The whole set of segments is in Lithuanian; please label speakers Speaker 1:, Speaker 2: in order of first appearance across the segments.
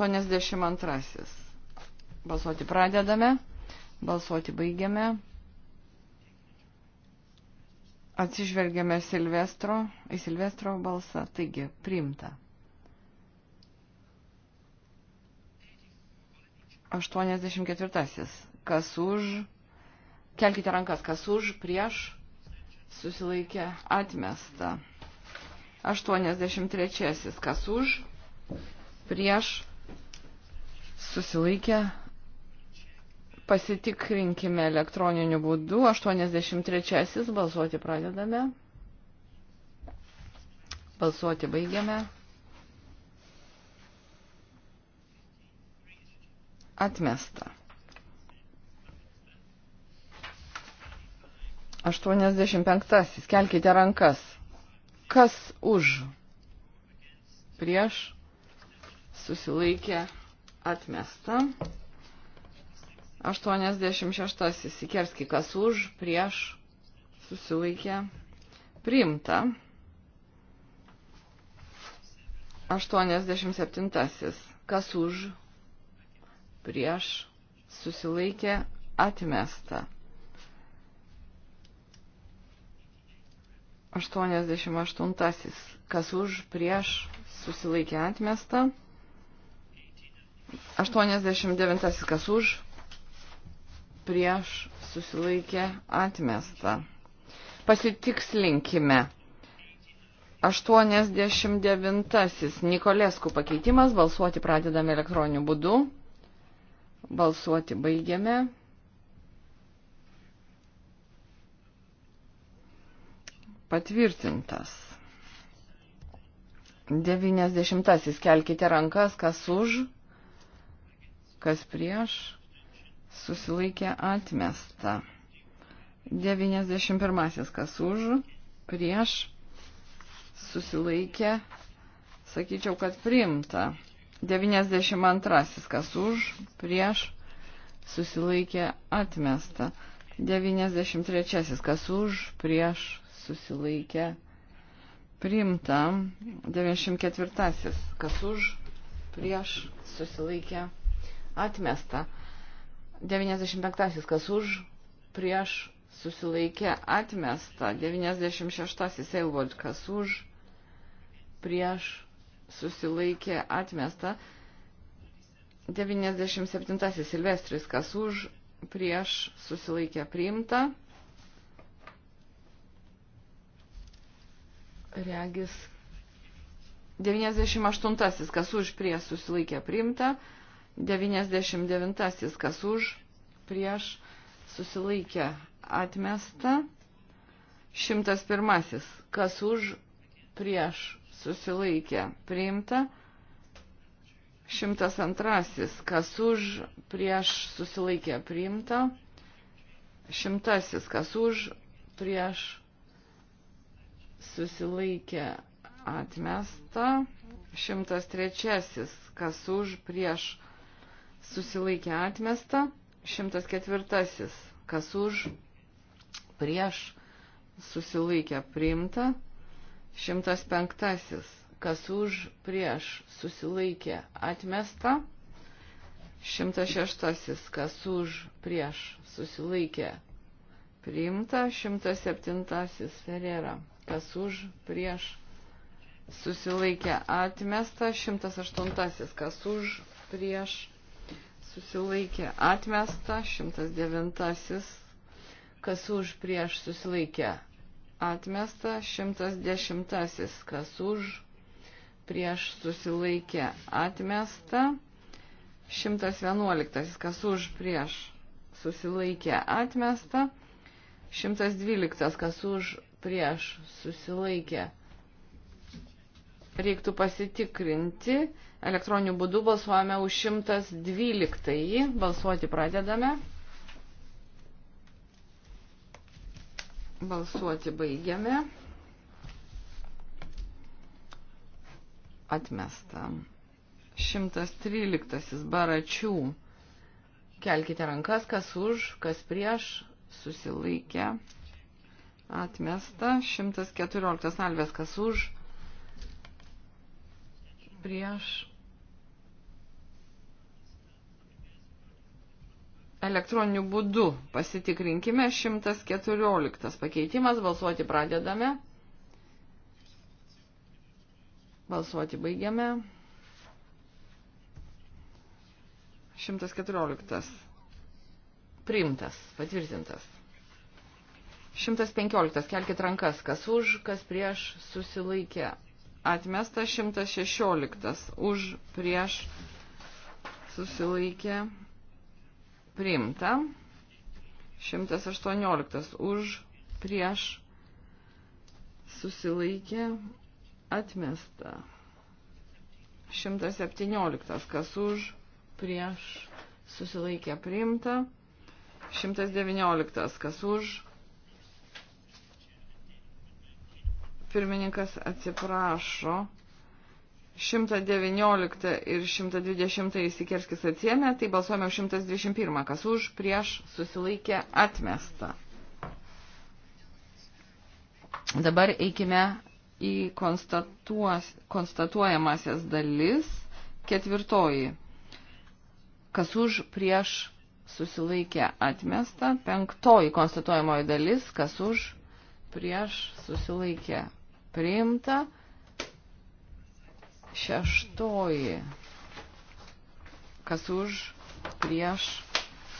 Speaker 1: 82. Balsuoti pradedame, balsuoti baigiame. Atsižvelgiame Silvestro, į Silvestro balsą, taigi priimta. 84. Kas už? Kelkite rankas, kas už, prieš, susilaikė, atmesta. 83. Kas už, prieš, susilaikė. Pasitikrinkime elektroniniu būdu. 83-asis balsuoti pradedame. Balsuoti baigiame. Atmesta. 85. Kelkite rankas. Kas už? Prieš susilaikė atmesta. 86. Sikerski, kas už, prieš, susilaikė, priimta. 87. Kas už, prieš, susilaikė, atmesta. 88. Kas už, prieš, susilaikė, atmesta. 89 kas už, prieš susilaikė atmesta. Pasitikslinkime. 89 Nikolėskų pakeitimas, balsuoti pradedame elektroniniu būdu. Balsuoti baigiame. Patvirtintas. 90. Kelkite rankas, kas už kas prieš, susilaikė atmesta. 91 kas už, prieš, susilaikė, sakyčiau, kad priimta. 92 kas už, prieš, susilaikė, atmesta. 93 kas už, prieš, susilaikė, priimta. 94 kas už, prieš, susilaikė, atmesta atmesta. 95 kas už, prieš susilaikė atmesta. 96 Eilvold kas už, prieš susilaikė atmesta. 97 Silvestris kas už, prieš susilaikė priimta. Regis 98 kas už, prieš susilaikė priimta. 99 kas už, prieš, susilaikė atmesta. 101 kas už, prieš, susilaikė priimta. 102 kas už, prieš, susilaikė priimta. 100 kas už, prieš, susilaikė atmesta. 103 kas už, prieš, susilaikė priimta. 103 kas už, prieš, susilaikė atmesta, 104. Kas už, prieš, susilaikė priimta, 105. Kas už, prieš, susilaikė atmesta, 106. Kas už, prieš, susilaikė priimta, 107. Ferėra. Kas už, prieš, susilaikė atmesta, 108. Kas už, prieš, susilaikė atmesta, 109, kas už prieš susilaikė atmesta, 110, kas už prieš susilaikė atmesta, 111, kas už prieš susilaikė atmesta, 112, kas už prieš susilaikė atmesta reiktų pasitikrinti. Elektroniniu būdu balsuojame už 112. Balsuoti pradedame. Balsuoti baigiame. Atmesta. 113. Baračių. Kelkite rankas, kas už, kas prieš. Susilaikė. Atmesta. 114. Alvės, kas už prieš elektroniniu būdu. Pasitikrinkime 114 pakeitimas, balsuoti pradedame. Balsuoti baigiame. 114. Priimtas, patvirtintas. 115. Kelkit rankas, kas už, kas prieš susilaikė Atmesta 116 už prieš susilaikė priimta. 118 už prieš susilaikė atmesta. 117 kas už prieš susilaikė priimta. 119 kas už Pirmininkas atsiprašo. 119 ir 120 įsikerskis atsiemė, tai balsuojame 121, kas už, prieš, susilaikė, atmesta. Dabar eikime į konstatuojamasias dalis, ketvirtoji, kas už, prieš, susilaikė, atmesta, penktoji konstatuojamoji dalis, kas už, prieš, susilaikė, priimta. Šeštoji, kas už, prieš,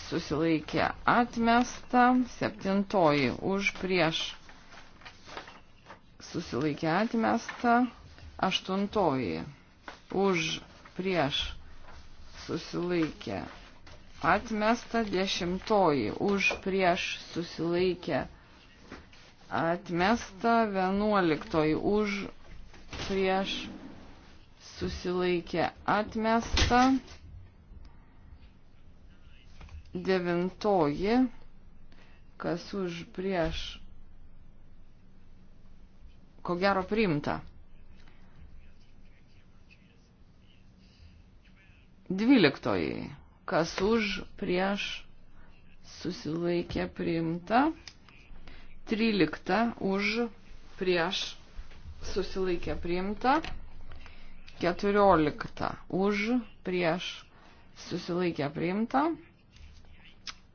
Speaker 1: susilaikė atmesta. Septintoji, už, prieš, susilaikė atmesta. Aštuntoji, už, prieš, susilaikė atmesta. Dešimtoji, už, prieš, susilaikė atmesta Atmesta 11 už prieš susilaikė atmesta. Devintoji, kas už prieš, ko gero priimta. Dvyliktoji, kas už prieš susilaikė priimta. 13 už prieš susilaikė priimta, 14 už prieš susilaikė priimta,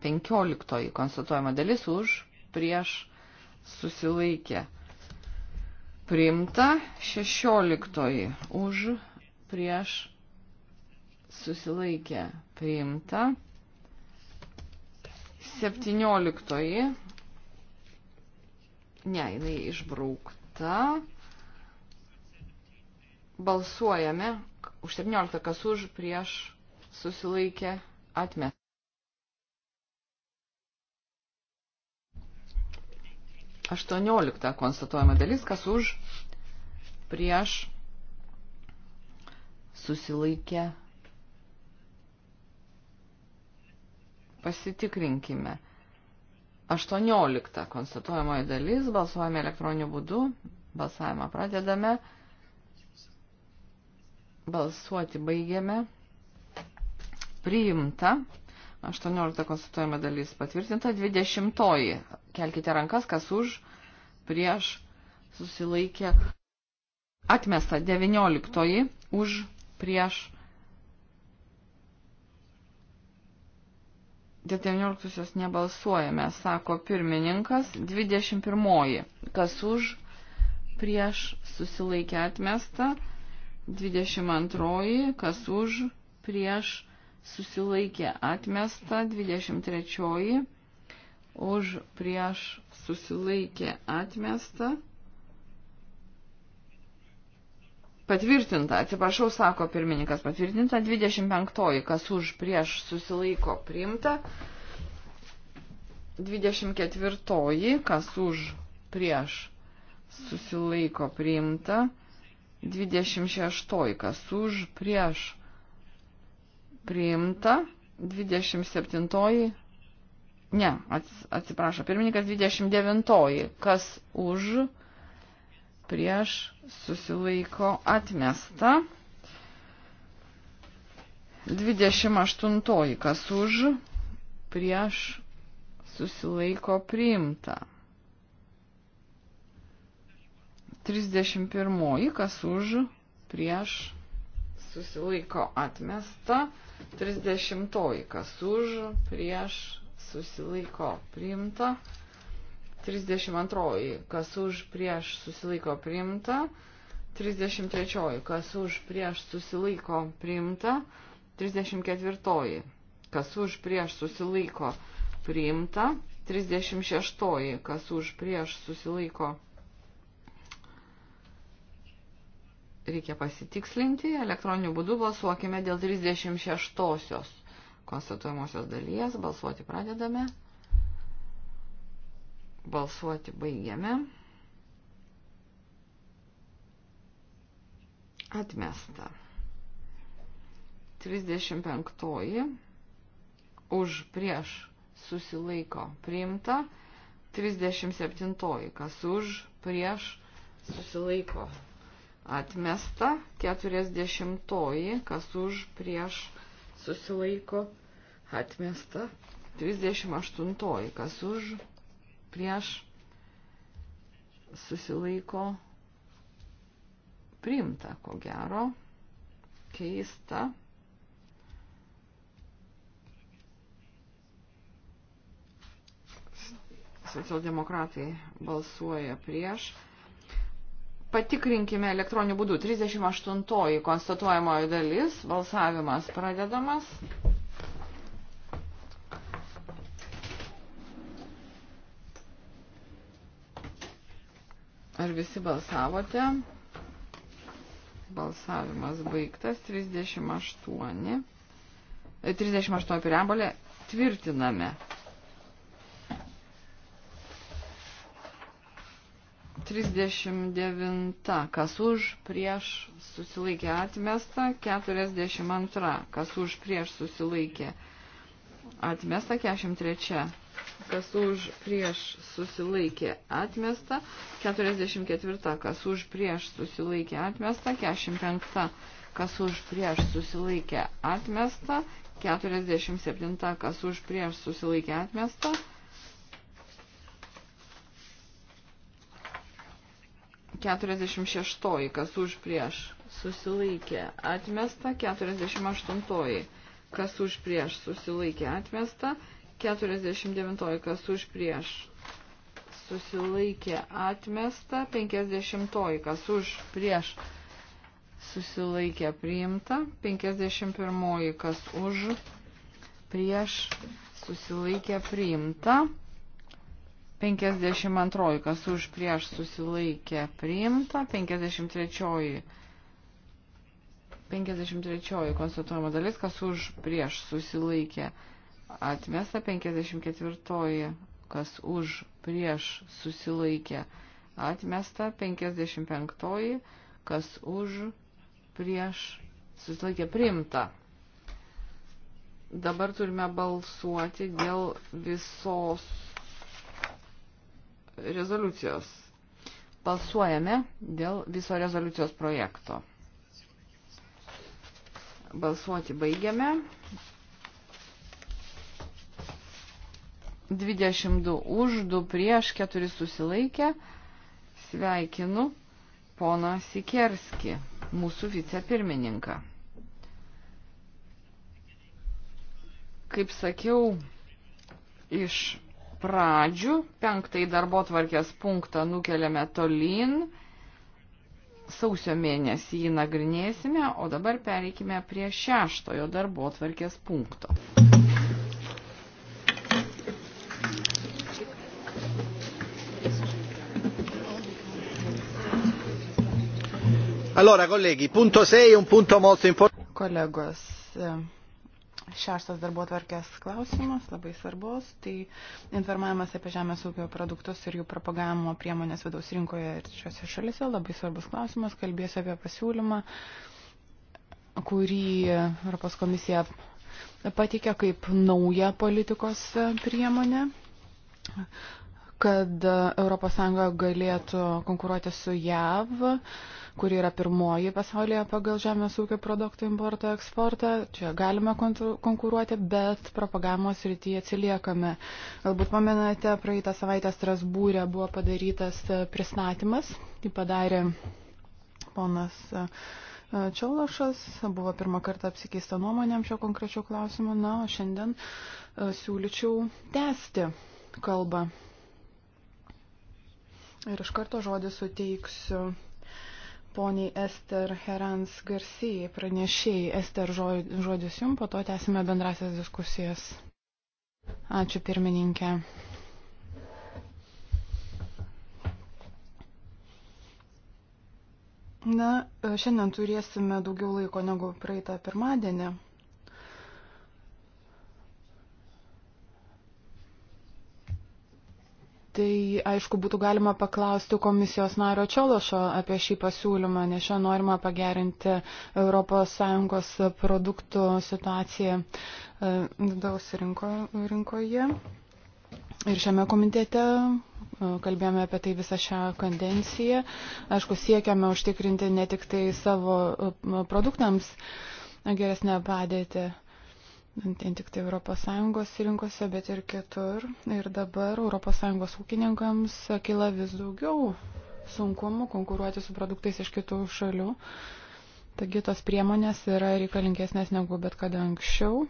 Speaker 1: 15 konstatuojama dalis už prieš susilaikė priimta, 16 už prieš susilaikė priimta, 17 Ne, jinai išbraukta. Balsuojame už 17, kas už, prieš, susilaikė, atmet. Aštuoniolikta konstatuojama dalis, kas už, prieš, susilaikė, pasitikrinkime. 18 konstatuojamoji dalis, balsuojame elektroniniu būdu, balsavimą pradedame, balsuoti baigiame, priimta, 18 konstatuojama dalis patvirtinta, 20 -oji. kelkite rankas, kas už, prieš, susilaikė, atmesta 19 už, prieš, Dėl 19-osios nebalsuojame, sako pirmininkas. 21-oji. Kas už, prieš, susilaikė atmesta. 22-oji. Kas už, prieš, susilaikė atmesta. 23-oji. Už, prieš, susilaikė atmesta. 23 Patvirtinta, atsiprašau, sako pirmininkas, patvirtinta 25, kas už prieš susilaiko priimta. 24, kas už prieš susilaiko priimta. 26, kas už prieš priimta. 27, ne, atsiprašo, pirmininkas 29, kas už prieš prieš susilaiko atmesta. 28. Kas už prieš susilaiko priimta. 31. Kas už prieš susilaiko atmesta. 30. Kas už prieš susilaiko priimta. 32. Kas už prieš susilaiko priimta. 33. Kas už prieš susilaiko priimta. 34. Kas už prieš susilaiko priimta. 36. Kas už prieš susilaiko. Reikia pasitikslinti. Elektroniniu būdu balsuokime dėl 36. konstatuojamosios dalies. Balsuoti pradedame. Balsuoti baigiame. Atmesta. 35. Už prieš susilaiko priimta. 37. Kas už prieš susilaiko atmesta. 40. Kas už prieš susilaiko atmesta. 38. Kas už prieš susilaiko priimta, ko gero, keista. Socialdemokratai balsuoja prieš. Patikrinkime elektroniniu būdu. 38 konstatuojamoji dalis. Balsavimas pradedamas. Ar visi balsavote? Balsavimas baigtas. 38. 38 preambolė. Tvirtiname. Trisdešimt devinta, kas už prieš susilaikė atmesta, keturiasdešimt antra, kas už prieš susilaikė atmesta, keturiasdešimt trečia, kas už prieš susilaikė atmesta, 44 kas už prieš susilaikė atmesta, 45 kas už prieš susilaikė atmesta, 47 kas už prieš susilaikė atmesta. Keturiasdešimt šeštoji, kas už prieš susilaikė atmesta, keturiasdešimt aštuntoji, kas už prieš susilaikė atmesta, 49 kas už prieš susilaikė atmesta, 50 kas už prieš susilaikė priimta, 51 kas už prieš susilaikė priimta, 52 kas už prieš susilaikė priimta, 53 53 konstatuojama dalis, kas už prieš susilaikė priimta Atmesta 54. Kas už prieš susilaikė. Atmesta 55. Kas už prieš susilaikė primta. Dabar turime balsuoti dėl visos rezoliucijos. Balsuojame dėl viso rezoliucijos projekto. Balsuoti baigiame. 22 už, 2 prieš, 4 susilaikė. Sveikinu poną Sikerski, mūsų vicepirmininką. Kaip sakiau, iš pradžių penktąjį darbo tvarkės punktą nukeliame tolyn. Sausio mėnesį jį nagrinėsime, o dabar pereikime prie šeštojo darbo tvarkės punkto.
Speaker 2: Allora, colleghi, punto 6 è un punto molto importante. Kolegos,
Speaker 3: e, šeštas darbo tvarkės klausimas, labai svarbus, tai informavimas apie žemės ūkio produktus ir jų propagavimo priemonės vidaus rinkoje ir šiuose šalise, labai svarbus klausimas, kalbėsiu apie pasiūlymą, kurį Europos komisija pateikė kaip naują politikos priemonę kad ES galėtų konkuruoti su JAV, kuri yra pirmoji pasaulyje pagal žemės ūkio produktų importą, eksportą. Čia galime konkuruoti, bet propagamos rytyje atsiliekame. Galbūt pamenate, praeitą savaitę Strasbūrė buvo padarytas e, pristatymas. Jį padarė ponas. E, e, Čiaulašas, buvo pirmą kartą apsikeista nuomonėm šio konkrečio klausimo, na, o šiandien siūlyčiau tęsti kalbą Ir iš karto žodį suteiksiu poniai Ester Herans Garcijai, pranešėjai. Ester žodis jum, po to tęsime bendrasias diskusijas. Ačiū pirmininkė. Na, šiandien turėsime daugiau laiko negu praeitą pirmadienį. Tai aišku, būtų galima paklausti komisijos nario Čiološo apie šį pasiūlymą, nes čia norima pagerinti ES produktų situaciją e, vidaus rinko, rinkoje. Ir šiame komitete e, kalbėjome apie tai visą šią kadenciją. Aišku, siekiame užtikrinti ne tik tai savo e, produktams geresnę padėtį ten tik tai ES rinkose, bet ir kitur. Ir dabar ES ūkininkams kyla vis daugiau sunkumų konkuruoti su produktais iš kitų šalių. Taigi tos priemonės yra reikalingesnės negu bet kada anksčiau.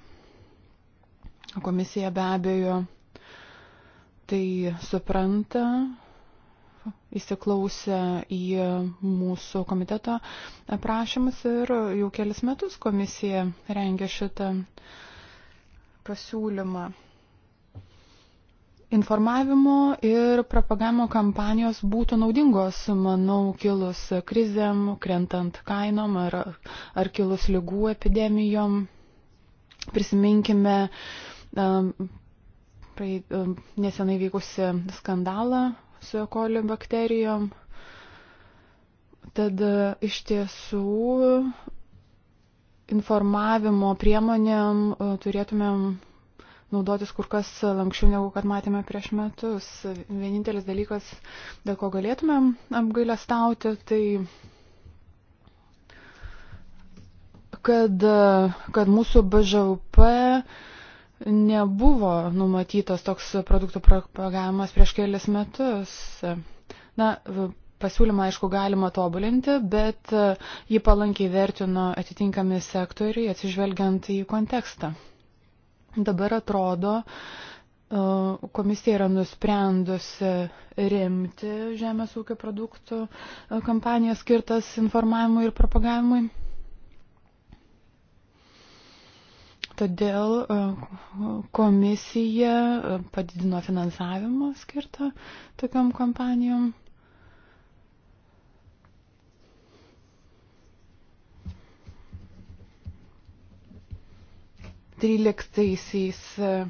Speaker 3: Komisija be abejo tai supranta, įsiklausę į mūsų komiteto prašymus ir jau kelis metus komisija rengia šitą pasiūlymą. Informavimo ir propagavimo kampanijos būtų naudingos, manau, kilus krizėm, krentant kainom ar, ar kilus lygų epidemijom. Prisiminkime um, prai, um, nesenai vykusi skandalą su ekoliu bakterijom. Tad uh, iš tiesų informavimo priemonėm e, turėtumėm naudotis kur kas lankščiau negu kad matėme prieš metus. Vienintelis dalykas, dėl ko galėtumėm apgailę stauti, tai kad, kad mūsų BŽUP nebuvo numatytas toks produktų propagavimas prieš kelias metus. Na, Pasiūlymą, aišku, galima tobulinti, bet e, jį palankiai vertino atitinkami sektoriai, atsižvelgiant į kontekstą. Dabar atrodo, e, komisija yra nusprendusi remti žemės ūkio produktų e, kampaniją skirtas informavimui ir propagavimui. Todėl komisija padidino finansavimą skirtą tokiam kompanijom. 2013 e,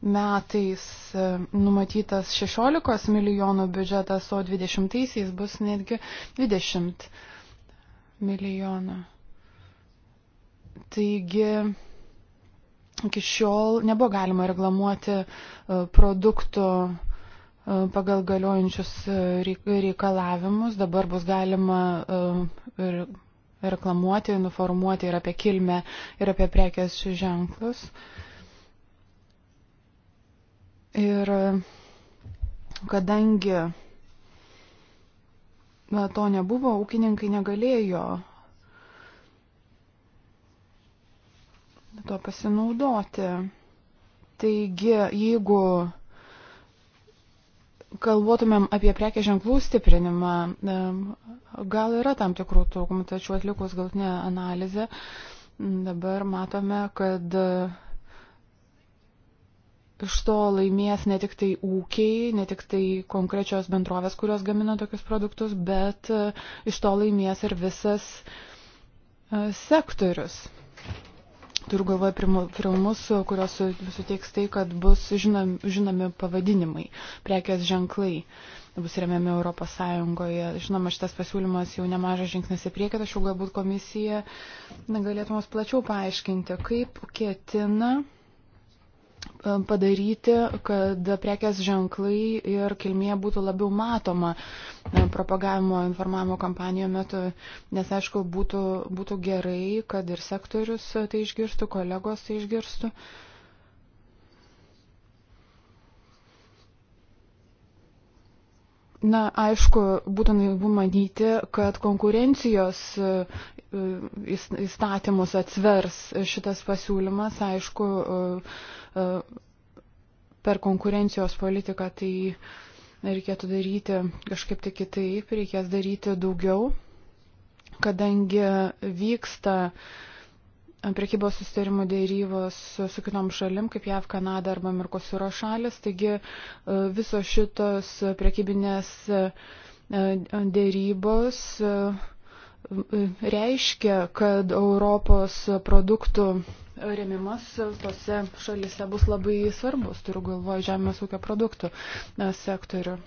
Speaker 3: metais e, numatytas 16 milijonų biudžetas, o 20-aisiais bus netgi 20 milijonų. Taigi iki šiol nebuvo galima reklamuoti e, produktų pagal galiojančius reikalavimus, dabar bus galima reklamuoti, informuoti ir apie kilmę, ir apie prekės ženklus. Ir kadangi na, to nebuvo, ūkininkai negalėjo to pasinaudoti. Taigi, jeigu kalbotumėm apie prekė ženklų stiprinimą, gal yra tam tikrų trūkumų, tačiau atlikus galtinę analizę, dabar matome, kad e, iš to laimės ne tik tai ūkiai, ne tik tai konkrečios bendrovės, kurios gamina tokius produktus, bet e, iš to laimės ir visas e, sektorius. Turiu galvoje filmus, kurios suteiks tai, kad bus žinom, žinomi pavadinimai, prekės ženklai bus remiami Europos Sąjungoje. Žinoma, šitas pasiūlymas jau nemažas žingsnis į priekį, tačiau galbūt komisija galėtų mums plačiau paaiškinti, kaip ketina padaryti, kad prekės ženklai ir kilmė būtų labiau matoma e, propagavimo informavimo kampanijų metu, nes aišku, būtų, būtų gerai, kad ir sektorius tai išgirstų, kolegos tai išgirstų. Uh, Na, aišku, būtų naivu manyti, kad konkurencijos e, e, įstatymus atsvers šitas pasiūlymas. Aišku, e, per konkurencijos politiką tai reikėtų daryti kažkaip tik kitaip, reikės daryti daugiau, kadangi vyksta uh, prekybos sustarimų dėrybos su kitom šalim, kaip JAV, Kanada arba Mirkosūro šalis. Taigi e, visos šitos prekybinės e, dėrybos e, reiškia, kad Europos produktų remimas tose šalise bus labai svarbus, turiu galvoje, žemės ūkio produktų sektorių.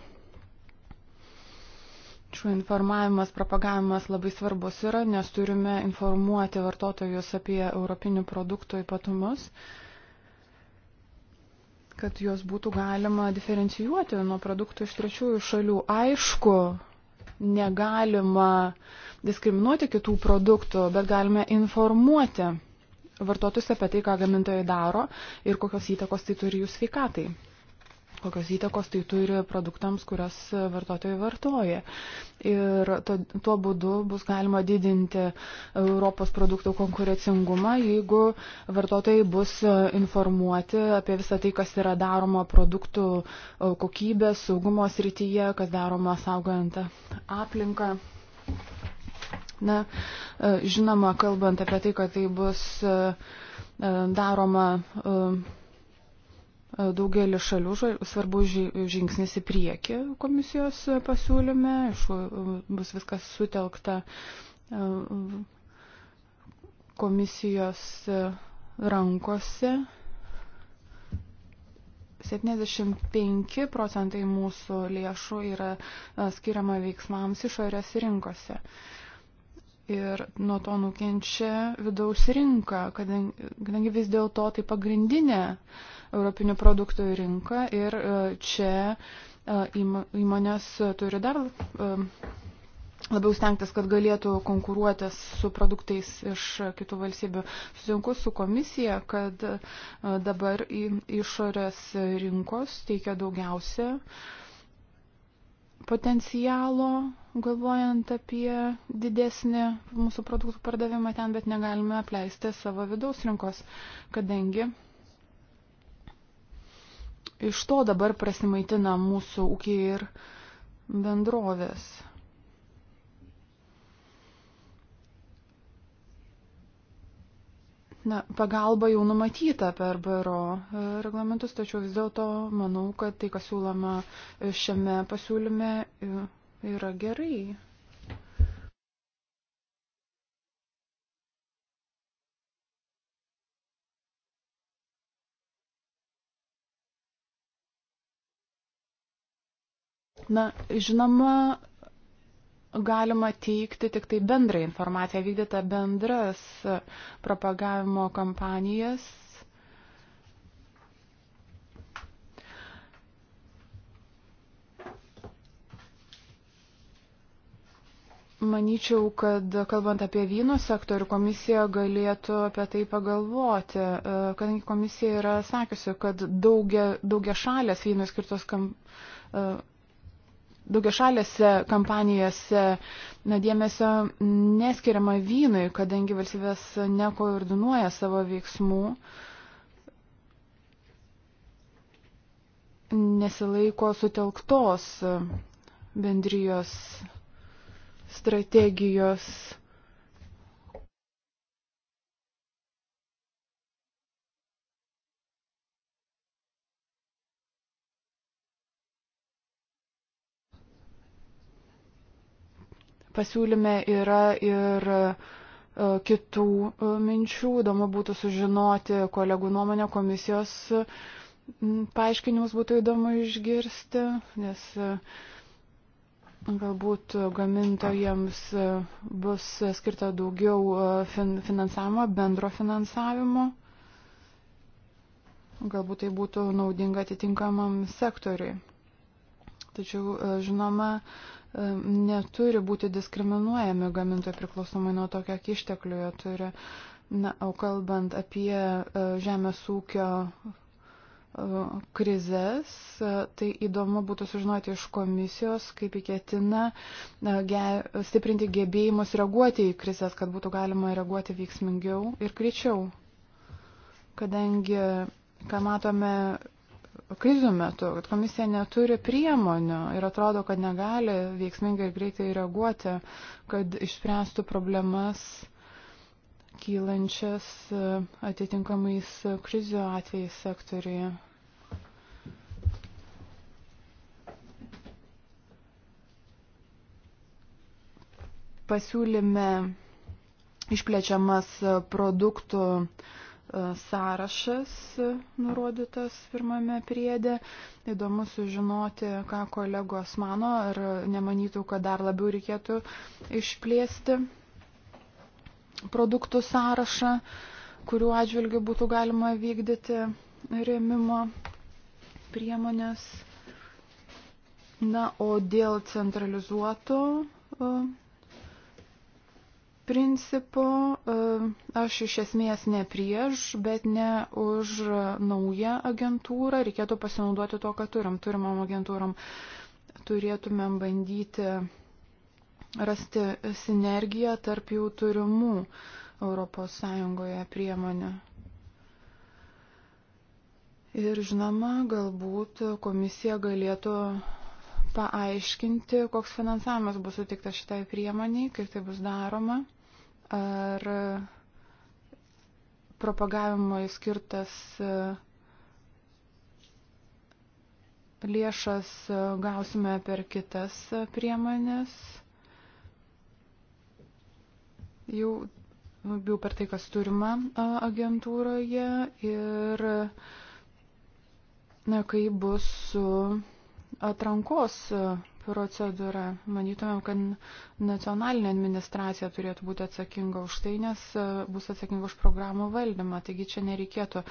Speaker 3: Šių informavimas, propagavimas labai svarbus yra, nes turime informuoti vartotojus apie europinių produktų ypatumus, kad juos būtų galima diferencijuoti nuo produktų iš trečiųjų šalių. Aišku, negalima diskriminuoti kitų produktų, bet galime informuoti vartotojus apie tai, ką gamintojai daro ir kokios įtakos tai turi jų sveikatai kokios įtakos tai turi produktams, kurias vartotojai vartoja. Ir to, tuo būdu bus galima didinti Europos produktų konkurencingumą, jeigu vartotojai bus informuoti apie visą tai, kas yra daroma produktų kokybės, saugumo srityje, kas daroma saugojant aplinką. Na, žinoma, kalbant apie tai, kad tai bus e, daroma e, daugelį šalių svarbus žingsnis į priekį komisijos pasiūlyme, aišku, bus viskas sutelkta e, komisijos rankose. 75 procentai mūsų lėšų yra e, skiriama veiksmams išorės rinkose. Uh, ir nuo to nukenčia vidaus rinka, kadangi, kadangi vis dėlto tai pagrindinė europinių produktų rinka ir e, čia e, įmonės turi dar e, labiau stengtis, kad galėtų konkuruoti su produktais iš kitų valstybių. Sutinku su komisija, kad dabar išorės rinkos teikia daugiausia potencialo galvojant apie didesnį mūsų produktų pardavimą ten, bet negalime apleisti savo vidaus rinkos, kadangi iš to dabar prasimaitina mūsų ūkiai ir bendrovės. Na, pagalba jau numatyta per BRO e, reglamentus, tačiau vis dėlto manau, kad tai, kas siūloma e, šiame pasiūlyme, e, yra gerai. Na, žinoma, galima teikti tik tai bendrą informaciją, vykdyta bendras propagavimo kampanijas Manyčiau, kad kalbant apie vynų sektorių, komisija galėtų apie tai pagalvoti, e, kadangi komisija yra sakiusi, kad daugia, daugia šalės vynų skirtos kam, e, daugia šalėse kampanijose na, dėmesio neskiriama vynui, kadangi valstybės nekoordinuoja savo veiksmų. nesilaiko sutelktos bendrijos strategijos. Pasiūlyme yra ir e, kitų e, minčių, įdomu būtų sužinoti kolegų nuomonę komisijos paaiškinimus būtų įdomu išgirsti, nes uh, galbūt gamintojams e, bus skirta daugiau e, fin finansavimo, bendro finansavimo. Galbūt tai būtų naudinga atitinkamam sektoriui. Tačiau, e, žinoma, neturi būti diskriminuojami gamintojai priklausomai nuo to, kiek išteklių jie turi. Na, o kalbant apie žemės ūkio krizės. Tai įdomu būtų sužinoti iš komisijos, kaip įketina e, ge, stiprinti gebėjimus reaguoti į krizės, kad būtų galima reaguoti veiksmingiau ir greičiau. Kadangi, ką matome krizių metu, kad komisija neturi priemonių ir atrodo, kad negali veiksmingai ir greitai reaguoti, kad išspręstų problemas kylančias e, atitinkamais krizių atvejais sektoriuje. pasiūlyme išplečiamas produktų e, sąrašas nurodytas pirmame priedė. Įdomu sužinoti, ką kolegos mano, ar nemanytų, kad dar labiau reikėtų išplėsti produktų sąrašą, kuriuo atžvilgiu būtų galima vykdyti rėmimo priemonės. Na, o dėl centralizuoto e, principo e, aš iš esmės ne prieš, bet ne už naują agentūrą. Reikėtų pasinaudoti to, ką turim. Turimam agentūram turėtumėm bandyti rasti sinergiją tarp jų turimų ES priemonių. Ir žinoma, galbūt komisija galėtų paaiškinti, koks finansavimas bus sutiktas šitai priemoniai, kaip tai bus daroma ar propagavimui skirtas e, lėšas e, gausime per kitas e, priemonės. Jau labiau per tai, kas turima agentūroje ir na, kai bus su atrankos procedūra. Manytumėm, kad nacionalinė administracija turėtų būti atsakinga už tai, nes e, bus atsakinga už programų valdymą. Taigi čia nereikėtų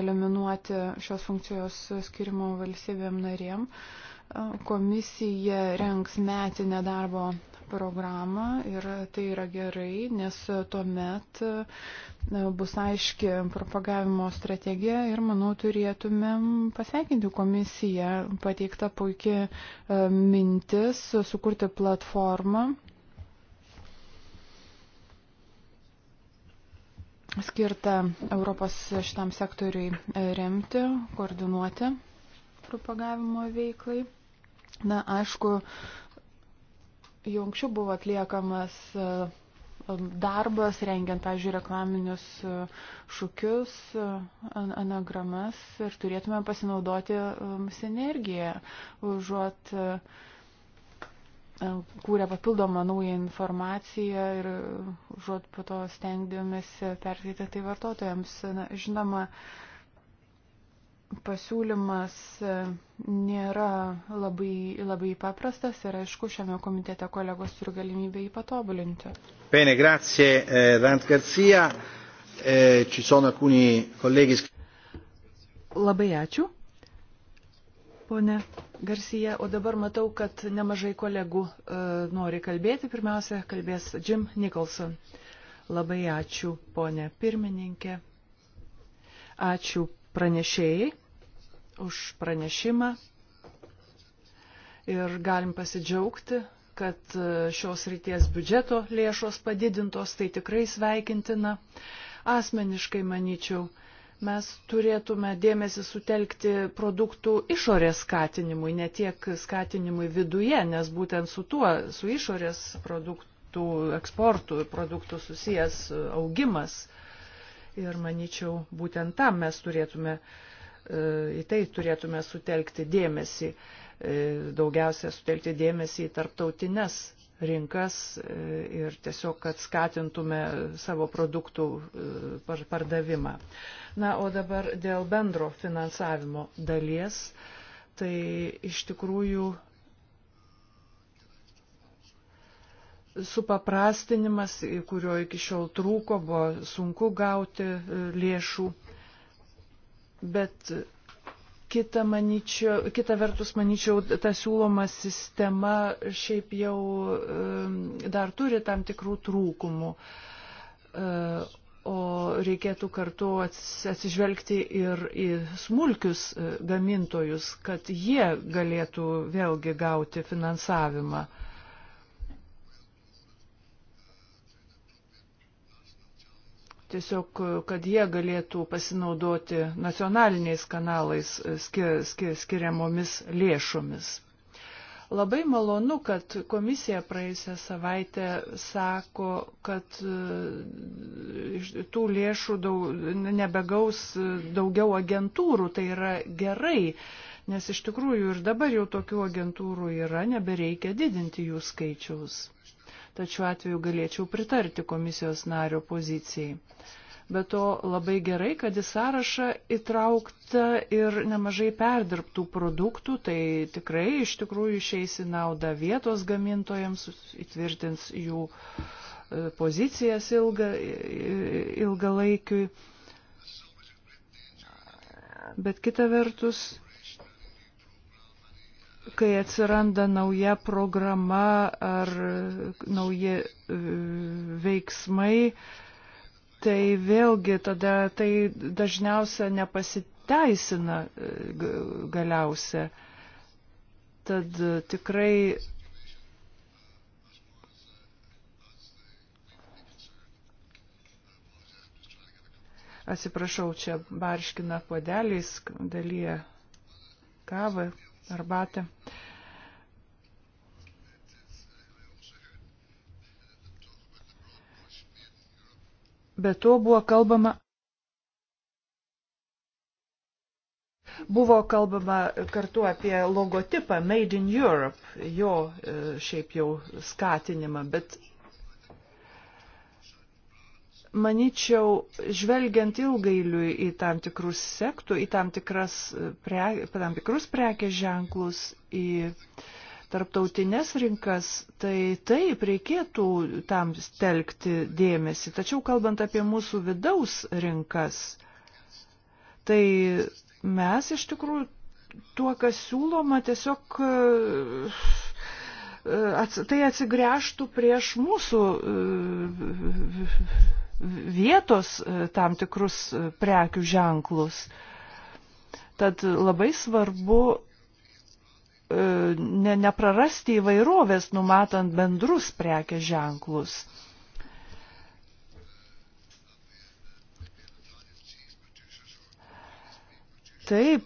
Speaker 3: eliminuoti šios funkcijos skirimo valstybėm narėm. E, komisija renks metinę darbo programą ir tai yra gerai, nes tuomet e, bus aiški propagavimo strategija ir, manau, turėtumėm pasveikinti komisiją pateikta puikia e, mintis sukurti platformą skirta Europos šitam sektoriui e, remti, koordinuoti propagavimo veiklai. Na, aišku, jau anksčiau buvo atliekamas e, um, darbas, rengiant, pavyzdžiui, reklaminius e, šūkius, e, anagramas ir turėtume pasinaudoti um, sinergiją, užuot kūrė papildomą naują informaciją ir užuot po to stengdėmėsi perskaityti tai vartotojams. Na, žinoma, pasiūlymas e, nėra labai, labai paprastas ir aišku, šiame komitete kolegos turi galimybę jį patobulinti.
Speaker 2: Bene, grazie, eh, Rant Garcia. Eh, ci sono alcuni colleghi.
Speaker 4: Labai ačiū, ponė Garcia. O dabar matau, kad nemažai kolegų e, nori kalbėti. Pirmiausia, kalbės Jim Nicholson. Labai ačiū, ponė pirmininkė. Ačiū pranešėjai už pranešimą ir galim pasidžiaugti, kad e, šios ryties biudžeto lėšos padidintos, tai tikrai sveikintina. Asmeniškai manyčiau, mes turėtume dėmesį sutelkti produktų išorės skatinimui, ne tiek skatinimui viduje, nes būtent su tuo, su išorės produktų eksportų ir produktų susijęs e, augimas. Ir manyčiau, būtent tam mes turėtume uh, E, į tai turėtume sutelkti dėmesį, e, daugiausia sutelkti dėmesį į tarptautines rinkas e, ir tiesiog, kad skatintume savo produktų pardavimą. Na, o dabar dėl bendro finansavimo dalies, tai iš tikrųjų supaprastinimas, kurio iki šiol trūko, buvo sunku gauti lėšų Bet kita, manyčiau, kita vertus, manyčiau, ta siūloma sistema šiaip jau dar turi tam tikrų trūkumų. E, o reikėtų kartu atsižvelgti ir į smulkius e, gamintojus, kad jie galėtų vėlgi gauti finansavimą. Uh, tiesiog, kad jie galėtų pasinaudoti nacionaliniais kanalais skir, e, skir, skiriamomis lėšomis. Labai malonu, kad komisija praėjusią savaitę sako, kad e, tų lėšų daug, nebegaus e, daugiau agentūrų, tai yra gerai, nes iš tikrųjų ir dabar jau tokių agentūrų yra, nebereikia didinti jų skaičiaus tačiau atveju galėčiau pritarti komisijos nario pozicijai. Bet to labai gerai, kad į sąrašą įtraukta ir nemažai perdirbtų produktų, tai tikrai iš tikrųjų išeis į naudą vietos gamintojams, įtvirtins jų e, pozicijas ilga, ilgalaikiui. Bet kita vertus, kai atsiranda nauja programa ar nauji e, veiksmai, tai vėlgi tada tai dažniausia nepasiteisina e, galiausia. Tad e, tikrai atsiprašau, čia barškina podeliais, dalyje kavą arbatą. Be to buvo kalbama. Buvo kalbama kartu apie logotipą Made in Europe, jo e, šiaip jau skatinimą, bet manyčiau, žvelgiant ilgailiui į tam tikrus sektų, į tam, tikras, e, pre, tam tikrus prekės ženklus, į tarptautinės rinkas, tai taip reikėtų tam telkti dėmesį. Tačiau kalbant apie mūsų vidaus rinkas, tai mes iš tikrųjų tuo, kas siūloma, tiesiog e, e, tai atsigręžtų prieš mūsų vietos e, tam tikrus e, prekių ženklus. Tad labai svarbu e, ne, neprarasti įvairovės, numatant bendrus prekės ženklus. Taip,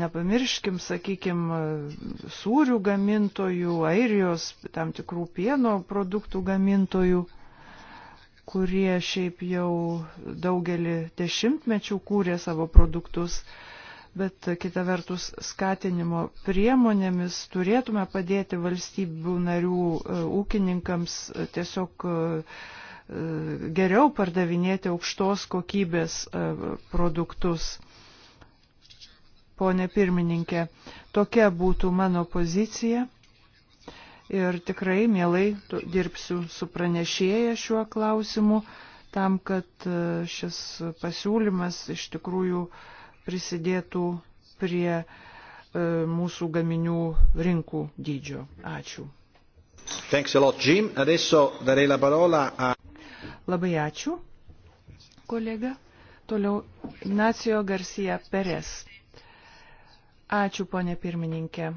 Speaker 4: nepamirškim, sakykim, sūrių gamintojų, airijos tam tikrų pieno produktų gamintojų kurie šiaip jau daugelį dešimtmečių kūrė savo produktus, bet kita vertus skatinimo priemonėmis turėtume padėti valstybių narių e, ūkininkams e, tiesiog e, geriau pardavinėti aukštos kokybės produktus. Pone pirmininkė, tokia būtų mano pozicija ir tikrai mielai dirbsiu su pranešėja šiuo klausimu, tam, kad e, šis pasiūlymas iš tikrųjų prisidėtų prie e, mūsų gaminių rinkų dydžio.
Speaker 2: Ačiū. Thanks a lot, Jim. Adesso darei la parola a...
Speaker 4: Labai ačiū, kolega. Toliau Nacijo Garcia Perez. Ačiū, ponė pirmininkė.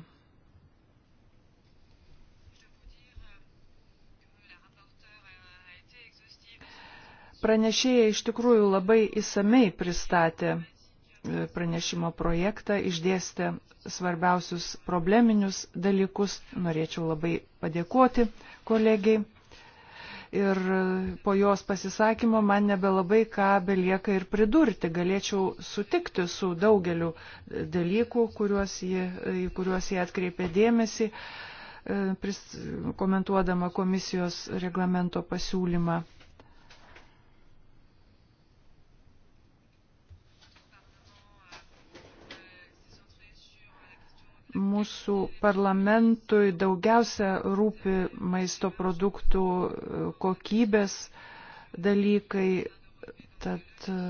Speaker 4: Pranešėjai iš tikrųjų labai įsamei pristatė e, pranešimo projektą, išdėstė svarbiausius probleminius dalykus. Norėčiau labai padėkoti kolegiai. Ir po jos pasisakymo man nebelabai ką belieka ir pridurti. Galėčiau sutikti su daugeliu dalykų, kuriuos jie, kuriuos jie atkreipė dėmesį, e, komentuodama komisijos reglamento pasiūlymą. mūsų parlamentui daugiausia rūpi maisto produktų e, kokybės dalykai, tad e,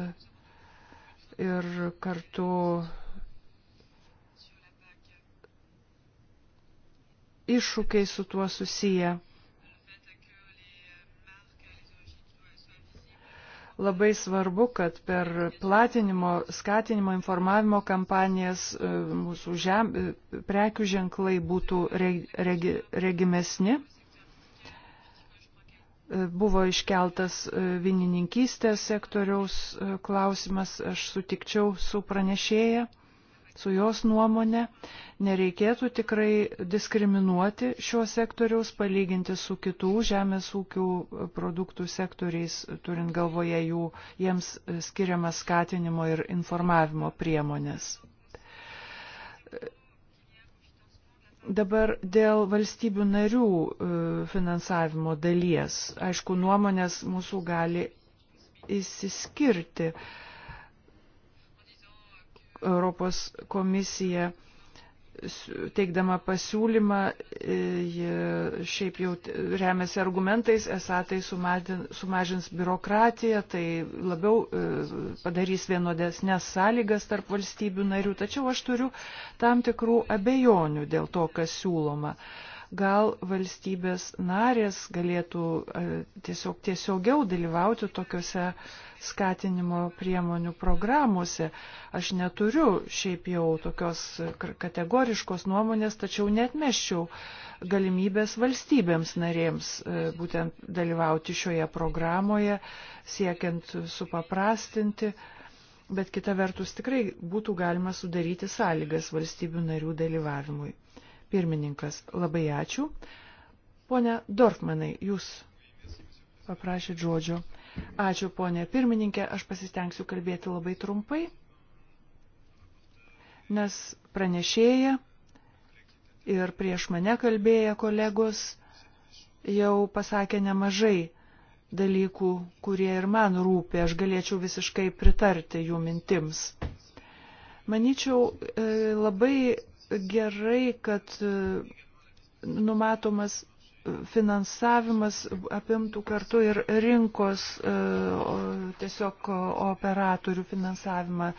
Speaker 4: ir kartu iššūkiai su tuo susiję. labai svarbu, kad per platinimo, skatinimo, informavimo kampanijas e, mūsų žem, e, prekių ženklai būtų regi, regimesni. E, buvo iškeltas vinininkystės sektoriaus klausimas, aš sutikčiau su pranešėja su jos nuomonė, nereikėtų tikrai diskriminuoti šio sektoriaus, palyginti su kitų žemės ūkių e, produktų sektoriais, turint galvoje jų, jiems e, skiriamas skatinimo ir informavimo priemonės. E, dabar dėl valstybių narių finansavimo dalies. Aišku, nuomonės mūsų gali įsiskirti. Uh, Europos komisija teikdama pasiūlymą, e, ji šiaip jau remiasi argumentais, esą tai sumažins biurokratiją, tai labiau e, padarys vienodesnės sąlygas tarp valstybių narių, tačiau aš turiu tam tikrų abejonių dėl to, kas siūloma gal valstybės narės galėtų e, tiesiog tiesiogiau dalyvauti tokiuose skatinimo priemonių programuose. Aš neturiu šiaip jau tokios kategoriškos nuomonės, tačiau net meščiau galimybės valstybėms narėms e, būtent dalyvauti šioje programoje, siekiant supaprastinti bet kita vertus tikrai būtų galima sudaryti sąlygas valstybių narių dalyvavimui. Pirmininkas, labai ačiū. Pone Dorfmanai, jūs paprašėt žodžio. Ačiū, ponė pirmininkė, aš pasistengsiu kalbėti labai trumpai, nes pranešėja ir prieš mane kalbėję kolegos jau pasakė nemažai dalykų, kurie ir man rūpi, aš galėčiau visiškai pritarti jų mintims. Maničiau, e, labai gerai, kad e, numatomas e, finansavimas apimtų kartu ir rinkos e, tiesiog operatorių finansavimą.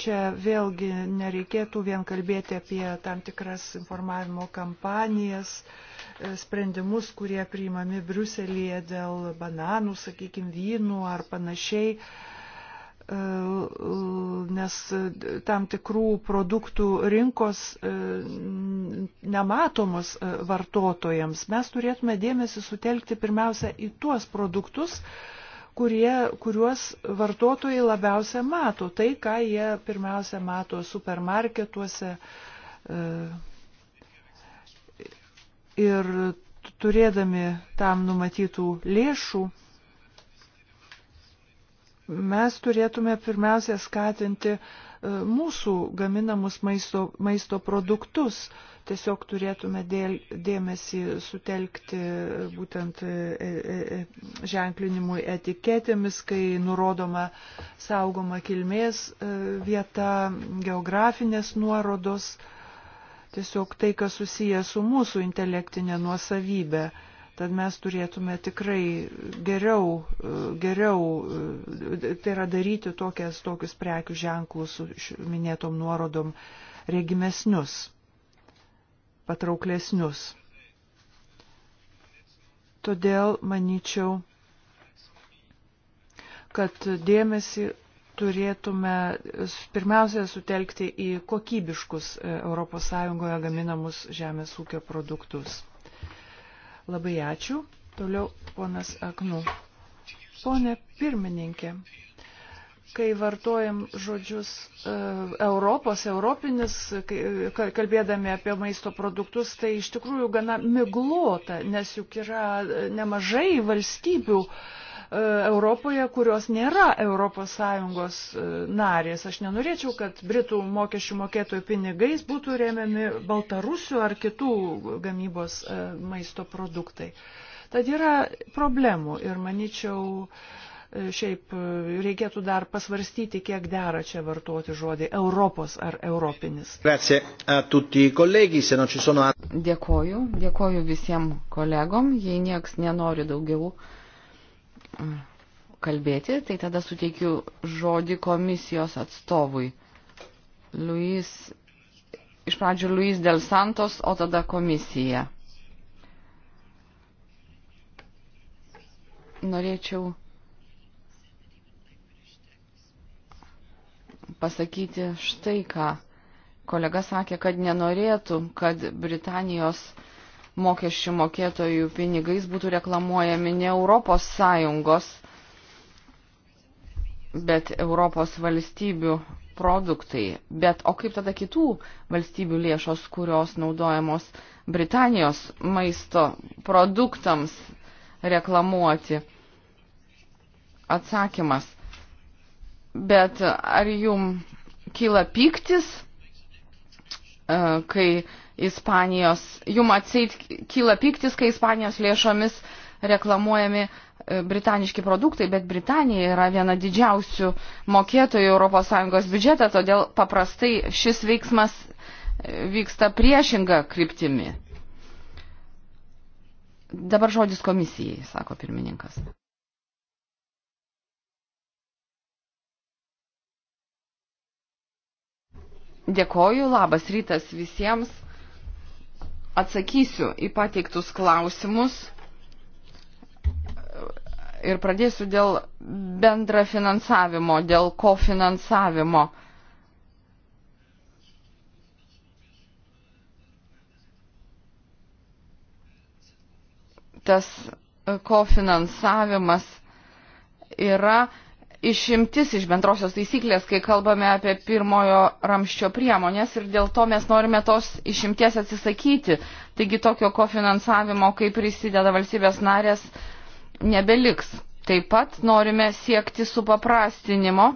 Speaker 4: Čia vėlgi nereikėtų vien kalbėti apie tam tikras informavimo kampanijas, sprendimus, kurie priimami Briuselėje dėl bananų, sakykime, vynų ar panašiai. E, nes tam tikrų produktų rinkos e, nematomos e, vartotojams. Mes turėtume dėmesį sutelkti pirmiausia į tuos produktus, kurie, kuriuos vartotojai labiausia mato. Tai, ką jie pirmiausia mato supermarketuose. Ir turėdami tam numatytų lėšų, mes turėtume pirmiausia skatinti e, mūsų gaminamus maisto, maisto produktus. Tiesiog turėtume dėl, dėmesį sutelkti e, būtent e, ženklinimui etiketėmis, kai nurodoma saugoma kilmės vieta, geografinės nuorodos, tiesiog tai, kas susijęs su mūsų intelektinė nuosavybė. Tad mes turėtume tikrai geriau, e, geriau e, tai yra daryti tokias, tokius prekių ženklus su minėtom nuorodom regimesnius, patrauklesnius. Todėl manyčiau, kad dėmesį turėtume pirmiausia sutelkti į kokybiškus ES gaminamus žemės ūkio produktus. Labai ačiū. Toliau ponas Aknu. Pone pirmininkė, kai vartojam žodžius e, Europos, europinis, kalbėdami apie maisto produktus, tai iš tikrųjų gana miglota, nes juk yra nemažai valstybių, E, Europoje, kurios nėra ES e, narės. Aš nenorėčiau, kad Britų mokesčių mokėtojų pinigais būtų remiami baltarusių ar kitų gamybos e, maisto produktai. Tad yra problemų ir manyčiau, šiaip reikėtų dar pasvarstyti, kiek dera čia vartoti žodį Europos ar
Speaker 1: Europinis. Dėkoju, dėkoju visiems kolegom, jei nieks nenori daugiau kalbėti, tai tada suteikiu žodį komisijos atstovui. Luis, iš pradžių Luis Del Santos, o tada komisija. Norėčiau pasakyti štai ką. Kolega sakė, kad nenorėtų, kad Britanijos uh, mokesčių mokėtojų pinigais būtų reklamuojami ne Europos Sąjungos, bet Europos valstybių produktai. Bet o kaip tada kitų valstybių lėšos, kurios naudojamos Britanijos maisto produktams reklamuoti? Atsakymas. Bet ar jum kyla piktis, e, kai Ispanijos, jum atseit kyla piktis, kai Ispanijos lėšomis reklamuojami e, britaniški produktai, bet Britanija yra viena didžiausių mokėtojų ES biudžetą, todėl paprastai šis veiksmas e, vyksta priešinga kryptimi. Dabar žodis komisijai, sako pirmininkas. Dėkoju, labas rytas visiems atsakysiu į pateiktus klausimus ir pradėsiu dėl bendra finansavimo, dėl kofinansavimo. Tas kofinansavimas yra išimtis iš bendrosios taisyklės, kai kalbame apie pirmojo ramščio priemonės ir dėl to mes norime tos išimties atsisakyti. Taigi tokio kofinansavimo, kaip prisideda valstybės narės, nebeliks. Taip pat norime siekti supaprastinimo,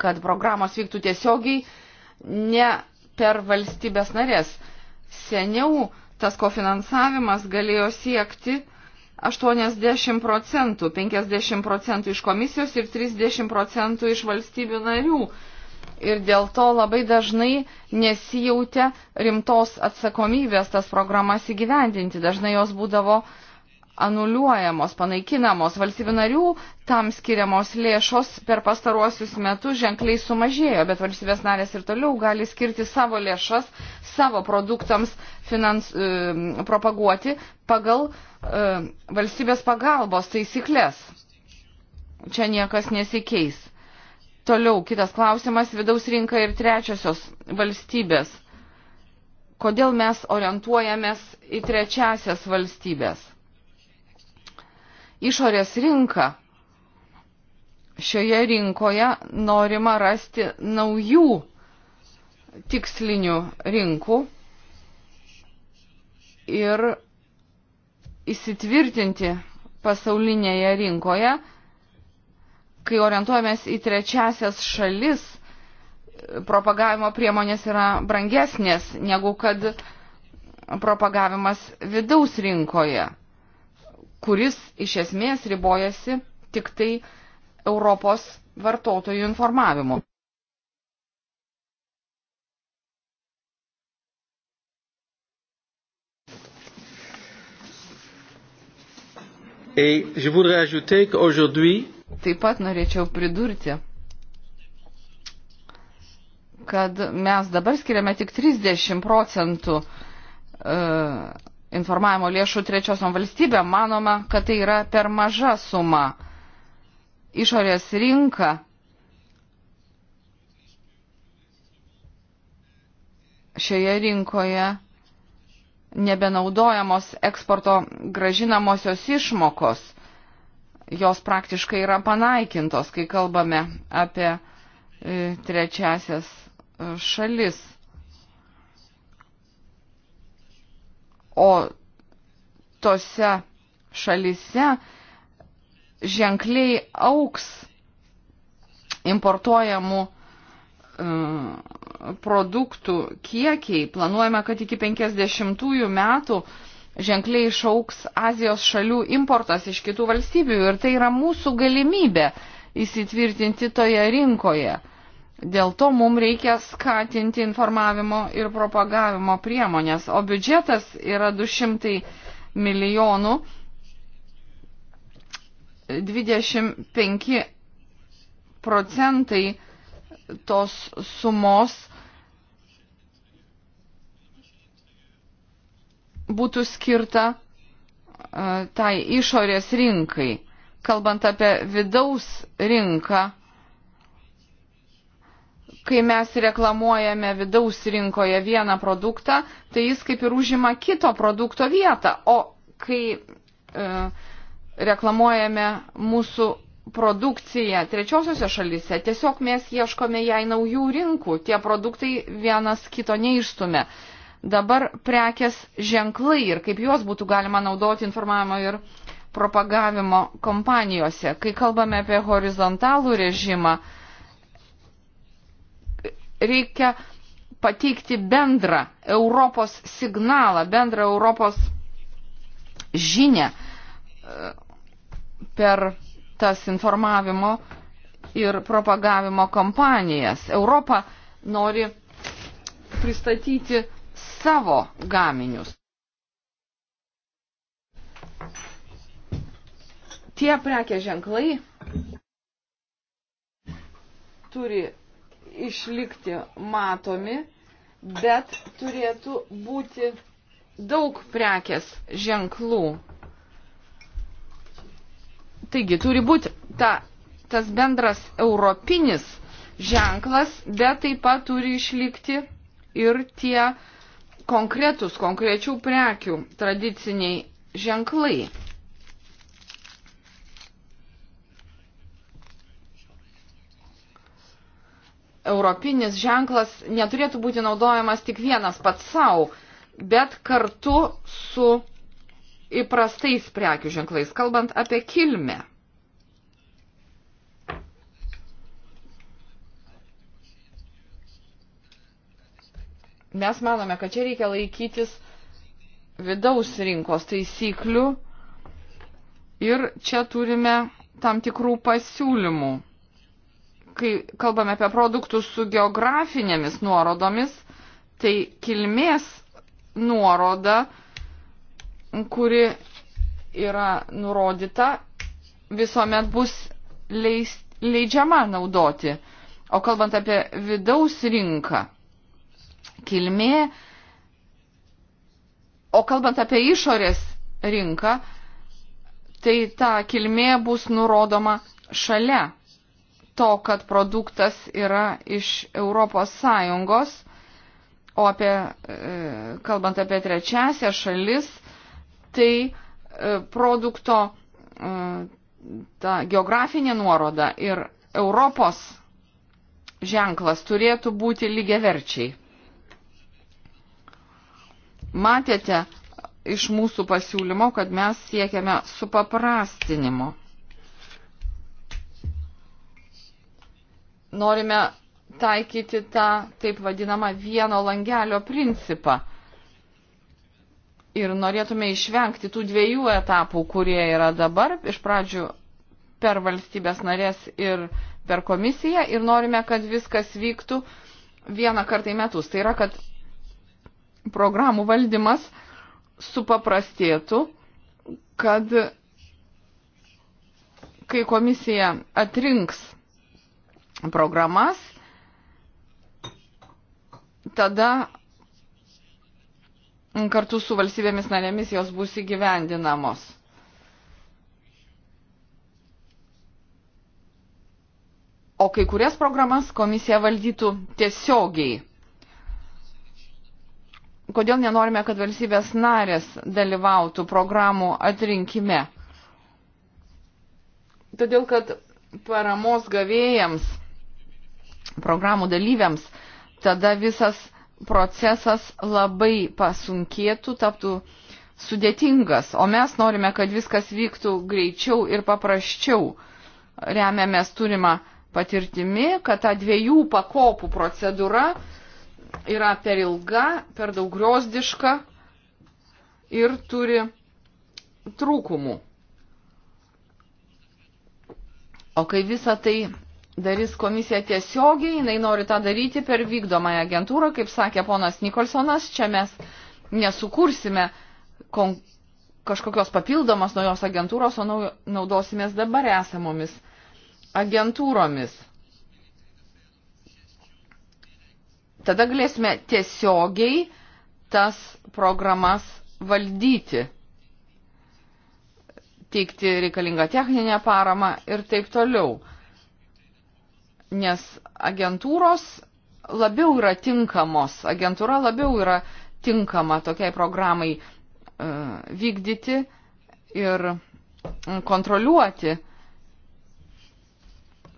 Speaker 1: kad programos vyktų tiesiogiai ne per valstybės narės. Seniau tas kofinansavimas galėjo siekti 80 procentų, 50 procentų iš komisijos ir 30 procentų iš valstybių narių. Ir dėl to labai dažnai nesijautia rimtos atsakomybės tas programas įgyvendinti. Dažnai jos būdavo uh, anuliuojamos, panaikinamos valstybių narių, tam skiriamos lėšos per pastaruosius metus ženkliai sumažėjo, bet valstybės narės ir toliau gali skirti savo lėšas savo produktams finans, e, propaguoti pagal e, valstybės pagalbos taisyklės. Čia niekas nesikeis. Toliau kitas klausimas - vidaus rinka ir trečiosios valstybės. Kodėl mes orientuojamės į trečiasias valstybės? išorės rinką. Šioje rinkoje norima rasti naujų tikslinių rinkų ir įsitvirtinti pasaulinėje rinkoje, kai orientuojamės į trečiasias šalis, propagavimo priemonės yra brangesnės negu kad propagavimas vidaus rinkoje kuris iš esmės ribojasi tik tai Europos vartotojų informavimu.
Speaker 2: Et je voudrais ajouter qu'aujourd'hui,
Speaker 1: Taip pat norėčiau pridurti, kad mes dabar skiriame tik 30 procentų uh, informavimo lėšų trečiosiom valstybėm, manoma, kad tai yra per maža suma. Išorės rinka šioje rinkoje nebenaudojamos eksporto gražinamosios išmokos. Jos praktiškai yra panaikintos, kai kalbame apie e, trečiasias e, šalis. O tose šalise ženkliai auks importuojamų e, produktų kiekiai. Planuojame, kad iki 50 metų ženkliai išauks Azijos šalių importas iš kitų valstybių ir tai yra mūsų galimybė įsitvirtinti toje rinkoje. Dėl to mums reikia skatinti informavimo ir propagavimo priemonės, o biudžetas yra 200 milijonų, 25 procentai tos sumos būtų skirta e, tai išorės rinkai. Kalbant apie vidaus rinką, kai mes reklamuojame vidaus rinkoje vieną produktą, tai jis kaip ir užima kito produkto vietą. O kai e, reklamuojame mūsų produkciją trečiosiuose šalise, tiesiog mes ieškome jai naujų rinkų. Tie produktai vienas kito neišstumia. Dabar prekės ženklai ir kaip juos būtų galima naudoti informavimo ir propagavimo kompanijose. Kai kalbame apie horizontalų režimą, reikia pateikti bendrą Europos signalą, bendrą Europos žinę e, per tas informavimo ir propagavimo kampanijas. Europa nori pristatyti savo gaminius. Tie prekės ženklai turi išlikti matomi, bet turėtų būti daug prekės ženklų. Taigi turi būti ta, tas bendras europinis ženklas, bet taip pat turi išlikti ir tie konkretus, konkrečių prekių tradiciniai ženklai. europinis ženklas neturėtų būti naudojamas tik vienas pats savo, bet kartu su įprastais prekių ženklais, kalbant apie kilmę. Mes manome, kad čia reikia laikytis vidaus rinkos taisyklių ir čia turime tam tikrų pasiūlymų kai kalbame apie produktus su geografinėmis nuorodomis, tai kilmės nuoroda, kuri yra nurodyta, visuomet bus leis, leidžiama naudoti. O kalbant apie vidaus rinką, kilmė, o kalbant apie išorės rinką, tai ta kilmė bus nurodoma šalia to, kad produktas yra iš Europos Sąjungos, o apie, e, kalbant apie trečiasią šalis, tai e, produkto e, ta geografinė nuoroda ir Europos ženklas turėtų būti lygiaverčiai. Matėte iš mūsų pasiūlymo, kad mes siekiame supaprastinimo. norime taikyti tą taip vadinamą vieno langelio principą. Ir norėtume išvengti tų dviejų etapų, kurie yra dabar, iš pradžių per valstybės narės ir per komisiją, ir norime, kad viskas vyktų vieną kartą į metus. Tai yra, kad programų valdymas supaprastėtų, kad kai komisija atrinks programas, tada kartu su valstybėmis narėmis jos bus įgyvendinamos. O kai kurias programas komisija valdytų tiesiogiai. Kodėl nenorime, kad valstybės narės dalyvautų programų atrinkime? Todėl, kad paramos gavėjams programų dalyviams, tada visas procesas labai pasunkėtų, taptų sudėtingas, o mes norime, kad viskas vyktų greičiau ir paprasčiau. Remiamės turimą patirtimi, kad ta dviejų pakopų procedūra yra per ilga, per daug griozdiška ir turi trūkumų. O kai visa tai darys komisija tiesiogiai, jinai nori tą daryti per vykdomąją agentūrą, kaip sakė ponas Nikolsonas, čia mes nesukursime kon kažkokios papildomos naujos agentūros, o nau naudosimės dabar esamomis agentūromis. Tada galėsime tiesiogiai tas programas valdyti, teikti reikalingą techninę paramą ir taip toliau nes agentūros labiau yra tinkamos, agentūra labiau yra tinkama tokiai programai e, vykdyti ir kontroliuoti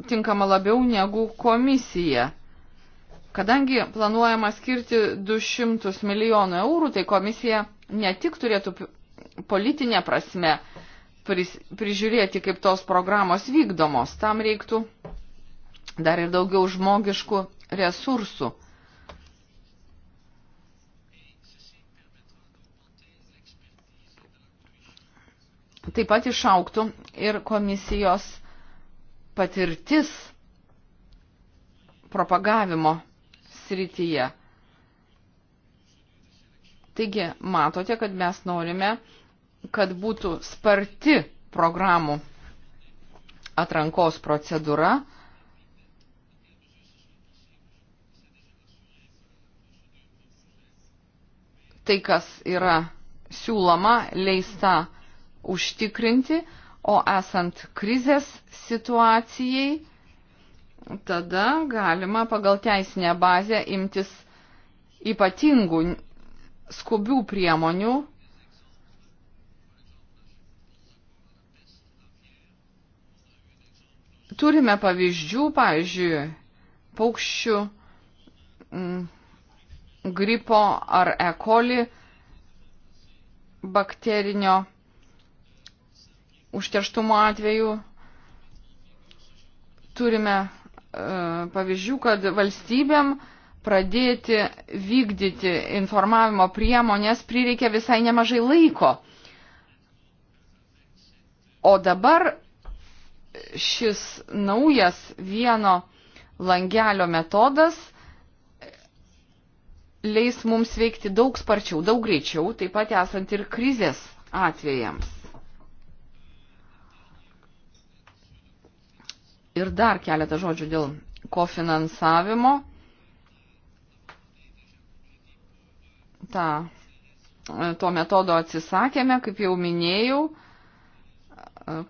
Speaker 1: tinkama labiau negu komisija. Kadangi planuojama skirti 200 milijonų eurų, tai komisija ne tik turėtų politinė prasme prižiūrėti, kaip tos programos vykdomos, tam reiktų dar ir daugiau žmogiškų resursų. Taip pat išauktų ir komisijos patirtis propagavimo srityje. Taigi, matote, kad mes norime, kad būtų sparti programų atrankos procedūra tai, kas yra siūloma, leista užtikrinti, o esant krizės situacijai, tada galima pagal teisinę bazę imtis ypatingų skubių priemonių. Turime pavyzdžių, pavyzdžiui, paukščių. Mm, gripo ar E. coli bakterinio užterštumo atveju. Turime e, pavyzdžių, kad valstybėm pradėti vykdyti informavimo priemonės prireikia visai nemažai laiko. O dabar šis naujas vieno langelio metodas leis mums veikti daug sparčiau, daug greičiau, taip pat esant ir krizės atvejams. Ir dar keletą žodžių dėl kofinansavimo. Ta, to metodo atsisakėme, kaip jau minėjau,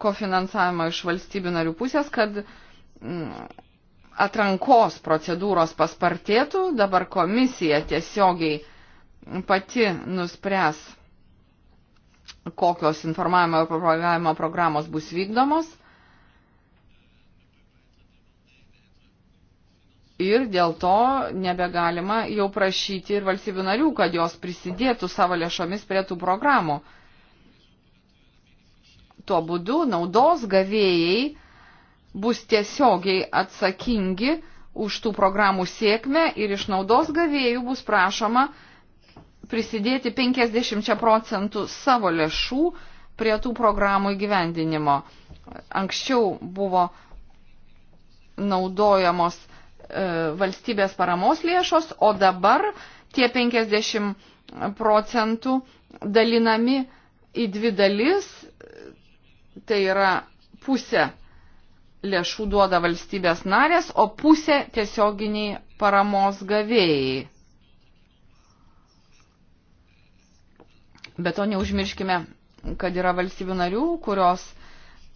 Speaker 1: kofinansavimo iš valstybių narių pusės, kad mm, atrankos procedūros paspartėtų, dabar komisija tiesiogiai pati nuspręs, kokios informavimo ir propagavimo programos bus vykdomos. Ir dėl to nebegalima jau prašyti ir valstybių narių, kad jos prisidėtų savo lėšomis prie tų programų. Tuo būdu naudos gavėjai bus tiesiogiai atsakingi už tų programų sėkmę ir iš naudos gavėjų bus prašoma prisidėti 50 procentų savo lėšų prie tų programų įgyvendinimo. Anksčiau buvo naudojamos e, valstybės paramos lėšos, o dabar tie 50 procentų dalinami į dvi dalis, tai yra pusė lėšų duoda valstybės narės, o pusė tiesioginiai paramos gavėjai. Bet to neužmirškime, kad yra valstybių narių, kurios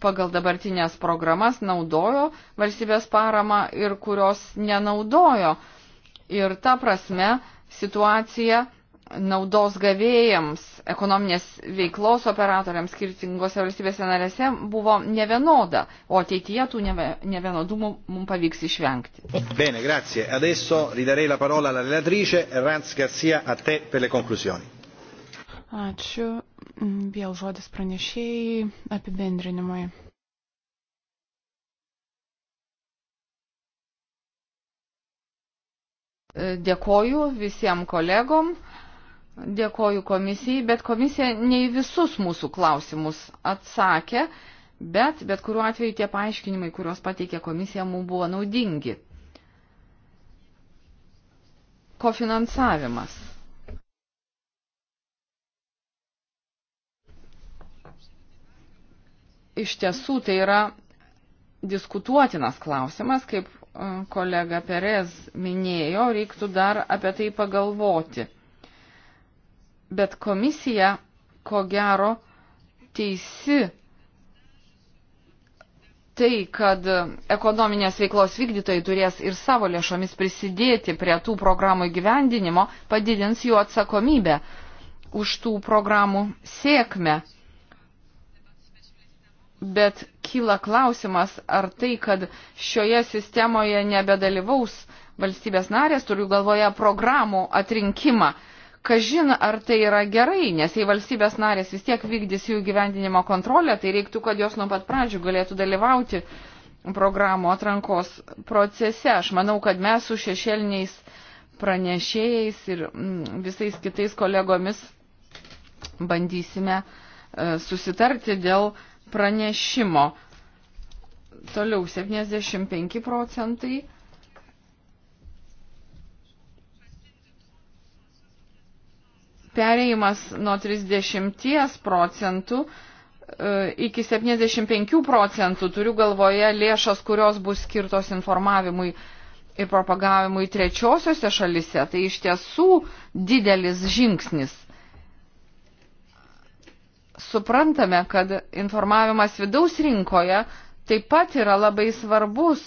Speaker 1: pagal dabartinės programas naudojo valstybės paramą ir kurios nenaudojo. Ir ta prasme situacija naudos gavėjams, ekonominės veiklos operatoriams skirtingose valstybėse narėse buvo nevienoda, o ateityje tų nevienodumų mums pavyks išvengti.
Speaker 2: Bene, grazie. Adesso ridarei la parola alla relatrice Rans Garcia a te per le conclusioni.
Speaker 1: Ačiū. Mm, vėl
Speaker 3: žodis pranešėjai apibendrinimui.
Speaker 1: Dėkoju visiems kolegom. Dėkoju komisijai, bet komisija ne į visus mūsų klausimus atsakė, bet bet kuriuo atveju tie paaiškinimai, kuriuos pateikė komisija, mums buvo naudingi. Kofinansavimas. Iš tiesų tai yra diskutuotinas klausimas, kaip e, kolega Perez minėjo, reiktų dar apie tai pagalvoti bet komisija, ko gero, teisi tai, kad ekonominės veiklos vykdytojai turės ir savo lėšomis prisidėti prie tų programų įgyvendinimo, padidins jų atsakomybę už tų programų sėkmę. Bet kyla klausimas, ar tai, kad šioje sistemoje nebedalyvaus valstybės narės, turiu galvoje programų atrinkimą, kažin ar tai yra gerai, nes jei valstybės narės vis tiek vykdys jų gyvendinimo kontrolę, tai reiktų, kad jos nuo pat pradžių galėtų dalyvauti programų atrankos procese. Aš manau, kad mes su šešėliniais pranešėjais ir mm, visais kitais kolegomis bandysime e, susitarti dėl pranešimo. Toliau 75 procentai Pereimas nuo 30 procentų e, iki 75 procentų, turiu galvoje lėšas, kurios bus skirtos informavimui ir propagavimui trečiosiose šalise, tai iš tiesų didelis žingsnis. Suprantame, kad informavimas vidaus rinkoje taip pat yra labai svarbus.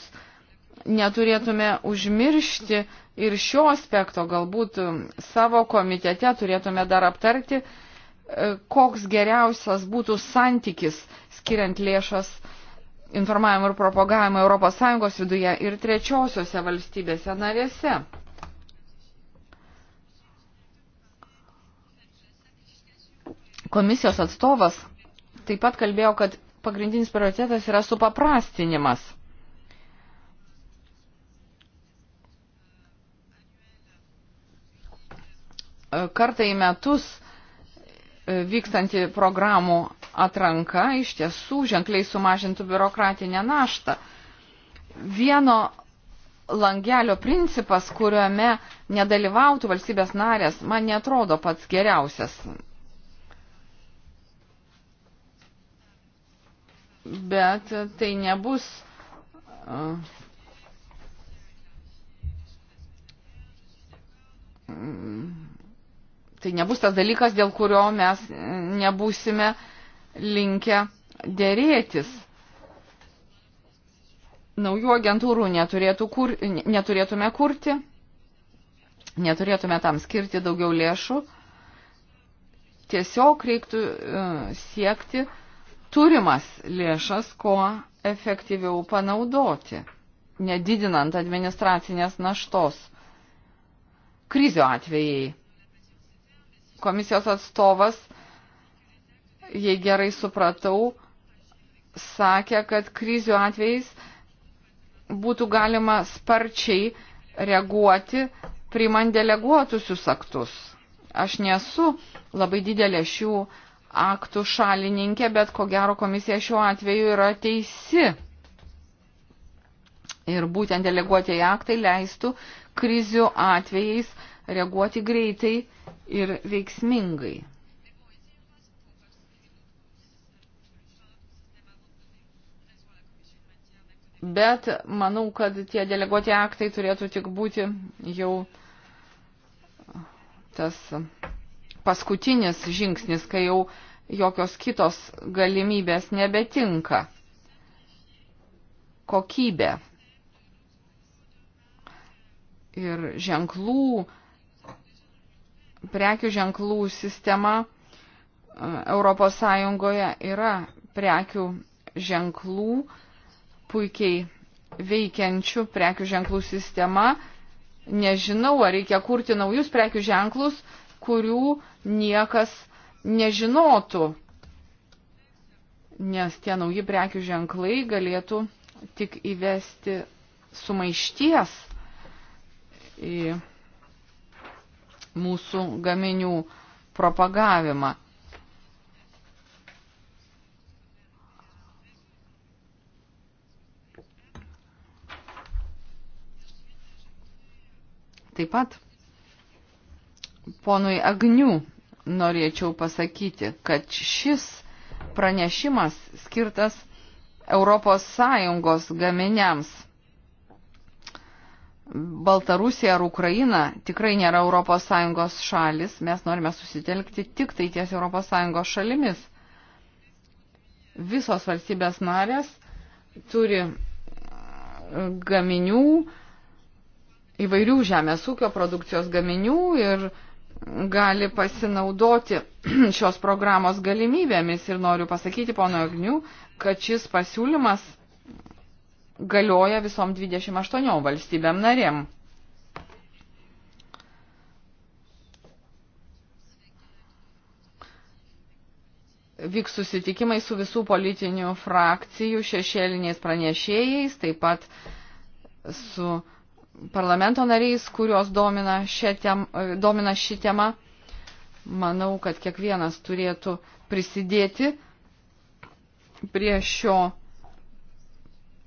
Speaker 1: Neturėtume užmiršti, ir šio aspekto galbūt savo komitete turėtume dar aptarti, e, koks geriausias būtų santykis skiriant lėšas informavimo ir propagavimo ES viduje ir trečiosiose valstybėse narėse. Komisijos atstovas taip pat kalbėjo, kad pagrindinis prioritetas yra supaprastinimas. kartą į metus e, vykstanti programų atranka iš tiesų ženkliai sumažintų biurokratinę naštą. Vieno langelio principas, kuriuome nedalyvautų valstybės narės, man netrodo pats geriausias. Bet tai nebus
Speaker 5: mm,
Speaker 1: Tai nebus tas dalykas, dėl kurio mes nebūsime linkę dėrėtis. Naujų agentūrų neturėtų kur, neturėtume kurti, neturėtume tam skirti daugiau lėšų. Tiesiog reiktų e, siekti turimas lėšas kuo efektyviau panaudoti, nedidinant administracinės naštos. Krizio atvejai komisijos atstovas, jei gerai supratau, sakė, kad krizių atvejais būtų galima sparčiai reaguoti, priimant deleguotusius aktus. Aš nesu labai didelė šių aktų šalininkė, bet ko gero komisija šiuo atveju yra teisi. Ir būtent deleguotieji aktai leistų krizių atvejais reaguoti greitai ir veiksmingai. Bet manau, kad tie deleguoti aktai turėtų tik būti jau tas paskutinis žingsnis, kai jau jokios kitos galimybės nebetinka. Kokybė ir ženklų prekių ženklų sistema ES yra prekių ženklų, puikiai veikiančių prekių ženklų sistema. Nežinau, ar reikia kurti naujus prekių ženklus, kurių niekas nežinotų, nes tie nauji prekių ženklai galėtų tik įvesti sumaišties į mūsų gaminių propagavimą. Taip pat ponui Agnių norėčiau pasakyti, kad šis pranešimas skirtas Europos Sąjungos gaminiams Baltarusija ar Ukraina tikrai nėra ES šalis, mes norime susitelkti tik tai ties ES šalimis. Visos valstybės narės turi e, gaminių, įvairių žemės ūkio produkcijos gaminių ir gali pasinaudoti šios programos galimybėmis. Ir noriu pasakyti, pono Agniu, kad šis pasiūlymas galioja visom 28 valstybėm narėm. Vyks susitikimai su visų politinių frakcijų šešėliniais pranešėjais, taip pat su parlamento nariais, kuriuos domina, tem, domina ši tema. Manau, kad kiekvienas turėtų prisidėti prie šio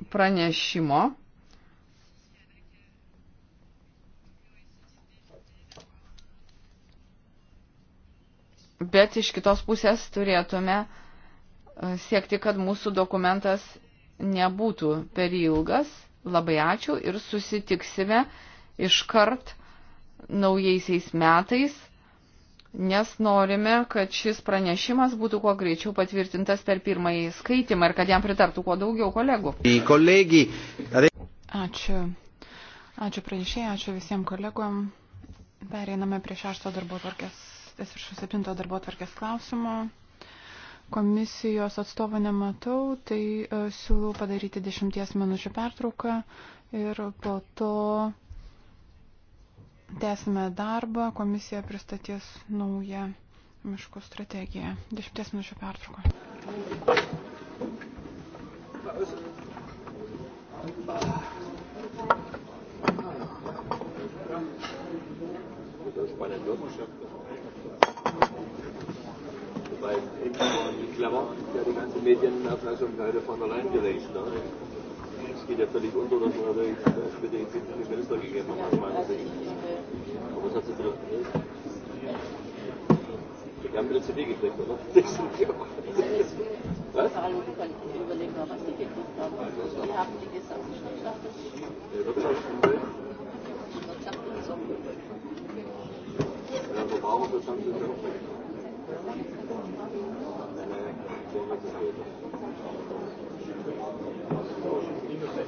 Speaker 1: pranešimo. Bet iš kitos pusės turėtume e, siekti, kad mūsų dokumentas nebūtų per ilgas. Labai ačiū ir susitiksime iškart naujaisiais metais nes norime, kad šis pranešimas būtų kuo greičiau patvirtintas per pirmąjį skaitimą ir kad jam pritartų kuo daugiau kolegų. Ačiū. Ačiū pranešėjai, ačiū visiems kolegom. Pereiname
Speaker 3: prie šešto darbo tvarkės, esu septinto darbo tvarkės klausimo. Komisijos atstovo nematau, tai e, siūlau padaryti dešimties minučių pertrauką ir po to Tęsime darbą, komisija pristatys naują miškų strategiją. Dešimties minučių pertrauko.
Speaker 6: Weil eben die Klamotten, die ja die ganzen Medien auf von der Leyen gelesen haben geht ja völlig unbedacht unterwegs mit den sitzenden Minister gegeben, aus meiner Sicht.
Speaker 5: Aber
Speaker 6: es hat sich wieder. Wir haben wieder CD gekriegt, oder? Das sind die auch. Was? Überlegen wir, was die gekriegt haben. Die haben die Gesamtwirtschaft. Wirtschaftsumwelt. Wirtschaft und Umwelt. Ja, so brauchen wir das haben sie auch weggenommen. Nein, nein, so hat es gehört.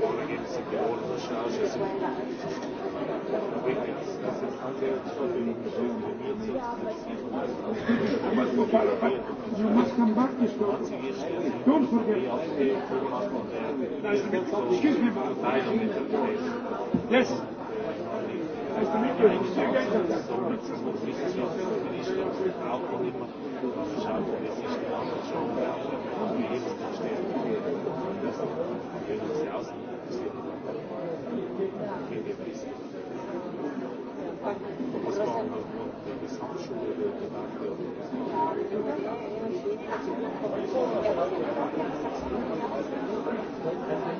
Speaker 6: vorgehens geordneter charge sind entwickelt. Das sind Anwälte, die informiert sind, beziehungsweise informiert. You must come back this way. Don't forget. Excuse me, ma'am. Yes. Nice to meet you. Thank you. Thank you.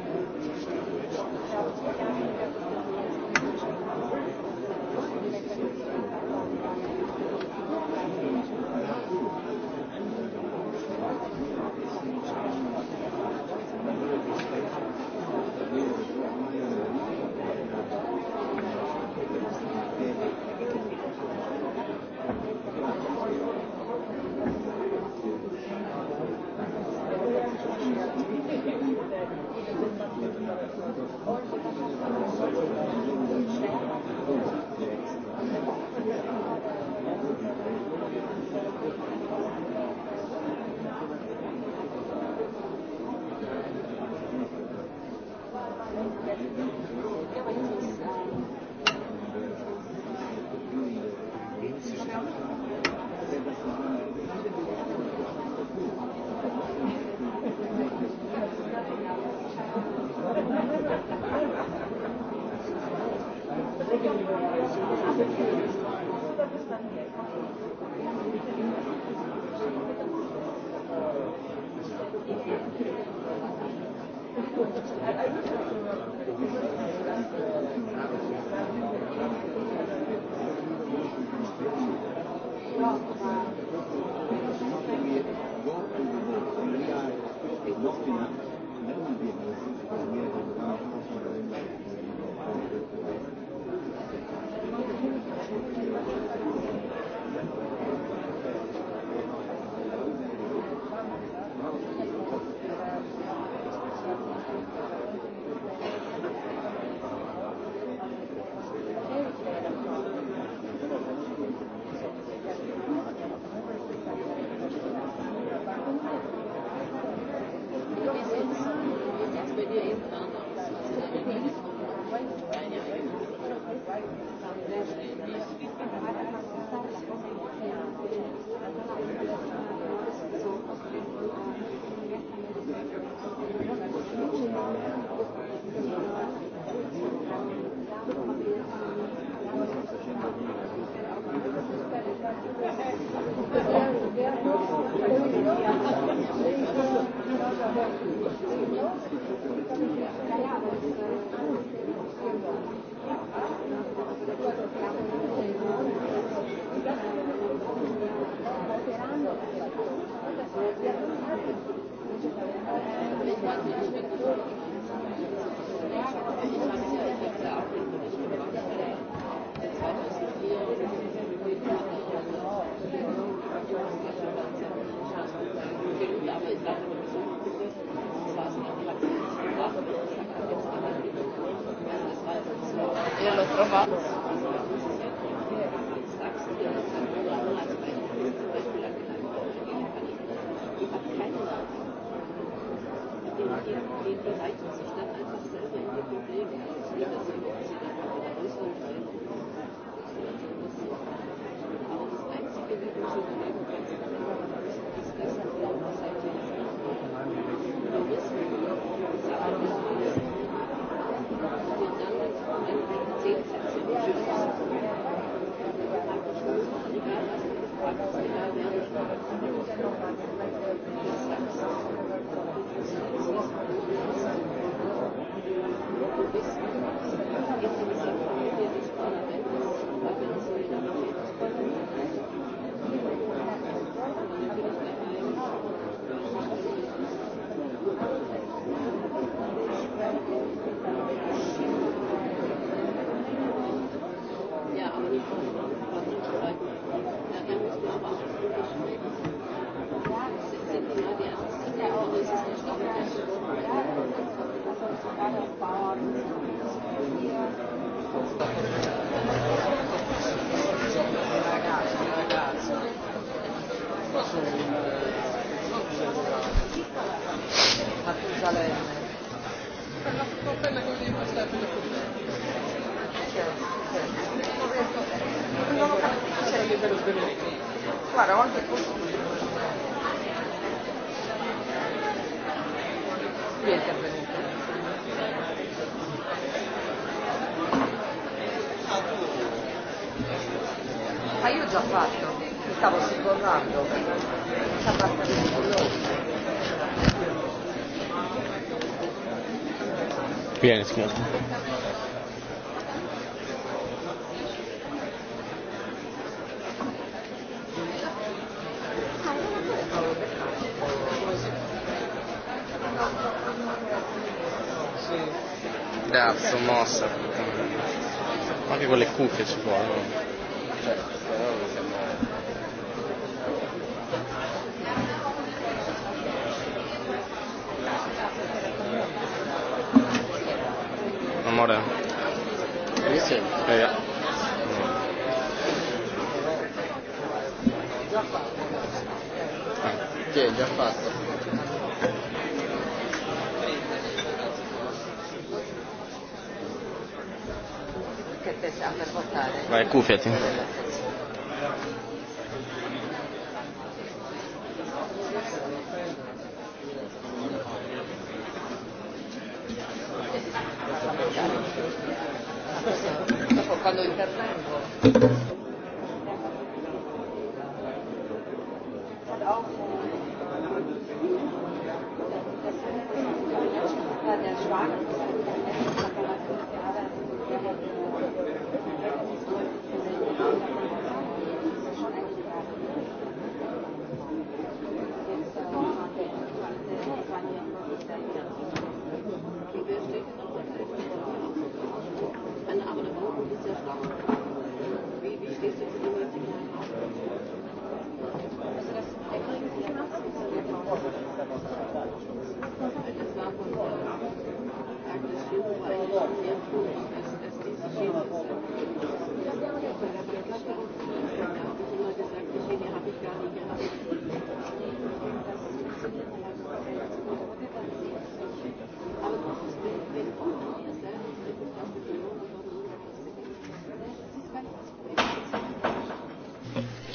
Speaker 6: that's far.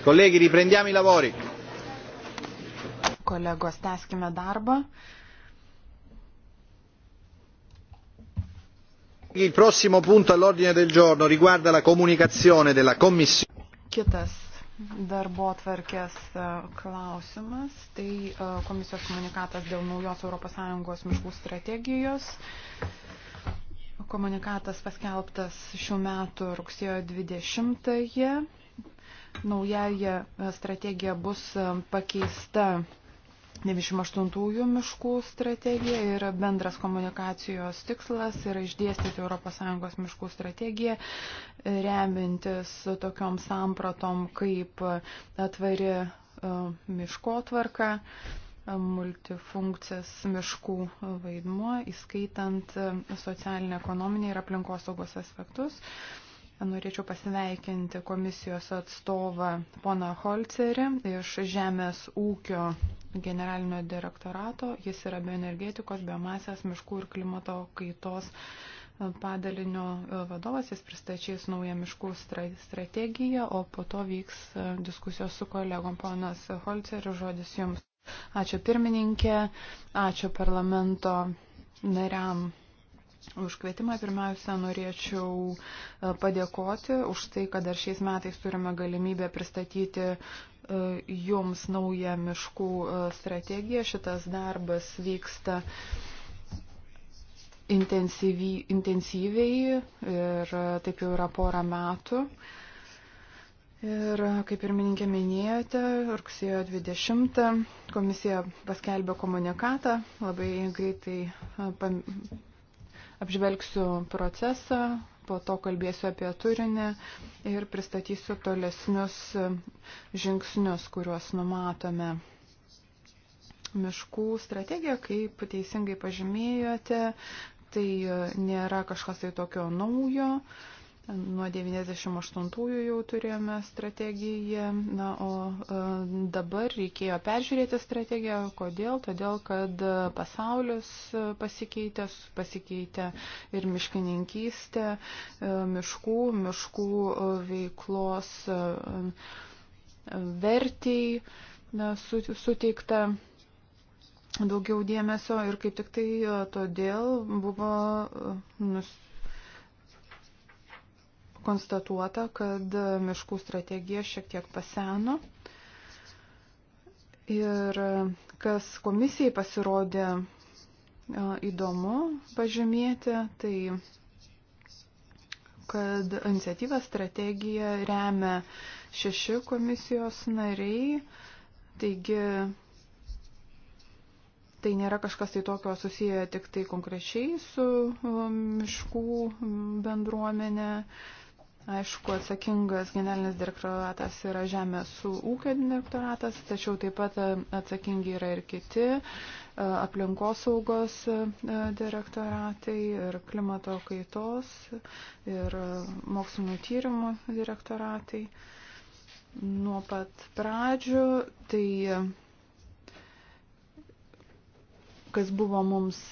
Speaker 2: Colleghi, riprendiamo i lavori.
Speaker 3: Kolegos, tęskime darbą.
Speaker 2: Il prossimo punto all'ordine del giorno riguarda la comunicazione della Commissione.
Speaker 3: Kitas darbo tvarkės e, klausimas, tai e, komisijos komunikatas dėl naujos ES miškų strategijos. Komunikatas paskelbtas šių metų rugsėjo 20-ąją. Naujaja e, strategija bus e, pakeista 98-ųjų miškų strategija ir bendras komunikacijos tikslas yra išdėstyti ES miškų strategiją, remintis tokiom sampratom kaip atvari e, miškotvarka, multifunkcijas miškų vaidmuo, įskaitant socialinę, ekonominę ir aplinkosaugos aspektus. Norėčiau pasveikinti komisijos atstovą poną Holcerį iš Žemės ūkio generalinio direktorato. Jis yra bioenergetikos, biomasės, miškų ir klimato kaitos e, padalinio e, vadovas. Jis pristačiais naują miškų strategiją, o po to vyks e, diskusijos su kolegom. Ponas Holceris, žodis jums. Ačiū pirmininkė, ačiū parlamento nariam už kvietimą. Pirmiausia, norėčiau e, padėkoti už tai, kad dar šiais metais turime galimybę pristatyti e, jums naują miškų e, strategiją. Šitas darbas vyksta intensyviai ir taip jau yra porą metų. Ir kaip ir mininkė minėjote, rugsėjo 20 komisija paskelbė komunikatą, labai greitai apžvelgsiu procesą, po to kalbėsiu apie turinį ir pristatysiu tolesnius žingsnius, kuriuos numatome. Miškų strategija, kaip teisingai pažymėjote, tai nėra kažkas tai tokio naujo. Uh, Nuo 98-ųjų jau turėjome strategiją, na, o e, dabar reikėjo peržiūrėti strategiją. Kodėl? Todėl, kad pasaulis e, pasikeitė, pasikeitė ir miškininkystė, e, miškų, miškų veiklos vertėjai suteikta daugiau dėmesio ir kaip tik tai todėl buvo nus, konstatuota, kad miškų strategija šiek tiek paseno. Ir kas komisijai pasirodė e, įdomu pažymėti, tai kad iniciatyvą strategiją remia šeši komisijos nariai, taigi tai nėra kažkas tai tokio susiję tik tai konkrečiai su e, miškų bendruomenė. Um, Aišku, atsakingas generalinis direktoratas yra žemės ūkio direktoratas, tačiau taip pat e, atsakingi yra ir kiti e, aplinkosaugos e, direktoratai ir klimato kaitos ir mokslinio tyrimų direktoratai. Nuo pat pradžių tai kas buvo mums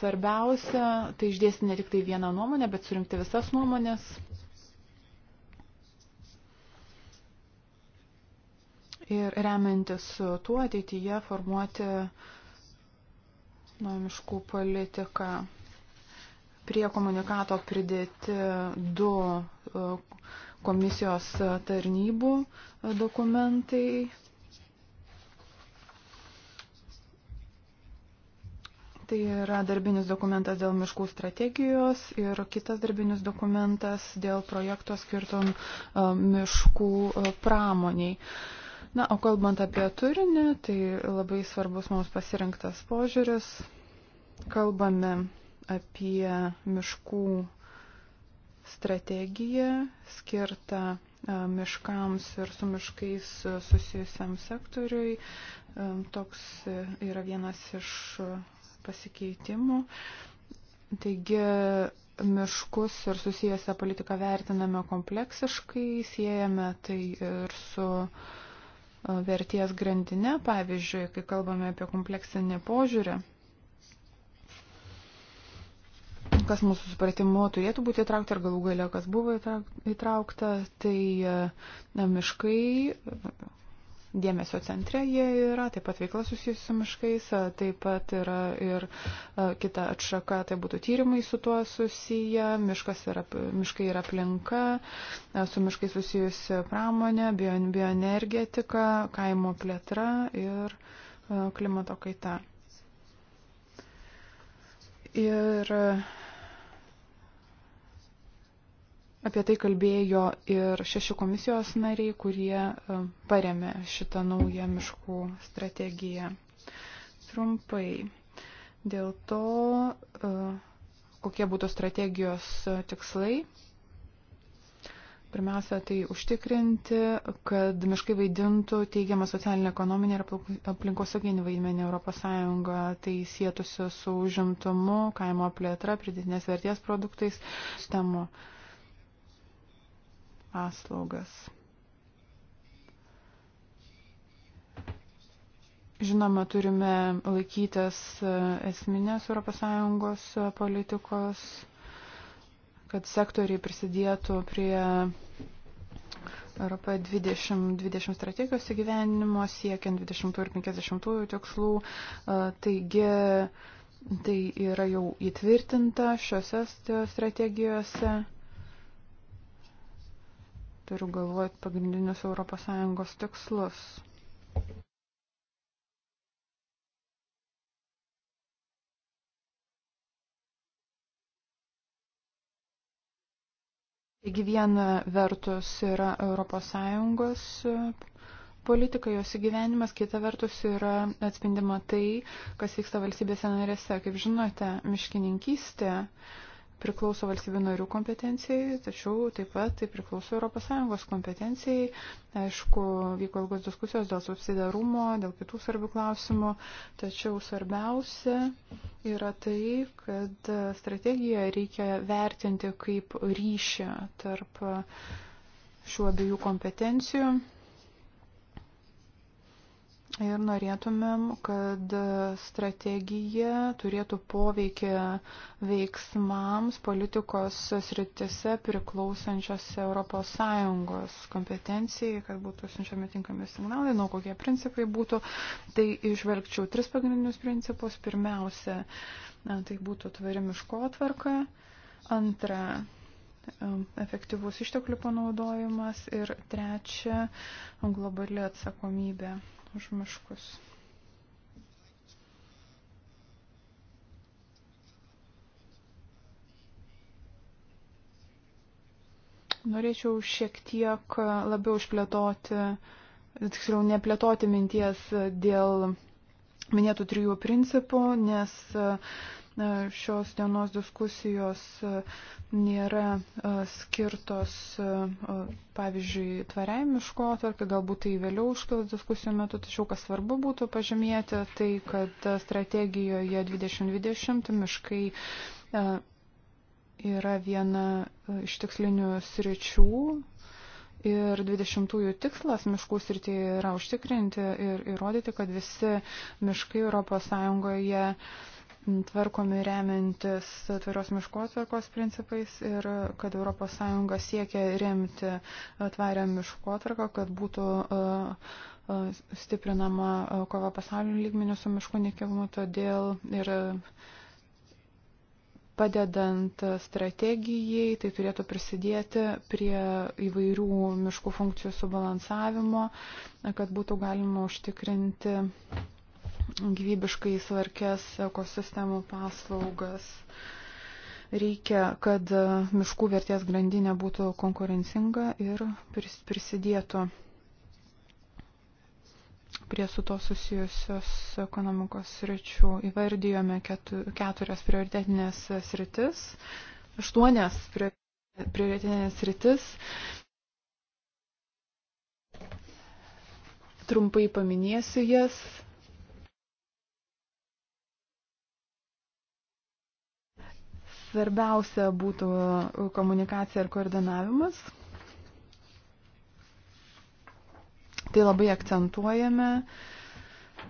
Speaker 3: svarbiausia, tai išdėsti ne tik tai vieną nuomonę, bet surinkti visas nuomonės ir remiantis tuo ateityje formuoti na, miškų politiką. Prie komunikato pridėti du e, komisijos tarnybų e, dokumentai. Tai yra darbinis dokumentas dėl miškų strategijos ir kitas darbinis dokumentas dėl projekto skirtom e, miškų pramoniai. Uh, Na, o kalbant apie turinį, tai labai svarbus mums pasirinktas požiūris. Kalbame apie miškų strategiją skirtą e, miškams ir su miškais susijusiam sektoriui. E, toks yra vienas iš pasikeitimų. Taigi miškus ir susijęsią politiką vertiname kompleksiškai, siejame tai ir su uh, verties grandinę, pavyzdžiui, kai kalbame apie kompleksinį požiūrį, kas mūsų supratimu turėtų būti įtraukta ir galų galia, kas buvo įtraukta, tai na, miškai, dėmesio centre jie yra, taip pat veikla susijusi su miškais, taip pat yra ir kita atšaka, tai būtų tyrimai su tuo susiję, Miškas yra, miškai yra aplinka, su miškai susijusi pramonė, bio, bioenergetika, kaimo plėtra ir klimato kaita. Ir Apie tai kalbėjo ir šeši komisijos nariai, kurie e, paremė šitą naują miškų strategiją. Trumpai. Dėl to, e, kokie būtų strategijos e, tikslai. Pirmiausia, tai užtikrinti, kad miškai vaidintų teigiamą socialinį, ekonominį ir aplinkosauginį vaidmenį ES. Tai sėtusi su užimtumu, kaimo plėtra, pridėtinės vertės produktais, sistemo. Uh, paslaugas. Žinoma, turime laikytis e, esminės ES politikos, kad sektoriai prisidėtų prie Europa 2020 strategijos įgyvenimo, siekiant 20 ir 50 tikslų. E, taigi, tai yra jau įtvirtinta šiuose strategijose. Turiu galvoti pagrindinius ES tikslus. Taigi viena vertus yra ES politika, jos įgyvenimas, kita vertus yra atspindima tai, kas vyksta valstybėse narėse. Kaip žinote, miškininkystė uh, priklauso valstybių narių kompetencijai, tačiau taip pat tai priklauso ES kompetencijai. Aišku, vyko ilgos diskusijos dėl subsidarumo, dėl kitų svarbių klausimų, tačiau svarbiausia yra tai, kad strategiją reikia vertinti kaip ryšį tarp šių abiejų kompetencijų ir norėtumėm, kad strategija turėtų poveikį veiksmams politikos sritise priklausančios ES kompetencijai, kad būtų siunčiami tinkami signalai, nuo kokie principai būtų. Tai išvelgčiau tris pagrindinius principus. Pirmiausia, tai būtų tvari miškotvarka. Antra, efektyvus išteklių panaudojimas ir trečia, globali atsakomybė už miškus. Norėčiau šiek tiek labiau išplėtoti, tiksliau neplėtoti minties dėl minėtų trijų principų, nes šios dienos diskusijos e, nėra e, skirtos, e, pavyzdžiui, tvariai miško atvarkai, galbūt tai vėliau užkils diskusijų metu, tačiau kas svarbu būtų pažymėti, tai kad strategijoje 2020 miškai yra viena iš tikslinių sričių, Ir 20-ųjų tikslas miškų srityje yra užtikrinti ir įrodyti, kad visi miškai ES tvarkomi remiantis tvarios miškotvarkos principais ir kad ES siekia remti e, tvarią miškotvarką, kad būtų e, e, stiprinama kova pasaulinių lygmenių su miškų nekivimu, todėl ir padedant strategijai, tai turėtų prisidėti prie įvairių miškų funkcijų subalansavimo, kad būtų galima užtikrinti gyvybiškai svarkės ekosistemų paslaugas. Reikia, kad miškų vertės grandinė būtų konkurencinga ir prisidėtų prie su to susijusios ekonomikos sričių. Įvardijome keturias prioritetinės sritis, aštuonias prioritetinės sritis. Trumpai paminėsiu jas. Svarbiausia būtų komunikacija ir koordinavimas. Tai labai akcentuojame,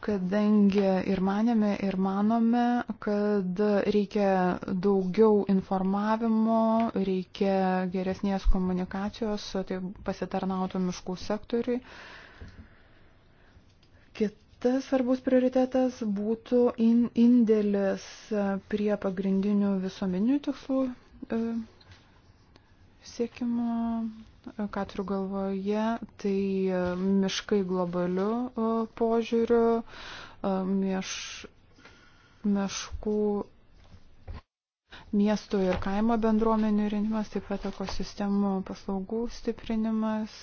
Speaker 3: kadangi ir manėme, ir manome, kad reikia daugiau informavimo, reikia geresnės komunikacijos, tai pasitarnautų miškų sektoriui. Kit, Kitas svarbus prioritetas būtų in, indėlis prie pagrindinių visuomeninių tikslų e, siekimo, e, ką turiu galvoje, tai e, miškai globaliu e, požiūriu, e, mieš, miškų miestų ir kaimo bendruomenių rinkimas, taip pat ekosistemų paslaugų stiprinimas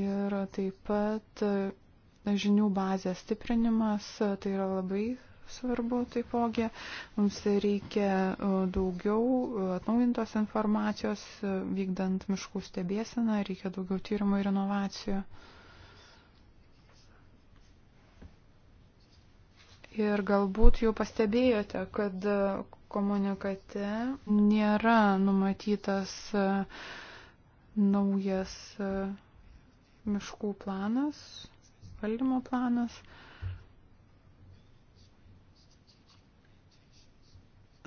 Speaker 3: ir taip pat žinių bazės stiprinimas, tai yra labai svarbu taipogi. Mums reikia e, daugiau e, atnaujintos informacijos, e, vykdant miškų stebėseną, reikia daugiau tyrimų ir inovacijų. Ir galbūt jau pastebėjote, kad komunikate nėra numatytas naujas miškų planas, valdymo planas.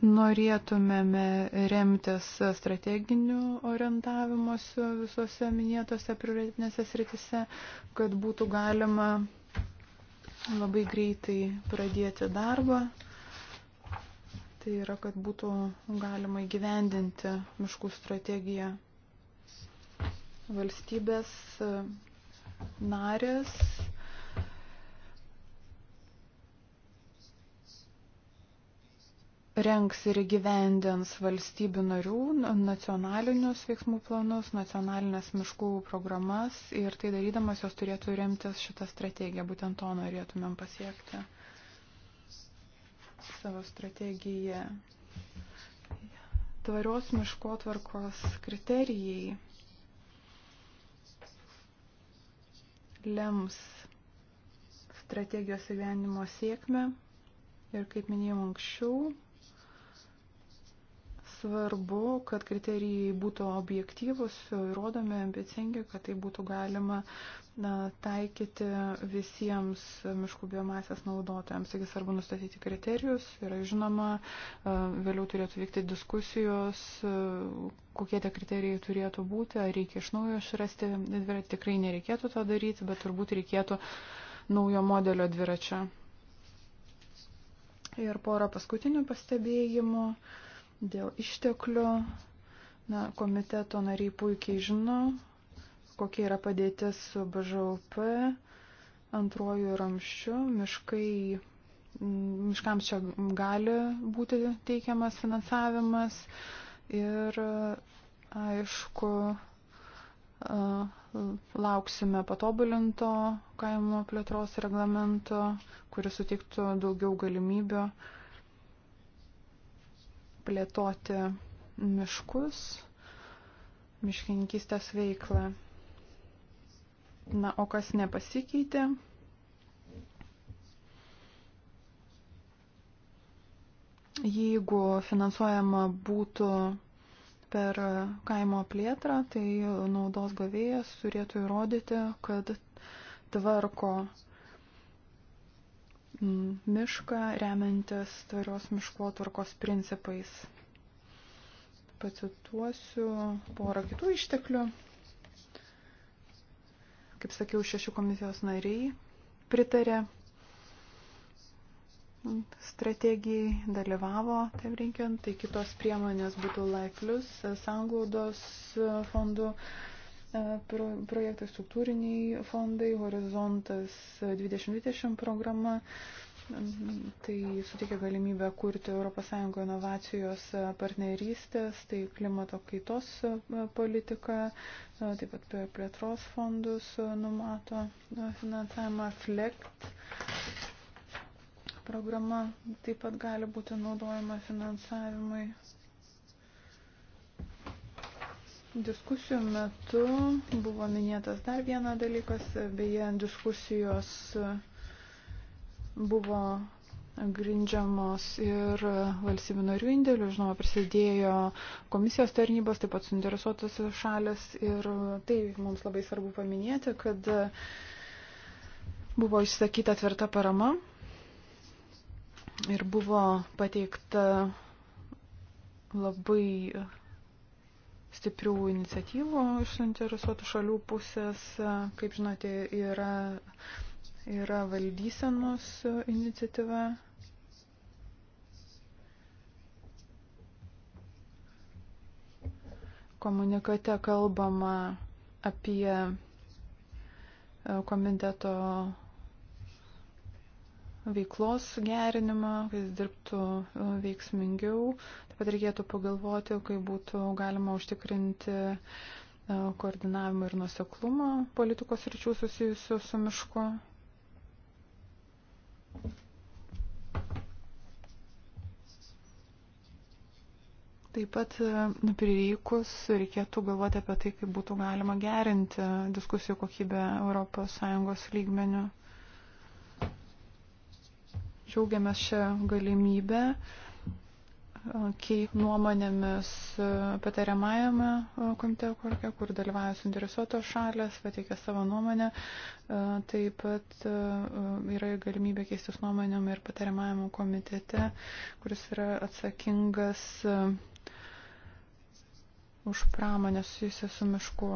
Speaker 3: Norėtumėme remtis strateginiu orientavimuose visose minėtose prioritetinėse sritise, kad būtų galima labai greitai pradėti darbą. Tai yra, kad būtų galima įgyvendinti miškų strategiją. Valstybės narės renks ir gyvendins valstybių narių nacionalinius veiksmų planus, nacionalinės miškų programas ir tai darydamas jos turėtų remtis šitą strategiją, būtent to norėtumėm pasiekti savo strategiją. Tvarios miškotvarkos kriterijai lems strategijos įgyvenimo sėkmę ir kaip minėjau anksčiau, svarbu, kad kriterijai būtų objektyvus, įrodomi, ambicingi, kad tai būtų galima na, taikyti visiems miškų biomasės naudotojams. Taigi svarbu nustatyti kriterijus, yra žinoma, vėliau turėtų vykti diskusijos, kokie tie kriterijai turėtų būti, ar reikia iš naujo išrasti dviratį, tikrai nereikėtų to daryti, bet turbūt reikėtų naujo modelio dviračio. Ir porą paskutinių pastebėjimų. Uh, dėl išteklių. Na, komiteto nariai puikiai žino, kokia yra padėtis su BŽUP antrojų ramščių. Miškai, miškams čia gali būti teikiamas finansavimas ir aišku, lauksime patobulinto kaimo plėtros reglamento, kuris suteiktų daugiau galimybių plėtoti miškus, miškininkystės veiklą. Na, o kas nepasikeitė? Jeigu finansuojama būtų per kaimo plėtrą, tai naudos gavėjas turėtų įrodyti, kad tvarko mišką remiantis tvarios miškotvarkos principais. Pacituosiu porą kitų išteklių. Kaip sakiau, šešių komisijos nariai pritarė strategijai dalyvavo, taip reikiant, tai kitos priemonės būtų laiklius, sanglaudos fondų pro, projektai, struktūriniai fondai, horizontas 2020 programa. Tai suteikia galimybę kurti ES inovacijos partnerystės, tai klimato kaitos politika, taip pat plėtros fondus numato finansavimą FLECT programa taip pat gali būti naudojama finansavimui Diskusijų metu buvo minėtas dar vienas dalykas, beje, diskusijos buvo grindžiamos ir valstybių narių indėlių, žinoma, prisidėjo komisijos tarnybos, taip pat suinteresuotas šalis ir tai mums labai svarbu paminėti, kad buvo išsakyta tvirta parama ir buvo pateikta labai stiprių iniciatyvų iš interesuotų šalių pusės. Kaip žinote, yra, yra valdysenos iniciatyva. Komunikate kalbama apie e, komiteto veiklos gerinimą, kad jis dirbtų e, veiksmingiau. Taip pat reikėtų pagalvoti, kaip būtų galima užtikrinti e, koordinavimą ir nuseklumą politikos ryčių susijusių su mišku. Taip pat e, prireikus reikėtų galvoti apie tai, kaip būtų galima gerinti diskusijų kokybę ES lygmenių džiaugiamės šią galimybę kei nuomonėmis patariamajame komitete, kur dalyvauja suinteresuotos šalės, pateikia savo nuomonę. Taip pat yra galimybė keistis nuomonėm ir patariamajame komitete, kuris yra atsakingas už pramonę susijusią su mišku.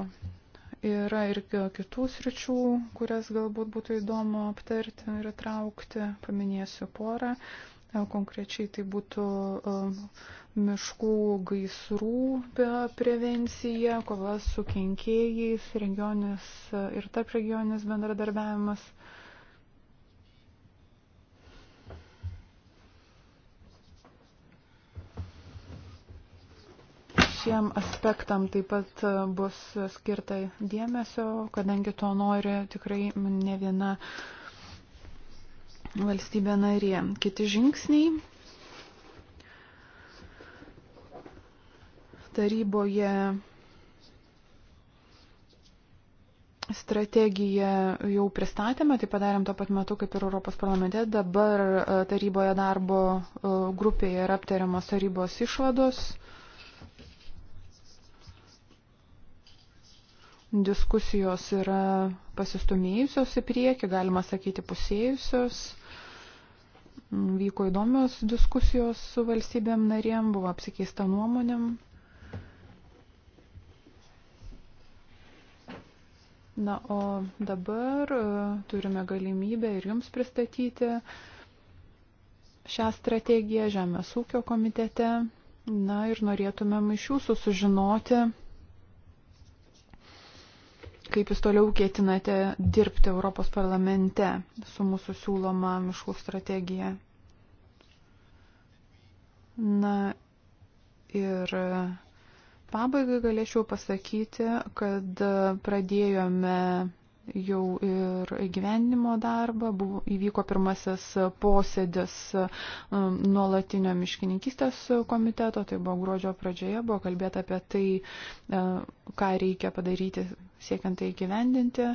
Speaker 3: Yra ir kitų sričių, kurias galbūt būtų įdomu aptarti ir atraukti. Paminėsiu porą. E, konkrečiai tai būtų e, miškų gaisrų e, prevencija, kova su kenkėjais, regionis ir tarp regionis bendradarbiavimas. šiem aspektam taip pat e, bus skirta dėmesio, kadangi to nori tikrai ne viena valstybė narė. Kiti žingsniai. Taryboje strategiją jau pristatėme, tai padarėm tuo pat metu kaip ir Europos parlamente. Dabar e, taryboje darbo e, grupėje yra aptariamos tarybos išvados. diskusijos yra pasistumėjusios į priekį, galima sakyti pusėjusios. Vyko įdomios diskusijos su valstybėm narėm, buvo apsikeista nuomonėm. Na, o dabar e, turime galimybę ir jums pristatyti šią strategiją Žemės ūkio komitete. Na ir norėtumėm iš jūsų sužinoti, kaip jūs toliau ketinate dirbti Europos parlamente su mūsų siūloma miškų strategija. Na ir pabaigai galėčiau pasakyti, kad pradėjome jau ir gyvenimo darbą, buvo, įvyko pirmasis posėdis um, nuolatinio miškininkistės komiteto, tai buvo gruodžio pradžioje, buvo kalbėta apie tai, e, ką reikia padaryti siekiant tai gyvendinti,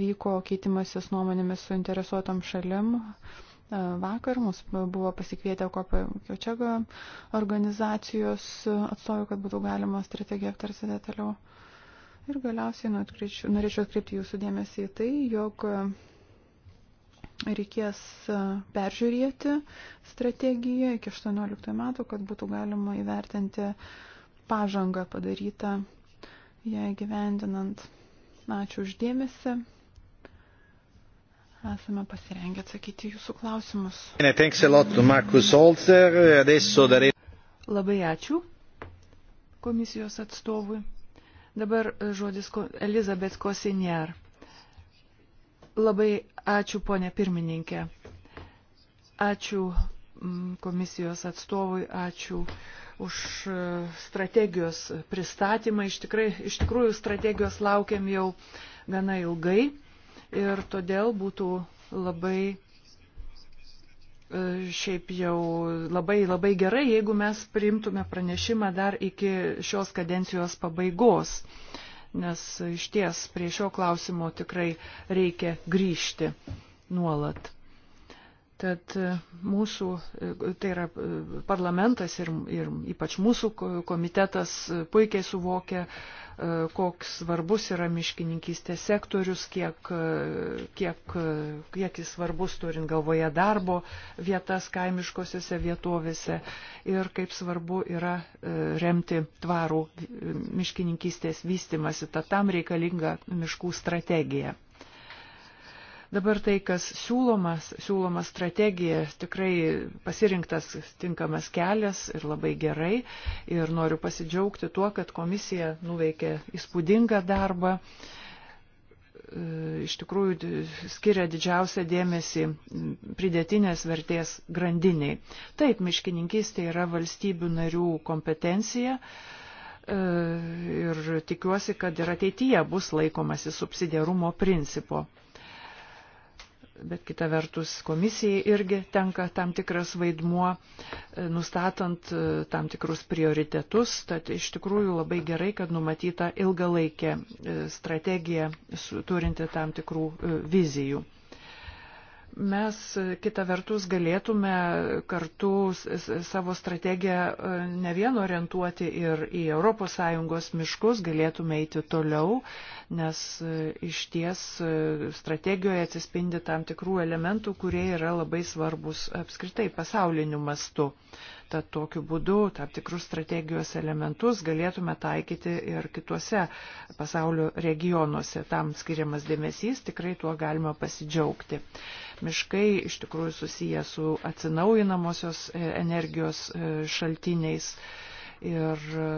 Speaker 3: vyko keitimasis nuomonėmis su interesuotam šalim. E, vakar mus buvo pasikvietę Kopiočego organizacijos atstovai, kad būtų galima strategiją aptarti detaliau. Ir galiausiai norėčiau atkreipti jūsų dėmesį į tai, jog e, reikės e, peržiūrėti strategiją iki 18 metų, kad būtų galima įvertinti pažangą padarytą ją gyvendinant. Ačiū uždėmesi. Esame pasirengę atsakyti jūsų klausimus.
Speaker 4: Labai ačiū komisijos atstovui. Dabar e, žodis Elizabet Kosinjar. Labai ačiū, ponė pirmininkė. Ačiū komisijos atstovui, ačiū už e, strategijos pristatymą. Iš, tikrai, iš tikrųjų, strategijos laukiam jau gana ilgai ir todėl būtų labai E, šiaip jau labai labai gerai, jeigu mes priimtume pranešimą dar iki šios kadencijos pabaigos, nes iš ties prie šio klausimo tikrai reikia grįžti nuolat. Tad e, mūsų, e, tai yra e, parlamentas ir, ir ypač mūsų komitetas puikiai suvokia, koks svarbus yra miškininkystės sektorius, kiek, kiek, kiek jis svarbus turint galvoje darbo vietas kaimiškosiuose vietovėse ir kaip svarbu yra remti tvarų miškininkystės vystimasi, tad tam reikalinga miškų strategija. Dabar tai, kas siūlomas, siūlomas strategija, tikrai pasirinktas tinkamas kelias ir labai gerai. Ir noriu pasidžiaugti tuo, kad komisija nuveikė įspūdingą darbą e, iš tikrųjų skiria didžiausią dėmesį pridėtinės vertės grandiniai. Taip, miškininkystė yra valstybių narių kompetencija e, ir tikiuosi, kad ir ateityje bus laikomasi subsidiarumo principo bet kita vertus komisijai irgi tenka tam tikras vaidmuo, e, nustatant e, tam tikrus prioritetus. Tad iš tikrųjų labai gerai, kad numatyta ilgalaikė e, strategija turinti tam tikrų vizijų mes kitą vertus galėtume kartu savo strategiją e, ne vien orientuoti ir į ES miškus, galėtume eiti toliau, nes e, iš ties e, strategijoje atsispindi tam tikrų elementų, kurie yra labai svarbus apskritai pasauliniu mastu. Tad tokiu būdu tam tikrus strategijos elementus galėtume taikyti ir kituose pasaulio regionuose. Tam skiriamas dėmesys, tikrai tuo galima pasidžiaugti. Miškai iš tikrųjų susiję su atsinaujinamosios e, energijos e, šaltiniais ir e,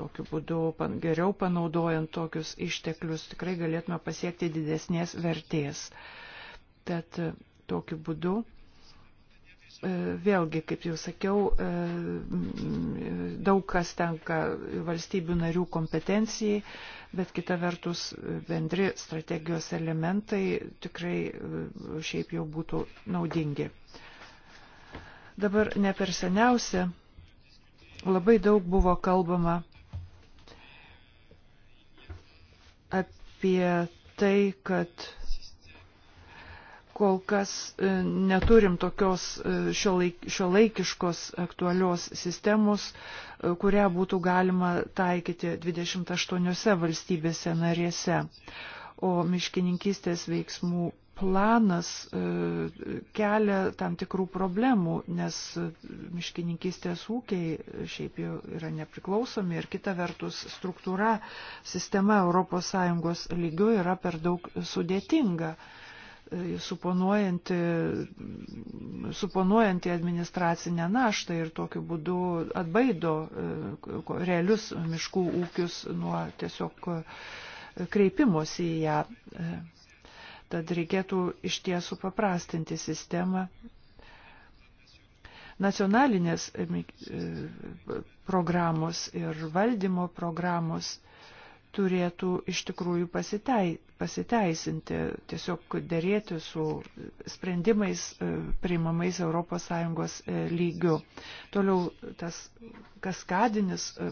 Speaker 4: tokiu būdu geriau panaudojant tokius išteklius tikrai galėtume pasiekti didesnės vertės. Tad tokiu būdu E, vėlgi, kaip jau sakiau, e, daug kas tenka valstybių narių kompetencijai, bet kita vertus bendri strategijos elementai tikrai e, šiaip jau būtų naudingi. Dabar ne per seniausia labai daug buvo kalbama apie tai, kad kol kas e, neturim tokios e, šiuolaikiškos aktualios sistemos, e, kurią būtų galima taikyti 28 valstybėse narėse. O miškininkystės veiksmų planas kelia tam tikrų problemų, nes miškininkystės ūkiai šiaip jau yra nepriklausomi ir kita vertus struktūra, sistema ES lygiu yra per daug sudėtinga suponuojanti, suponuojanti administracinę naštą ir tokiu būdu atbaido e, realius miškų ūkius nuo tiesiog e, kreipimosi į ją. E, tad reikėtų iš tiesų paprastinti sistemą. Nacionalinės programos ir valdymo programos turėtų iš tikrųjų pasitei, pasiteisinti, tiesiog dėrėti su sprendimais e, priimamais ES e, lygiu. Toliau tas kaskadinis e,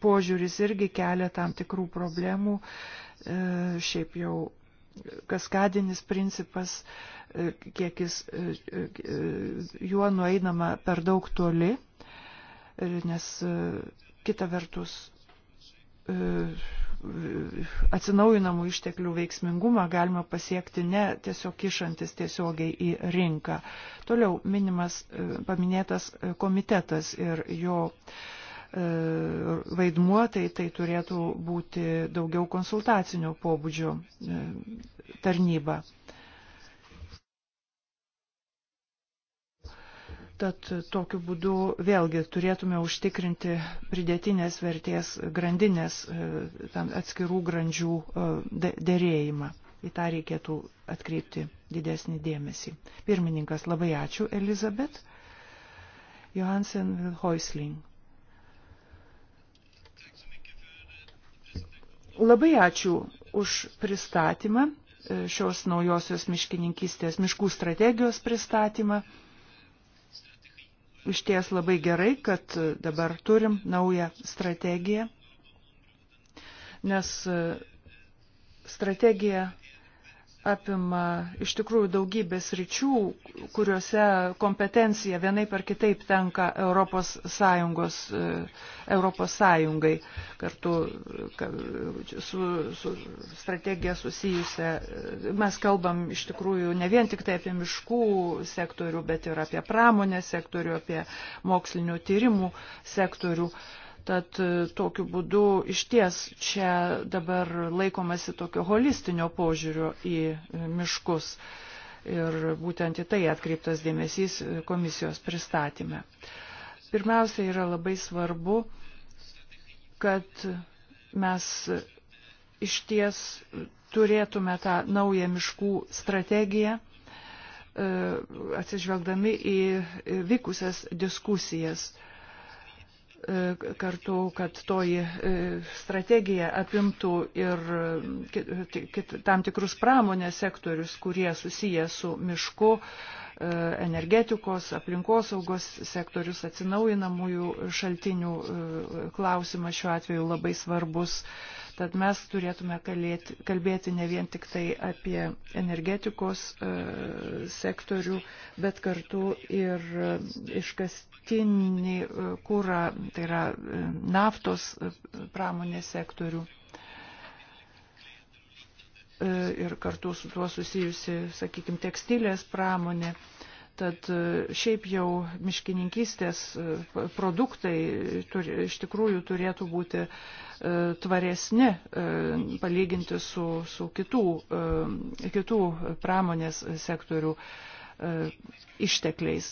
Speaker 4: požiūris irgi kelia tam tikrų problemų. Šiaip jau kaskadinis principas, kiek jis, juo nueinama per daug toli, nes kita vertus e, atsinaujinamų išteklių veiksmingumą galima pasiekti ne tiesiog kišantis tiesiogiai į rinką. Toliau minimas e, paminėtas komitetas ir jo e, vaidmuo, tai tai turėtų būti daugiau konsultacinio pobūdžio tarnyba. Tad tokiu būdu vėlgi turėtume užtikrinti pridėtinės vertės grandinės e, atskirų grandžių e, dėrėjimą. Į tą reikėtų atkreipti didesnį dėmesį. Pirmininkas, labai ačiū, Elizabet. Johansen Hoisling. Labai ačiū už pristatymą e, šios naujosios miškininkystės miškų strategijos pristatymą iš ties labai gerai, kad dabar turim naują strategiją, nes strategija apima iš tikrųjų daugybės ryčių, kuriuose kompetencija vienai per kitaip tenka Europos, Sąjungos, e, Europos Sąjungai kartu su, su strategija susijusia. E, mes kalbam iš tikrųjų ne vien tik tai apie miškų sektorių, bet ir apie pramonės sektorių, apie mokslinių tyrimų sektorių. Uh, Tad e, tokiu būdu iš ties čia dabar laikomasi tokio holistinio požiūrio į e, miškus. Ir būtent į tai atkreiptas dėmesys e, komisijos pristatymė. Pirmiausia, yra labai svarbu, kad mes iš ties turėtume tą naują miškų strategiją, atsižvelgdami į vykusias diskusijas E, kartu, kad toji e, strategija apimtų ir e, tam tikrus pramonės sektorius, kurie susiję su mišku, E, energetikos, aplinkosaugos sektorius, atsinaujinamųjų šaltinių e, klausimas šiuo atveju labai svarbus. Tad mes turėtume kalėti, kalbėti ne vien tik tai apie energetikos e, sektorių, bet kartu ir iškastinį kūrą, tai yra naftos pramonės sektorių ir kartu su tuo susijusi, sakykime, tekstilės pramonė. Tad e, šiaip jau miškininkystės e, produktai turi, iš tikrųjų turėtų būti e, tvaresni palyginti su, su kitų, kitų pramonės sektorių ištekliais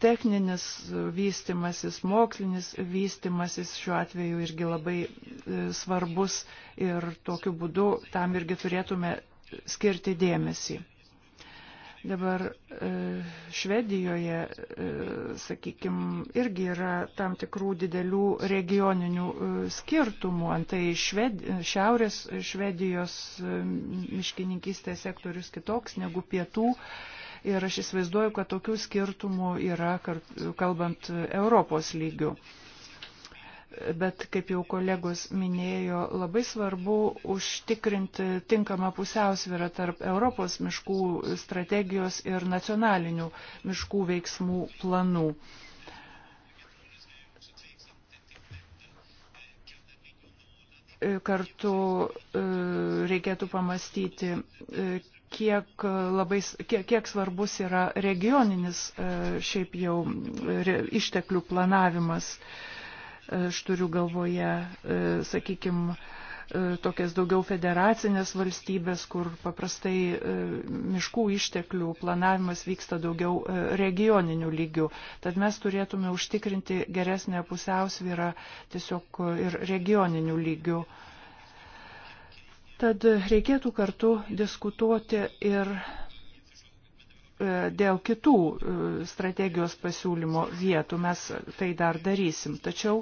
Speaker 4: techninis vystimasis, mokslinis vystimasis šiuo atveju irgi labai svarbus ir tokiu būdu tam irgi turėtume skirti dėmesį. Dabar e, Švedijoje, e, sakykime, irgi yra tam tikrų didelių regioninių e, skirtumų. Antai šved, šiaurės Švedijos miškininkystės sektorius kitoks negu pietų. Ir aš įsivaizduoju, kad tokių skirtumų yra, kalbant Europos lygių bet, kaip jau kolegos minėjo, labai svarbu užtikrinti tinkamą pusiausvyrą tarp Europos miškų strategijos ir nacionalinių miškų veiksmų planų. Kartu e, reikėtų pamastyti, e, kiek, labai, kiek, kiek svarbus yra regioninis e, šiaip jau išteklių planavimas. Aš turiu galvoje, e, sakykime, tokias daugiau federacinės valstybės, kur paprastai e, miškų išteklių planavimas vyksta daugiau e, regioninių lygių. Tad mes turėtume užtikrinti geresnę pusiausvyrą tiesiog ir regioninių lygių. Tad reikėtų kartu diskutuoti ir E, dėl kitų e, strategijos pasiūlymo vietų mes tai dar darysim. Tačiau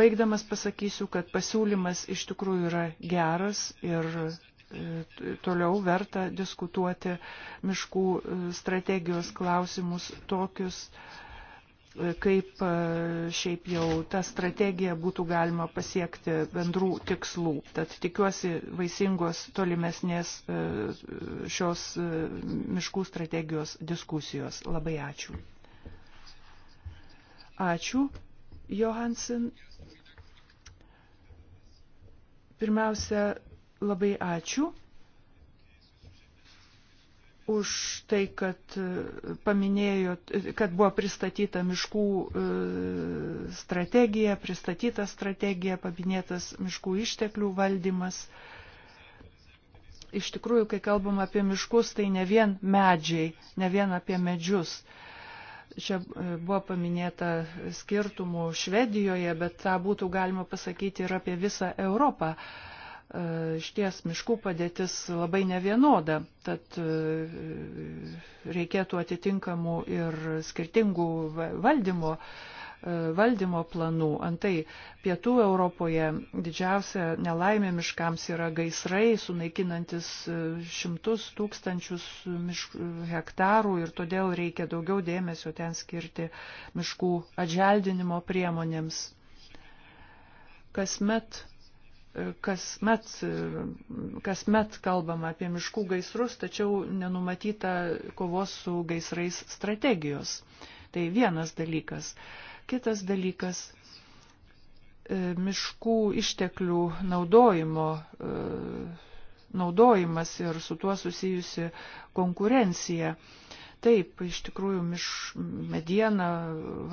Speaker 4: baigdamas pasakysiu, kad pasiūlymas iš tikrųjų yra geras ir e, toliau verta diskutuoti miškų strategijos klausimus tokius kaip e, šiaip jau tą strategiją būtų galima pasiekti bendrų tikslų. Tad tikiuosi vaisingos tolimesnės e, šios e, miškų strategijos diskusijos. Labai ačiū. Ačiū, Johansen. Pirmiausia, labai ačiū už tai, kad e, paminėjot, e, kad buvo pristatyta miškų e, strategija, pristatyta strategija, paminėtas miškų išteklių valdymas. Iš tikrųjų, kai kalbam apie miškus, tai ne vien medžiai, ne vien apie medžius. Čia buvo paminėta skirtumų Švedijoje, bet tą būtų galima pasakyti ir apie visą Europą. Uh, E, Šties miškų padėtis labai nevienoda, tad e, reikėtų atitinkamų ir skirtingų valdymo e, valdymo planų. Antai pietų Europoje didžiausia nelaimė miškams yra gaisrai, sunaikinantis šimtus tūkstančius hektarų ir todėl reikia daugiau dėmesio ten skirti miškų atželdinimo priemonėms. Kasmet kasmet, kasmet kalbama apie miškų gaisrus, tačiau nenumatyta kovos su gaisrais strategijos. Tai vienas dalykas. Kitas dalykas e, - miškų išteklių naudojimo, e, naudojimas ir su tuo susijusi konkurencija Taip, iš tikrųjų, miš, mediena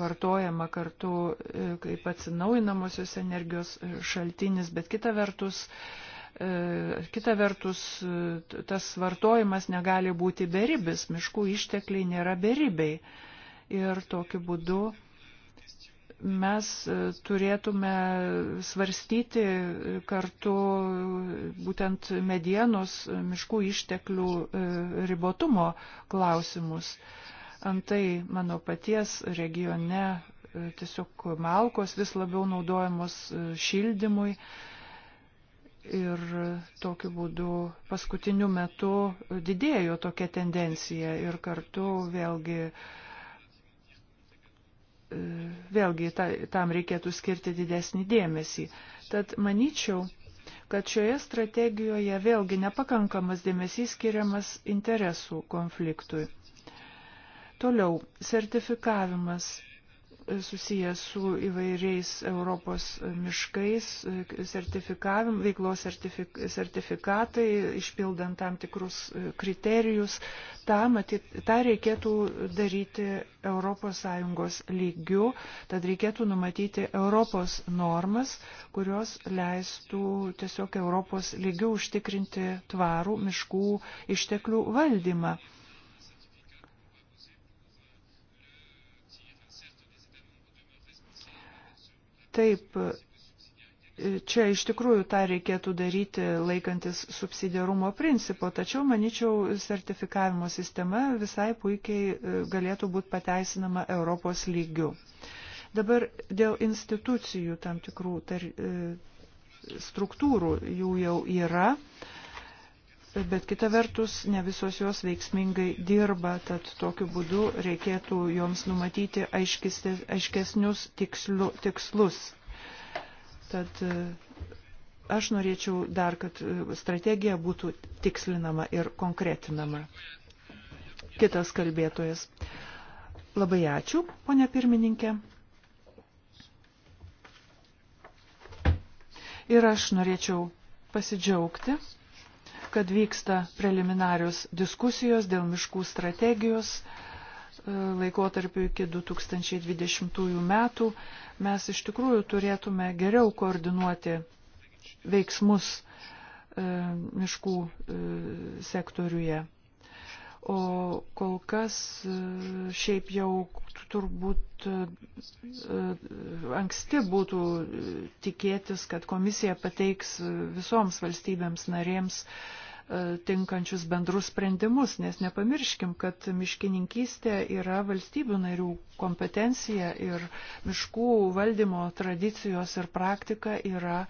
Speaker 4: vartojama kartu e, kaip atsinaujinamosios energijos e, šaltinis, bet kita vertus, e, kita vertus, tas vartojimas negali būti beribis, miškų ištekliai nėra beribiai. Ir tokiu būdu mes e, turėtume svarstyti kartu būtent medienos e, miškų išteklių e, ribotumo klausimus. Antai mano paties regione tiesiog malkos vis labiau naudojamos šildymui ir tokiu būdu paskutiniu metu didėjo tokia tendencija ir kartu vėlgi uh, vėlgi ta, tam reikėtų skirti didesnį dėmesį. Tad manyčiau, kad šioje strategijoje vėlgi nepakankamas dėmesys skiriamas interesų konfliktui. Toliau, sertifikavimas susijęs su įvairiais Europos miškais, sertifikavim, veiklos sertifik, sertifikatai, išpildant tam tikrus e, kriterijus. Ta, matyt, tą reikėtų daryti ES lygiu, tad reikėtų numatyti Europos normas, kurios leistų tiesiog Europos lygiu užtikrinti tvarų miškų išteklių valdymą. Taip, čia iš tikrųjų tą reikėtų daryti laikantis subsidiarumo principo, tačiau, manyčiau, sertifikavimo sistema visai puikiai e, galėtų būti pateisinama Europos lygiu. Dabar dėl institucijų tam tikrų tar, e, struktūrų jų jau yra. E, bet kita vertus ne visos jos veiksmingai dirba, tad tokiu būdu reikėtų joms numatyti aiškesnius tiksliu, tikslus. Tad e, aš norėčiau dar, kad e, strategija būtų tikslinama ir konkretinama. Kitas kalbėtojas. Labai ačiū, ponia pirmininkė. Ir aš norėčiau pasidžiaugti kad vyksta preliminarios diskusijos dėl miškų strategijos e, laikotarpiu iki 2020 metų. Mes iš tikrųjų turėtume geriau koordinuoti veiksmus e, miškų e, sektoriuje. O kol kas e, šiaip jau turbūt e, e, anksti būtų tikėtis, kad komisija pateiks visoms valstybėms narėms tinkančius bendrus sprendimus, nes nepamirškim, kad miškininkystė yra valstybių narių kompetencija ir miškų valdymo tradicijos ir praktika yra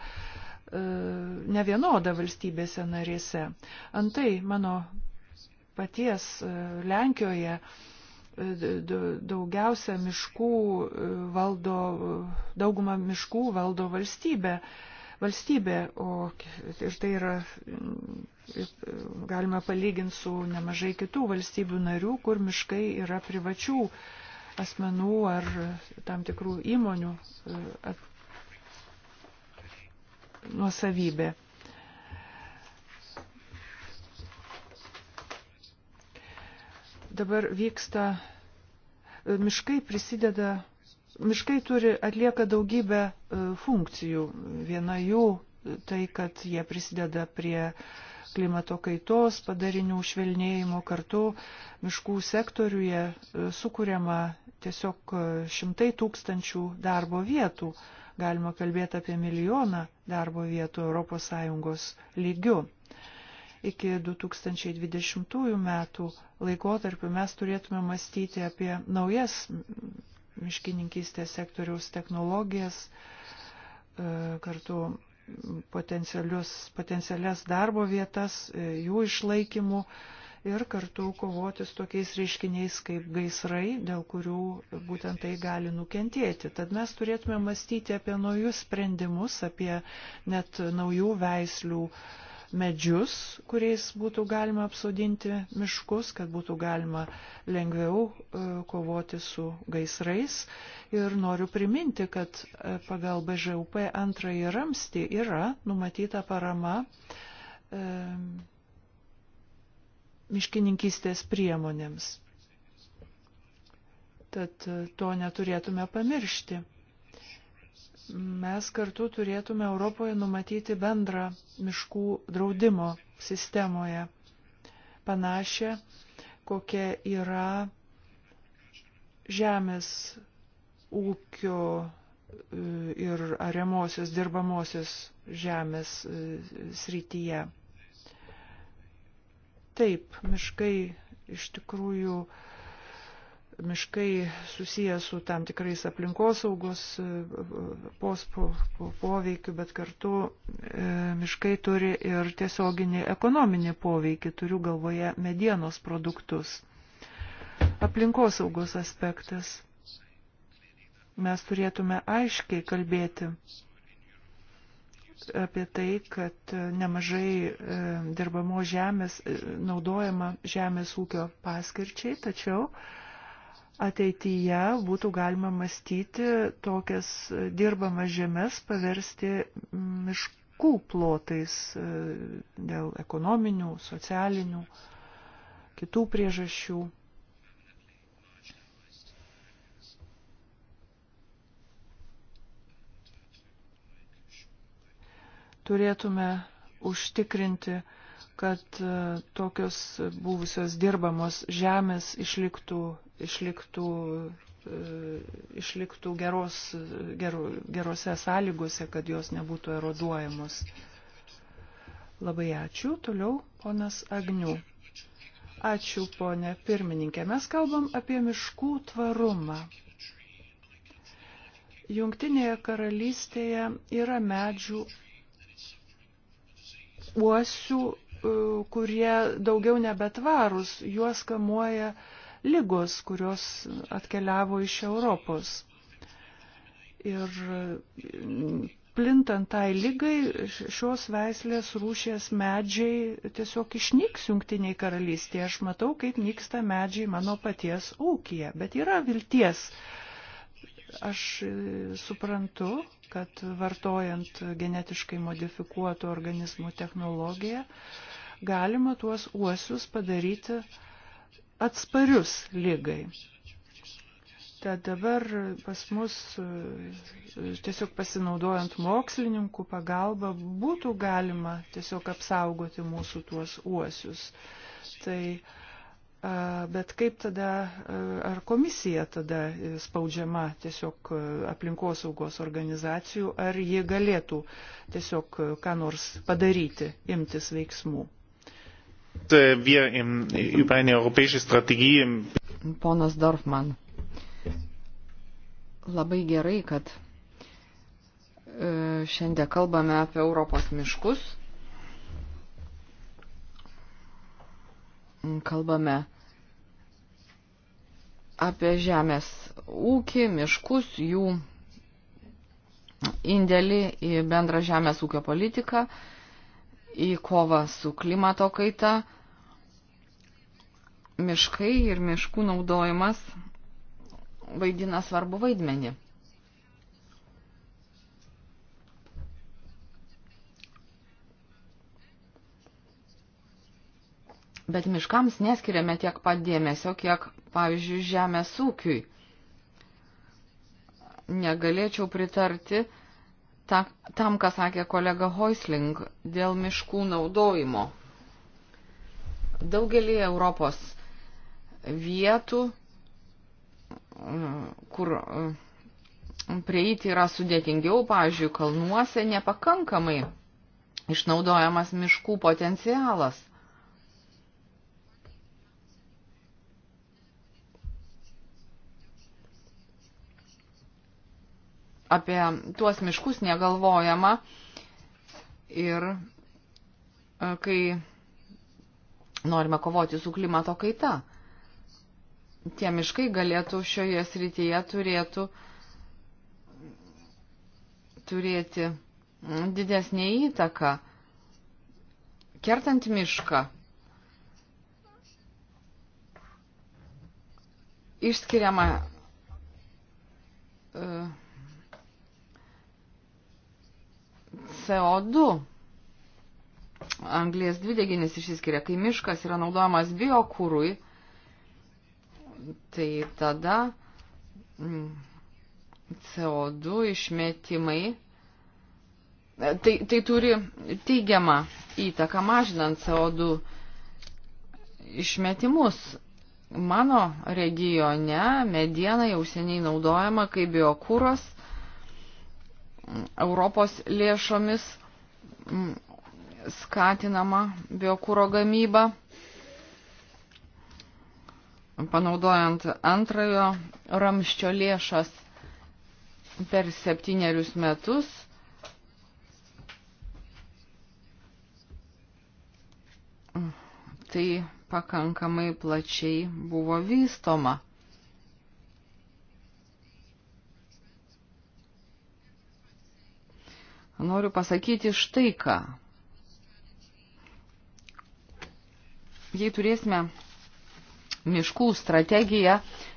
Speaker 4: ne vienoda valstybėse narėse. Antai mano paties e, Lenkijoje e, daugiausia miškų e, valdo, daugumą miškų valdo valstybė. Valstybė, o ir tai yra, galima palyginti su nemažai kitų valstybių narių, kur miškai yra privačių asmenų ar tam tikrų įmonių nuosavybė. dabar vyksta, e, miškai prisideda, miškai turi, atlieka daugybę e, funkcijų. Viena jų e, tai, kad jie prisideda prie klimato kaitos padarinių švelnėjimo kartu miškų sektoriuje sukūriama tiesiog šimtai tūkstančių darbo vietų. Galima kalbėti apie milijoną darbo vietų ES lygių iki 2020 metų laikotarpių mes turėtume mąstyti apie naujas miškininkystės sektoriaus technologijas, e, kartu potencialias darbo vietas, e, jų išlaikymų ir kartu kovoti su tokiais reiškiniais kaip gaisrai, dėl kurių būtent tai gali nukentėti. Tad mes turėtume mąstyti apie naujus sprendimus, apie net naujų veislių uh, medžius, kuriais būtų galima apsodinti miškus, kad būtų galima lengviau e, kovoti su gaisrais. Ir noriu priminti, kad e, pagal BŽUP antrąjį ramstį yra numatyta parama e, miškininkystės priemonėms. Tad e, to neturėtume pamiršti mes kartu turėtume Europoje numatyti bendrą miškų draudimo sistemoje, panašią, kokia yra žemės ūkio e, ir ariamosios dirbamosios žemės e, srityje. Taip, miškai iš tikrųjų uh, miškai susijęs su tam tikrais aplinkosaugos e, poveikiu, bet kartu e, miškai turi ir tiesioginį ekonominį poveikį, turiu galvoje medienos produktus. Aplinkosaugos aspektas. Mes turėtume aiškiai kalbėti apie tai, kad nemažai e, dirbamo žemės naudojama žemės ūkio paskirčiai, tačiau uh, ateityje būtų galima mąstyti tokias dirbamas žemės paversti miškų plotais e, dėl ekonominių, socialinių, kitų priežasčių. Turėtume užtikrinti, kad e, tokios buvusios dirbamos žemės išliktų išliktų, e, išliktų geros, ger, gerose sąlygose, kad jos nebūtų eroduojamos. Labai ačiū. Toliau ponas Agnių. Ačiū, ponė pirmininkė. Mes kalbam apie miškų tvarumą. Jungtinėje karalystėje yra medžių uosių, e, kurie daugiau nebetvarus, juos kamuoja uh, lygos, kurios atkeliavo iš Europos. Ir mm, plintant tai lygai, šios veislės rūšies medžiai tiesiog išnyks jungtiniai karalystėje. Aš matau, kaip nyksta medžiai mano paties ūkija, bet yra vilties. Aš e, suprantu, kad vartojant genetiškai modifikuotų organizmų technologiją, galima tuos uosius padaryti uh, atsparius lygai. Tad dabar pas mus e, tiesiog pasinaudojant mokslininkų pagalba būtų galima tiesiog apsaugoti mūsų tuos uosius. Tai e, Bet kaip tada, e, ar komisija tada spaudžiama tiesiog aplinkosaugos organizacijų, ar ji galėtų tiesiog ką nors padaryti, imtis veiksmų?
Speaker 1: Äh, Ponas Dorfman, labai gerai, kad äh, šiandien kalbame apie Europos miškus. Kalbame apie žemės ūkį, miškus, jų indėlį į bendrą žemės ūkio politiką į kovą su klimato kaita. Miškai ir miškų naudojimas vaidina svarbu vaidmenį. Bet miškams neskiriame tiek pat dėmesio, kiek, pavyzdžiui, žemės ūkiui. Negalėčiau pritarti, ta, tam, ką sakė kolega Hoisling dėl miškų naudojimo. Daugelį Europos vietų, kur e, prieiti yra sudėtingiau, pavyzdžiui, kalnuose nepakankamai išnaudojamas miškų potencialas. apie tuos miškus negalvojama. Ir e, kai norime kovoti su klimato kaita, tie miškai galėtų šioje srityje turėtų turėti didesnį įtaką. Kertant mišką, išskiriama uh, CO2. Anglės dvideginis išsiskiria, kai miškas yra naudojamas biokūrui, tai tada mm, CO2 išmetimai, e, tai, tai turi teigiamą įtaką mažinant CO2 išmetimus. Mano regione mediena jau seniai naudojama kaip biokūros Europos lėšomis skatinama biokūro gamyba, panaudojant antrojo ramščio lėšas per septynerius metus. Tai pakankamai plačiai buvo vystoma. noriu pasakyti štai ką. Jei turėsime miškų strategiją,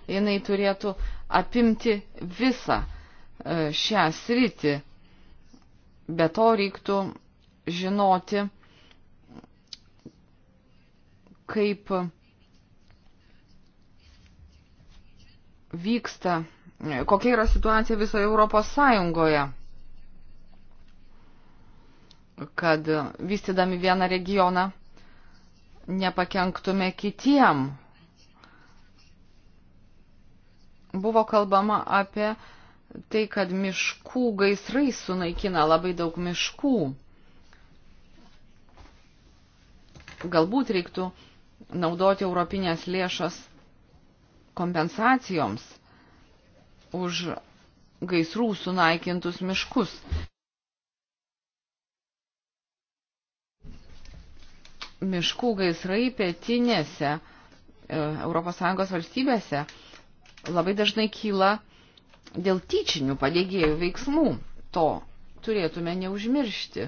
Speaker 1: jinai turėtų apimti visą e, šią sritį. Be to reiktų žinoti, kaip vyksta, kokia yra situacija visoje Europos Sąjungoje kad vystydami vieną regioną nepakenktume kitiem. Buvo kalbama apie tai, kad miškų gaisrai sunaikina labai daug miškų. Galbūt reiktų naudoti europinės lėšas kompensacijoms už gaisrų sunaikintus miškus. miškų gaisrai pietinėse ES valstybėse labai dažnai kyla dėl tyčinių padėgėjų veiksmų. To turėtume neužmiršti.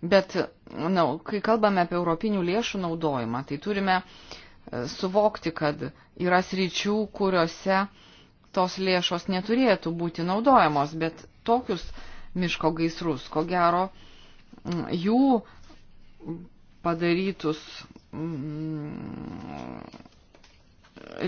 Speaker 1: Bet, na, kai kalbame apie europinių lėšų naudojimą, tai turime uh, suvokti, kad yra sričių, kuriuose tos lėšos neturėtų būti naudojamos, bet tokius miško gaisrus, ko gero, mm, jų padarytus mm,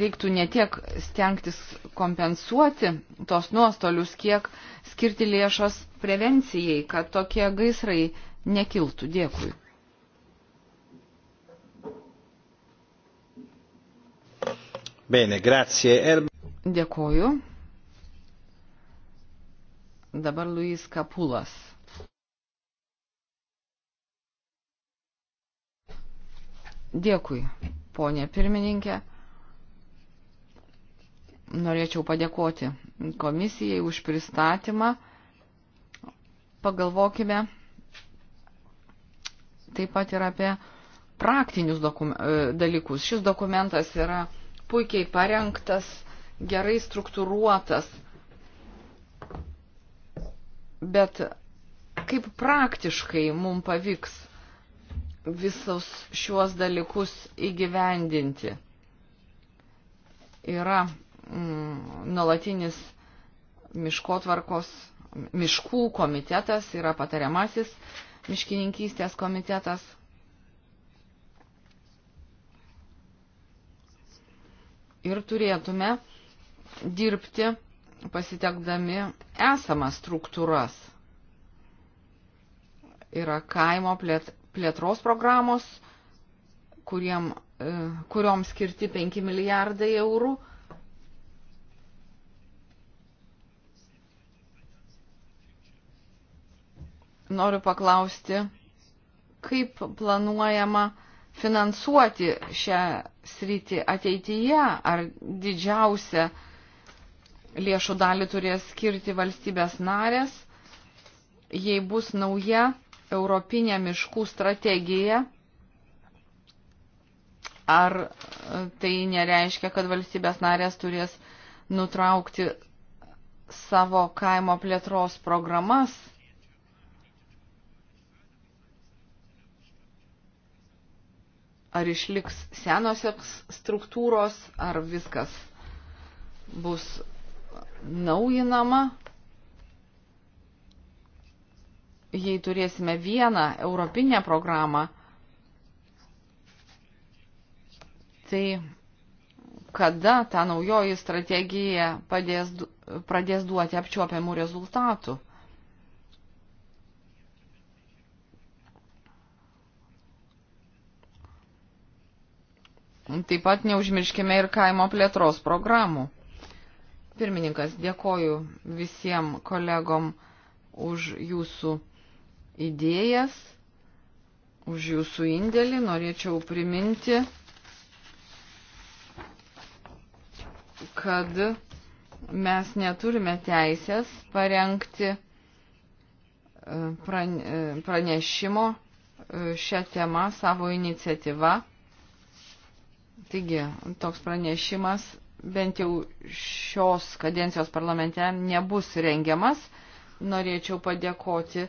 Speaker 1: reiktų ne tiek stengtis kompensuoti tos nuostolius, kiek skirti lėšas prevencijai, kad tokie gaisrai nekiltų. Dėkui. Bene, grazie. Er... Dėkoju. Dabar Luis Kapulas. Dėkui, ponė pirmininkė. Norėčiau padėkoti komisijai už pristatymą. Pagalvokime taip pat ir apie praktinius e, dalykus. Šis dokumentas yra puikiai parengtas, gerai struktūruotas. Bet kaip praktiškai mums pavyks visus šiuos dalykus įgyvendinti? Yra mm, nuolatinis miškotvarkos, miškų komitetas, yra patariamasis miškininkystės komitetas, ir turėtume dirbti pasitekdami esamas struktūras. Yra kaimo plėt, plėtros programos, kuriem, e, kuriom skirti 5 milijardai eurų. Noriu paklausti, kaip planuojama finansuoti šią sritį ateityje, ar didžiausia lėšų dalį turės skirti valstybės narės, jei bus nauja europinė miškų strategija, ar e, tai nereiškia, kad valstybės narės turės nutraukti savo kaimo plėtros programas ar išliks senosios struktūros, ar viskas bus naujinama. Jei turėsime vieną europinę programą, tai kada ta naujoji strategija padės, pradės duoti apčiuopiamų rezultatų? Taip pat neužmirškime ir kaimo plėtros programų. Pirmininkas, dėkoju visiems kolegom už jūsų idėjas, už jūsų indėlį. Norėčiau priminti, kad mes neturime teisės parengti e, e, pranešimo e, šią temą savo iniciatyvą. Taigi, toks pranešimas bent jau šios kadencijos parlamente nebus rengiamas. Norėčiau padėkoti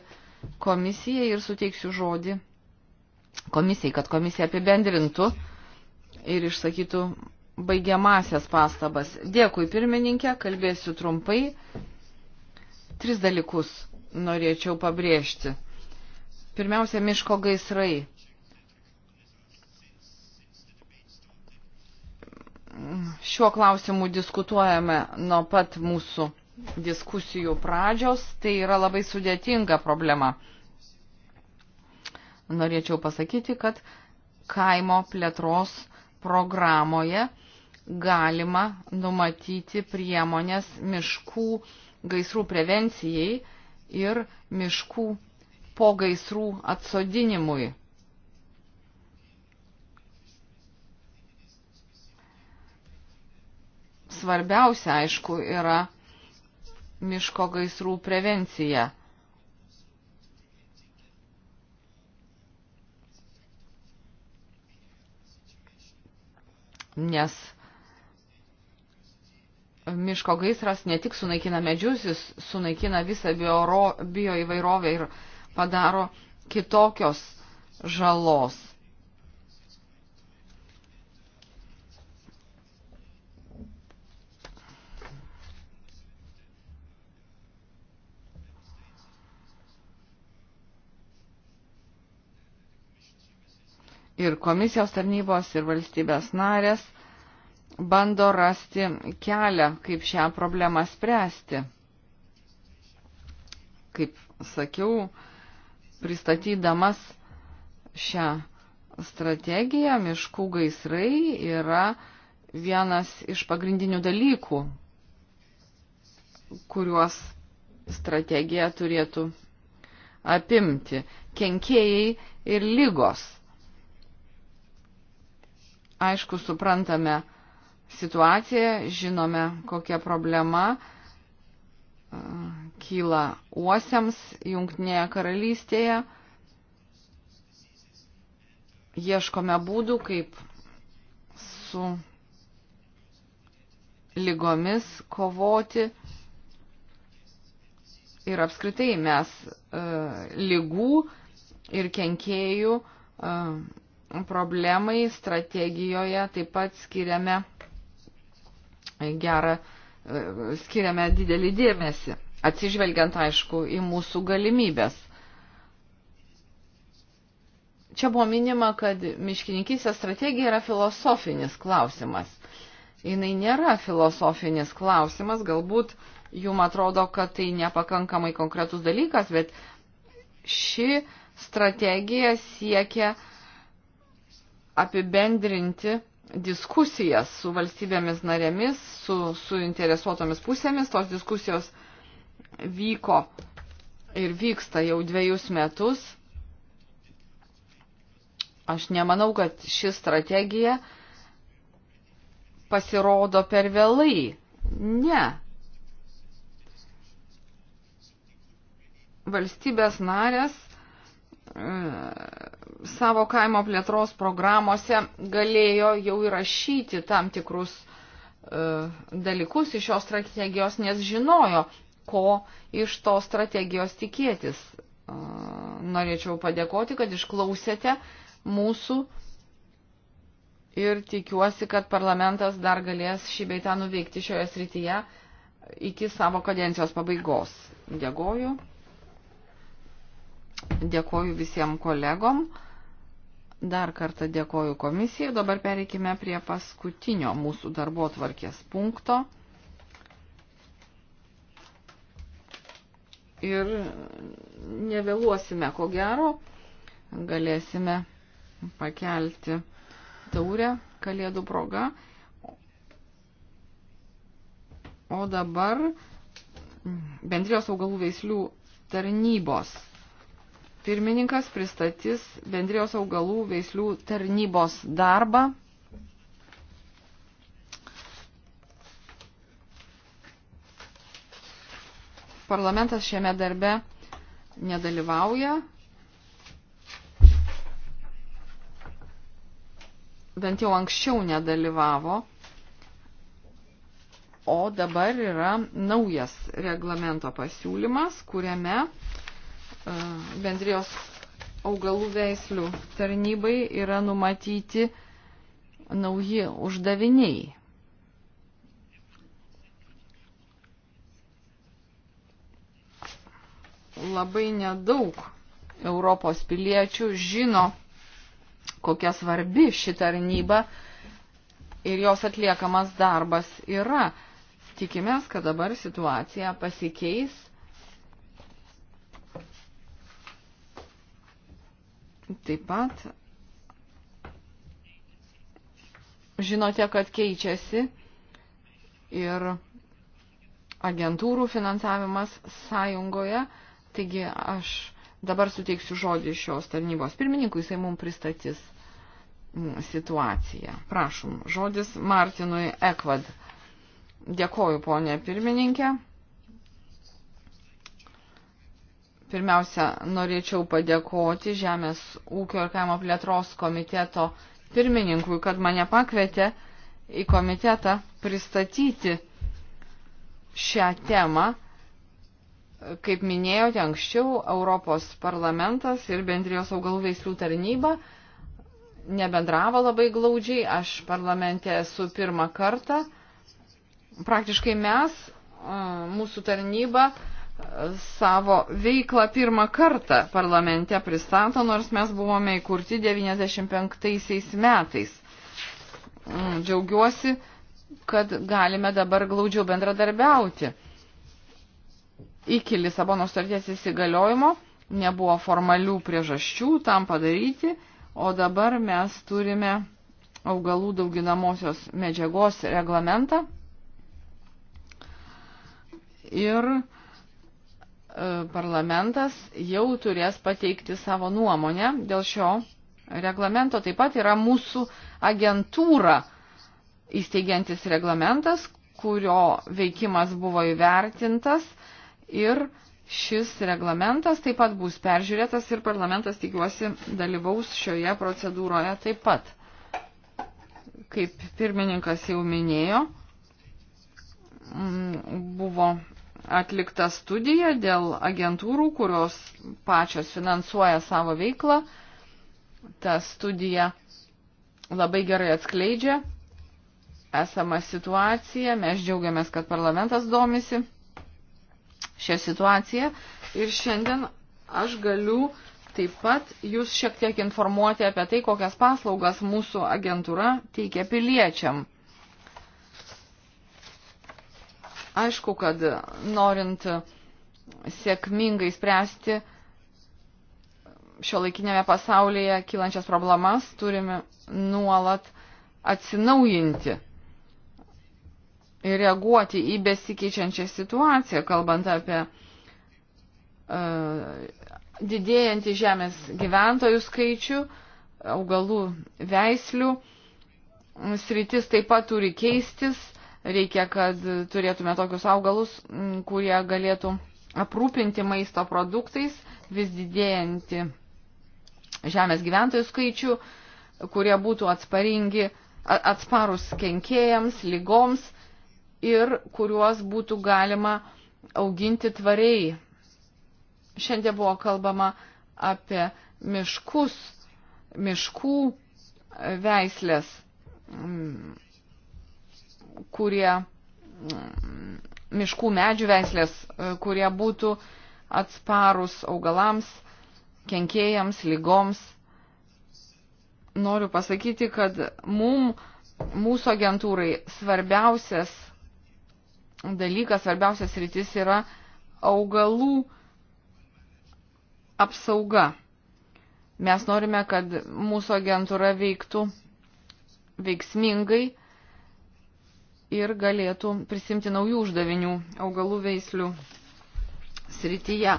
Speaker 1: komisijai ir suteiksiu žodį komisijai, kad komisija apibendrintų ir išsakytų baigiamasias pastabas. Dėkui pirmininkė, kalbėsiu trumpai. Tris dalykus norėčiau pabrėžti. Pirmiausia, miško gaisrai. šiuo klausimu diskutuojame nuo pat mūsų diskusijų pradžios, tai yra labai sudėtinga problema. Norėčiau pasakyti, kad kaimo plėtros programoje galima numatyti priemonės miškų gaisrų prevencijai ir miškų po gaisrų atsodinimui. svarbiausia, aišku, yra miško gaisrų prevencija. Nes miško gaisras ne tik sunaikina medžius, jis sunaikina visą bioįvairovę bio ir padaro kitokios žalos. ir komisijos tarnybos, ir valstybės narės bando rasti kelią, kaip šią problemą spręsti. Kaip sakiau, pristatydamas šią strategiją, miškų gaisrai yra vienas iš pagrindinių dalykų, kuriuos strategija turėtų apimti. Kenkėjai ir lygos aišku suprantame situaciją, žinome, kokia problema e, kyla uosiams Junktinėje karalystėje. Ieškome būdų, kaip su lygomis kovoti. Ir apskritai mes e, lygų ir kenkėjų e, problemai strategijoje taip pat skiriame e, gerą, e, skiriame didelį dėmesį, atsižvelgiant aišku į mūsų galimybės. Čia buvo minima, kad miškininkysės strategija yra filosofinis klausimas. Jis nėra filosofinis klausimas, galbūt jum atrodo, kad tai nepakankamai konkretus dalykas, bet ši strategija siekia uh, apibendrinti diskusijas su valstybėmis narėmis, su, su interesuotomis pusėmis. Tos diskusijos vyko ir vyksta jau dviejus metus. Aš nemanau, kad ši strategija pasirodo per vėlai. Ne. Valstybės narės savo kaimo plėtros programuose galėjo jau įrašyti tam tikrus e, dalykus iš šios strategijos, nes žinojo, ko iš tos strategijos tikėtis. E, norėčiau padėkoti, kad išklausėte mūsų ir tikiuosi, kad parlamentas dar galės šį beitą nuveikti šioje srityje iki savo kadencijos pabaigos. Dėkoju. Dėkoju visiems kolegom. Dar kartą dėkoju komisijai. Dabar pereikime prie paskutinio mūsų darbo tvarkės punkto. Ir nevėluosime, ko gero, galėsime pakelti taurę kalėdų proga. O dabar bendrijos augalų veislių tarnybos pirmininkas pristatys bendrijos augalų veislių tarnybos darbą. Parlamentas šiame darbe nedalyvauja. Bent jau anksčiau nedalyvavo. O dabar yra naujas reglamento pasiūlymas, kuriame E, bendrijos augalų veislių tarnybai yra numatyti nauji uždaviniai. Labai nedaug Europos piliečių žino, kokia svarbi ši tarnyba ir jos atliekamas darbas yra. Tikimės, kad dabar situacija pasikeis Taip pat žinote, kad keičiasi ir agentūrų finansavimas sąjungoje. Taigi aš dabar suteiksiu žodį šios tarnybos pirmininkui, jisai mums pristatys situaciją. Prašom, žodis Martinui Ekvad. Dėkoju, ponė pirmininkė. Pirmiausia, norėčiau padėkoti Žemės ūkio ir kaimo plėtros komiteto pirmininkui, kad mane pakvietė į komitetą pristatyti šią temą. Kaip minėjote anksčiau, Europos parlamentas ir bendrijos augalų veislių tarnyba nebendravo labai glaudžiai. Aš parlamente esu pirmą kartą. Praktiškai mes, mūsų tarnyba, savo veiklą pirmą kartą parlamente pristato, nors mes buvome įkurti 95 metais. Mm, džiaugiuosi, kad galime dabar glaudžiau bendradarbiauti. Iki Lisabono sutarties įsigaliojimo nebuvo formalių priežasčių tam padaryti, o dabar mes turime augalų dauginamosios medžiagos reglamentą. Ir uh, E, parlamentas jau turės pateikti savo nuomonę dėl šio reglamento. Taip pat yra mūsų agentūra įsteigiantis reglamentas, kurio veikimas buvo įvertintas ir šis reglamentas taip pat bus peržiūrėtas ir parlamentas tikiuosi dalyvaus šioje procedūroje taip pat. Kaip pirmininkas jau minėjo, buvo atlikta studija dėl agentūrų, kurios pačios finansuoja savo veiklą. Ta studija labai gerai atskleidžia esamą situaciją. Mes džiaugiamės, kad parlamentas domisi šią situaciją. Ir šiandien aš galiu taip pat jūs šiek tiek informuoti apie tai, kokias paslaugas mūsų agentūra teikia piliečiam. Aišku, kad norint sėkmingai spręsti šio laikinėme pasaulyje kylančias problemas, turime nuolat atsinaujinti ir reaguoti į besikeičiančią situaciją, kalbant apie uh, didėjantį žemės gyventojų skaičių, augalų veislių. Sritis taip pat turi keistis, Reikia, kad turėtume tokius augalus, kurie galėtų aprūpinti maisto produktais vis didėjantį žemės gyventojų skaičių, kurie būtų atsparingi, atsparus kenkėjams, lygoms ir kuriuos būtų galima auginti tvariai. Šiandien buvo kalbama apie miškus, miškų e, veislės kurie mm, miškų medžių veislės, e, kurie būtų atsparus augalams, kenkėjams, lygoms. Noriu pasakyti, kad mum, mūsų agentūrai svarbiausias dalykas, svarbiausias rytis yra augalų apsauga. Mes norime, kad mūsų agentūra veiktų veiksmingai ir galėtų prisimti naujų uždavinių augalų veislių srityje.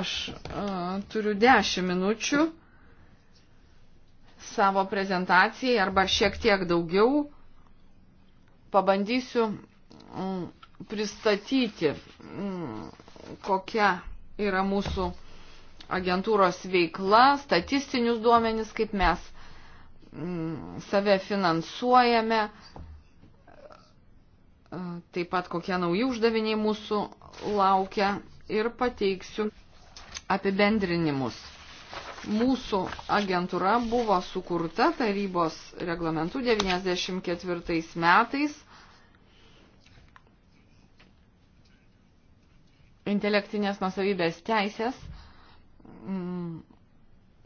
Speaker 1: Aš uh, turiu 10 minučių savo prezentacijai arba šiek tiek daugiau. Pabandysiu um, pristatyti, um, kokia yra mūsų agentūros veikla, statistinius duomenis, kaip mes mm, save finansuojame, taip pat kokie nauji uždaviniai mūsų laukia ir pateiksiu apibendrinimus. Mūsų agentūra buvo sukurta tarybos reglamentų 94 metais. Intelektinės nusavybės teisės, mm,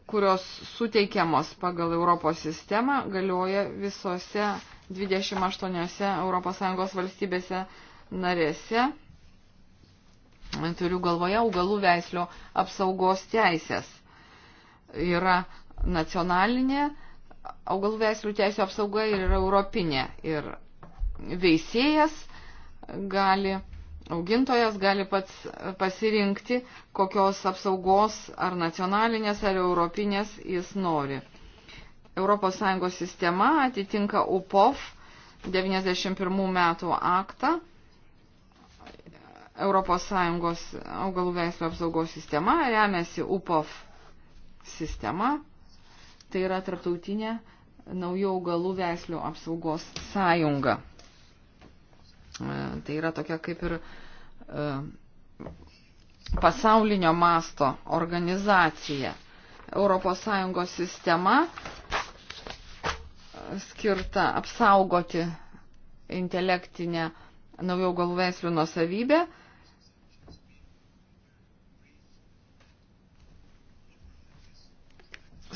Speaker 1: kurios suteikiamos pagal Europos sistemą, galioja visose 28 ES valstybėse narėse. Turiu galvoje augalų veislio apsaugos teisės. Yra nacionalinė augalų veislių teisė apsauga ir yra europinė. Ir veisėjas gali, augintojas gali pats pasirinkti, kokios apsaugos ar nacionalinės ar europinės jis nori. ES sistema atitinka UPOF 91 metų aktą, ES augalų veislių apsaugos sistema remiasi UPOF sistema, tai yra tarptautinė naujų augalų veislių apsaugos sąjunga. E, tai yra tokia kaip ir e, pasaulinio masto organizacija. ES sistema skirta apsaugoti intelektinę naujų augalų veislių nuosavybę.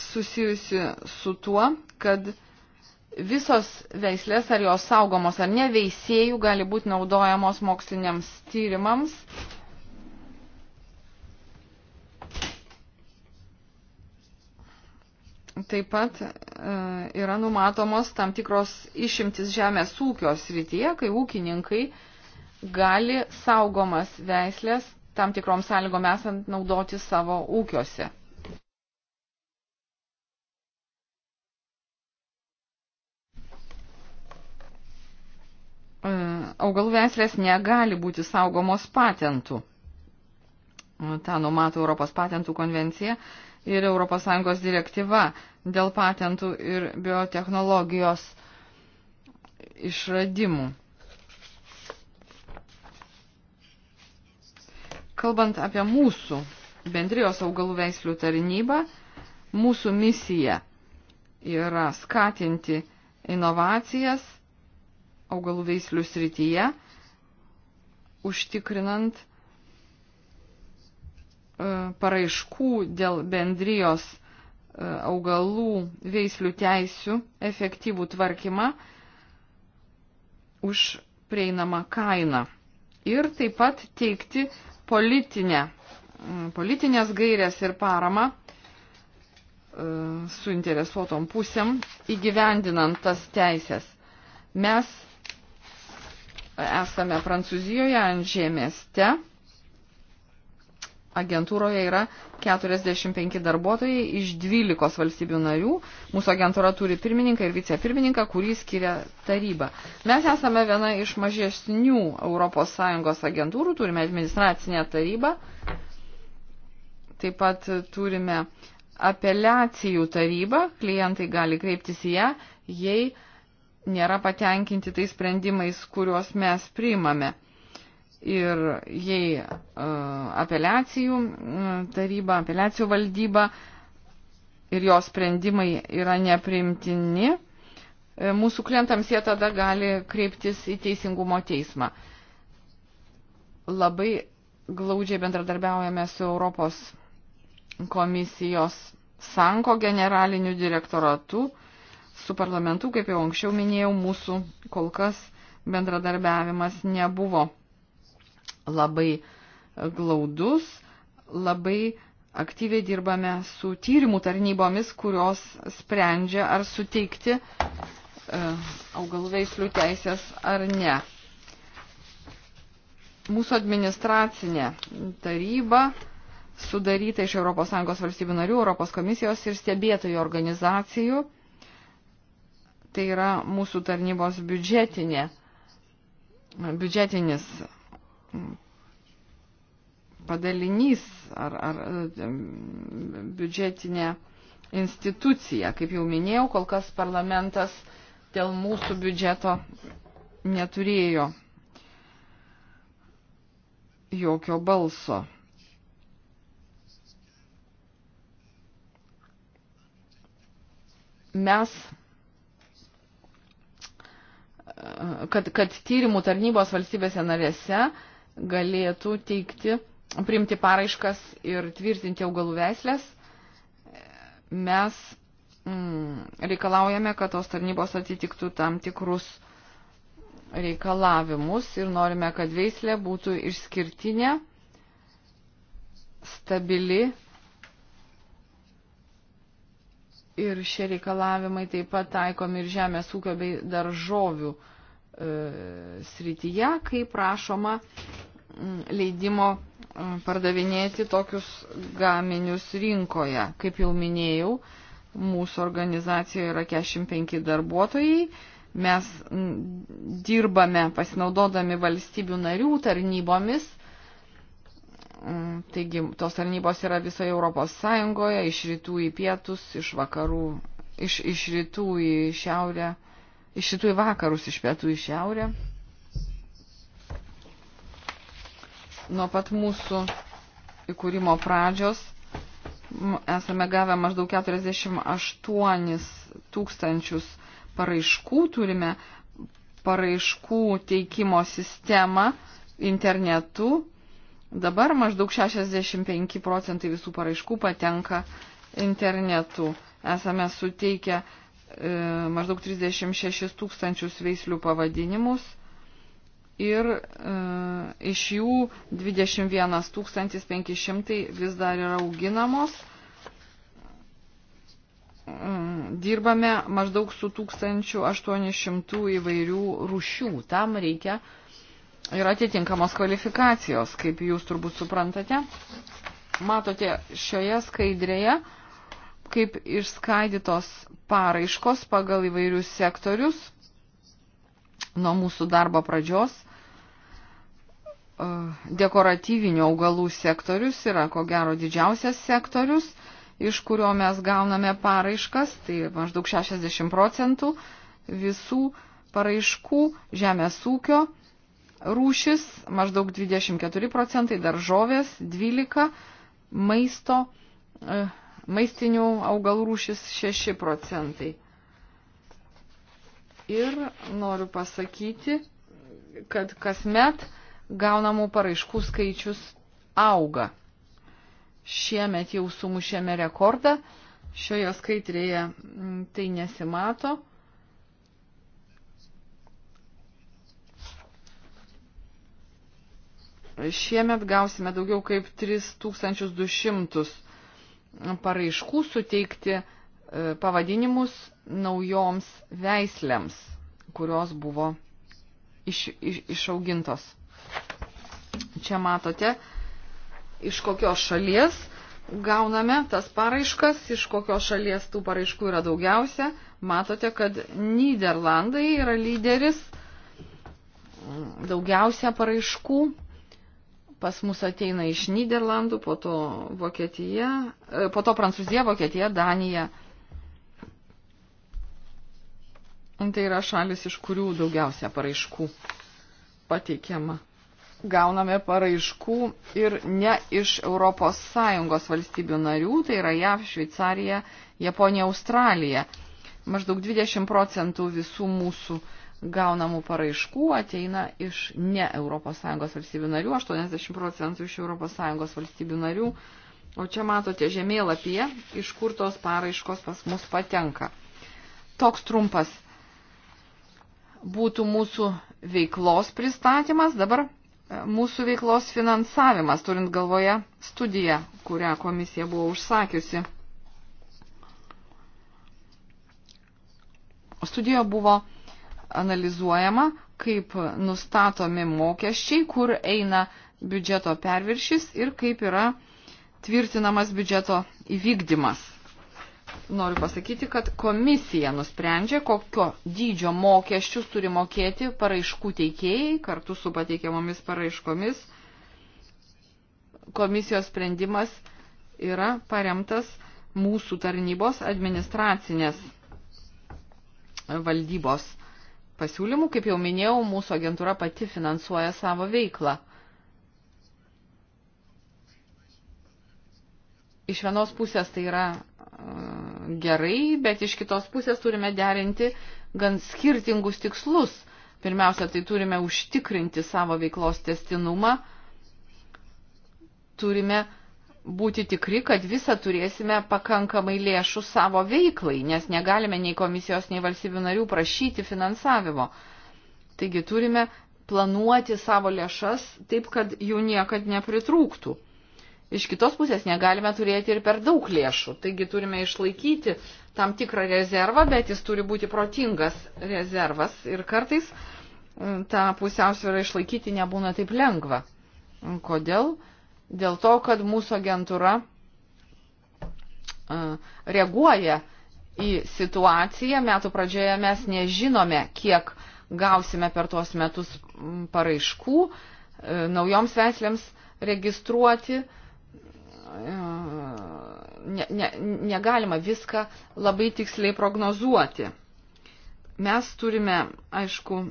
Speaker 1: susijusi su tuo, kad visos veislės, ar jos saugomos ar ne, veisėjų gali būti naudojamos moksliniams tyrimams Taip pat e, yra numatomos tam tikros išimtis žemės ūkio srityje, kai ūkininkai gali saugomas veislės tam tikrom sąlygom esant naudoti savo ūkiuose. E, augalų veislės negali būti saugomos patentų. E, Ta numato Europos patentų konvencija ir ES direktyva dėl patentų ir biotehnologijos išradimų. Kalbant apie mūsų bendrijos augalų veislių tarnybą, mūsų misija yra skatinti inovacijas augalų veislių srityje, užtikrinant E, paraiškų dėl bendrijos e, augalų veislių teisių efektyvų tvarkymą už prieinamą kainą. Ir taip pat teikti politinę, politinės gairės ir paramą e, suinteresuotom pusėm įgyvendinant tas teisės. Mes esame Prancūzijoje ant žemėste agentūroje yra 45 darbuotojai iš 12 valstybių narių. Mūsų agentūra turi pirmininką ir vicepirmininką, kurį skiria taryba. Mes esame viena iš mažesnių ES agentūrų, turime administracinę tarybą, taip pat turime apeliacijų tarybą, klientai gali kreiptis į ją, jei nėra patenkinti tais sprendimais, kuriuos mes priimame ir jei e, apeliacijų taryba, apeliacijų valdyba ir jos sprendimai yra nepriimtini, e, mūsų klientams jie tada gali kreiptis į teisingumo teismą. Labai glaudžiai bendradarbiaujame su Europos komisijos Sanko generaliniu direktoratu, su parlamentu, kaip jau anksčiau minėjau, mūsų kol kas bendradarbiavimas nebuvo labai glaudus, labai aktyviai dirbame su tyrimų tarnybomis, kurios sprendžia, ar suteikti e, augalų veislių teisės ar ne. Mūsų administracinė taryba sudaryta iš ES valstybių narių, ES komisijos ir stebėtojų organizacijų. Tai yra mūsų tarnybos biudžetinė, biudžetinis padalinys ar, ar biudžetinė institucija. Kaip jau minėjau, kol kas parlamentas dėl mūsų biudžeto neturėjo jokio balso. Mes, kad, kad tyrimų tarnybos valstybėse narėse galėtų teikti, priimti paraiškas ir tvirtinti augalų veislės. Mes mm, reikalaujame, kad tos tarnybos atitiktų tam tikrus reikalavimus ir norime, kad veislė būtų išskirtinė, stabili. Ir šie reikalavimai taip pat taikomi ir žemės ūkio bei daržovių uh, E, srityje, kai prašoma leidimo pardavinėti tokius gaminius rinkoje. Kaip jau minėjau, mūsų organizacijoje yra 45 darbuotojai. Mes dirbame pasinaudodami valstybių narių tarnybomis. Taigi, tos tarnybos yra visoje Europos Sąjungoje, iš rytų į pietus, iš vakarų, iš, iš rytų į šiaurę iš šitų į vakarus, iš pietų į šiaurę. Nuo pat mūsų įkūrimo pradžios esame gavę maždaug 48 tūkstančius paraiškų, turime paraiškų teikimo sistemą internetu. Dabar maždaug 65 procentai visų paraiškų patenka internetu. Esame suteikę E, maždaug 36 tūkstančius veislių pavadinimus ir e, iš jų 21 500 vis dar yra auginamos. E, dirbame maždaug su 1800 įvairių rūšių. Tam reikia ir atitinkamos kvalifikacijos, kaip jūs turbūt suprantate. Matote šioje skaidrėje, e, kaip išskaidytos paraiškos pagal įvairius sektorius nuo mūsų darbo pradžios. E, dekoratyvinių augalų sektorius yra ko gero didžiausias sektorius, iš kurio mes gauname paraiškas, tai maždaug 60 procentų visų paraiškų žemės ūkio rūšis, maždaug 24 procentai daržovės, 12 maisto e, maistinių augalų rūšis 6 procentai. Ir noriu pasakyti, kad kasmet gaunamų paraiškų skaičius auga. Šiemet jau sumušėme rekordą, šioje skaitrėje mm, tai nesimato. Šiemet gausime daugiau kaip 3200 paraiškų suteikti e, pavadinimus naujoms veislėms, kurios buvo iš, iš, išaugintos. Čia matote, iš kokios šalies gauname tas paraiškas, iš kokios šalies tų paraiškų yra daugiausia. Matote, kad Niderlandai yra lyderis daugiausia paraiškų pas mus ateina iš Niderlandų, po to, Vokietija, e, po to Prancūzija, Vokietija, Danija. Tai yra šalis, iš kurių daugiausia paraiškų pateikiama. Gauname paraiškų ir ne iš ES valstybių narių, tai yra JAV, Šveicarija, Japonija, Australija. Maždaug 20 procentų visų mūsų uh, gaunamų paraiškų ateina iš ne ES valstybių narių, 80 procentų iš ES valstybių narių. O čia matote žemėlapyje, iš kur tos paraiškos pas mus patenka. Toks trumpas būtų mūsų veiklos pristatymas, dabar e, mūsų veiklos finansavimas, turint galvoje studiją, kurią komisija buvo užsakiusi. Studijoje buvo analizuojama, kaip nustatomi mokesčiai, kur eina biudžeto perviršis ir kaip yra tvirtinamas biudžeto įvykdymas. Noriu pasakyti, kad komisija nusprendžia, kokio dydžio mokesčius turi mokėti paraiškų teikėjai kartu su pateikiamomis paraiškomis. Komisijos sprendimas yra paremtas mūsų tarnybos administracinės valdybos pasiūlymų. Kaip jau minėjau, mūsų agentūra pati finansuoja savo veiklą. Iš vienos pusės tai yra e, gerai, bet iš kitos pusės turime derinti gan skirtingus tikslus. Pirmiausia, tai turime užtikrinti savo veiklos testinumą, turime uh, būti tikri, kad visą turėsime pakankamai lėšų savo veiklai, nes negalime nei komisijos, nei valstybių narių prašyti finansavimo. Taigi turime planuoti savo lėšas taip, kad jų niekad nepritrūktų. Iš kitos pusės negalime turėti ir per daug lėšų, taigi turime išlaikyti tam tikrą rezervą, bet jis turi būti protingas rezervas ir kartais mm, tą pusiausvyrą išlaikyti nebūna taip lengva. Kodėl? dėl to, kad mūsų agentūra reaguoja į situaciją. Metų pradžioje mes nežinome, kiek gausime per tuos metus paraiškų e, naujoms veislėms registruoti. E, ne, ne, negalima viską labai tiksliai prognozuoti. Mes turime, aišku,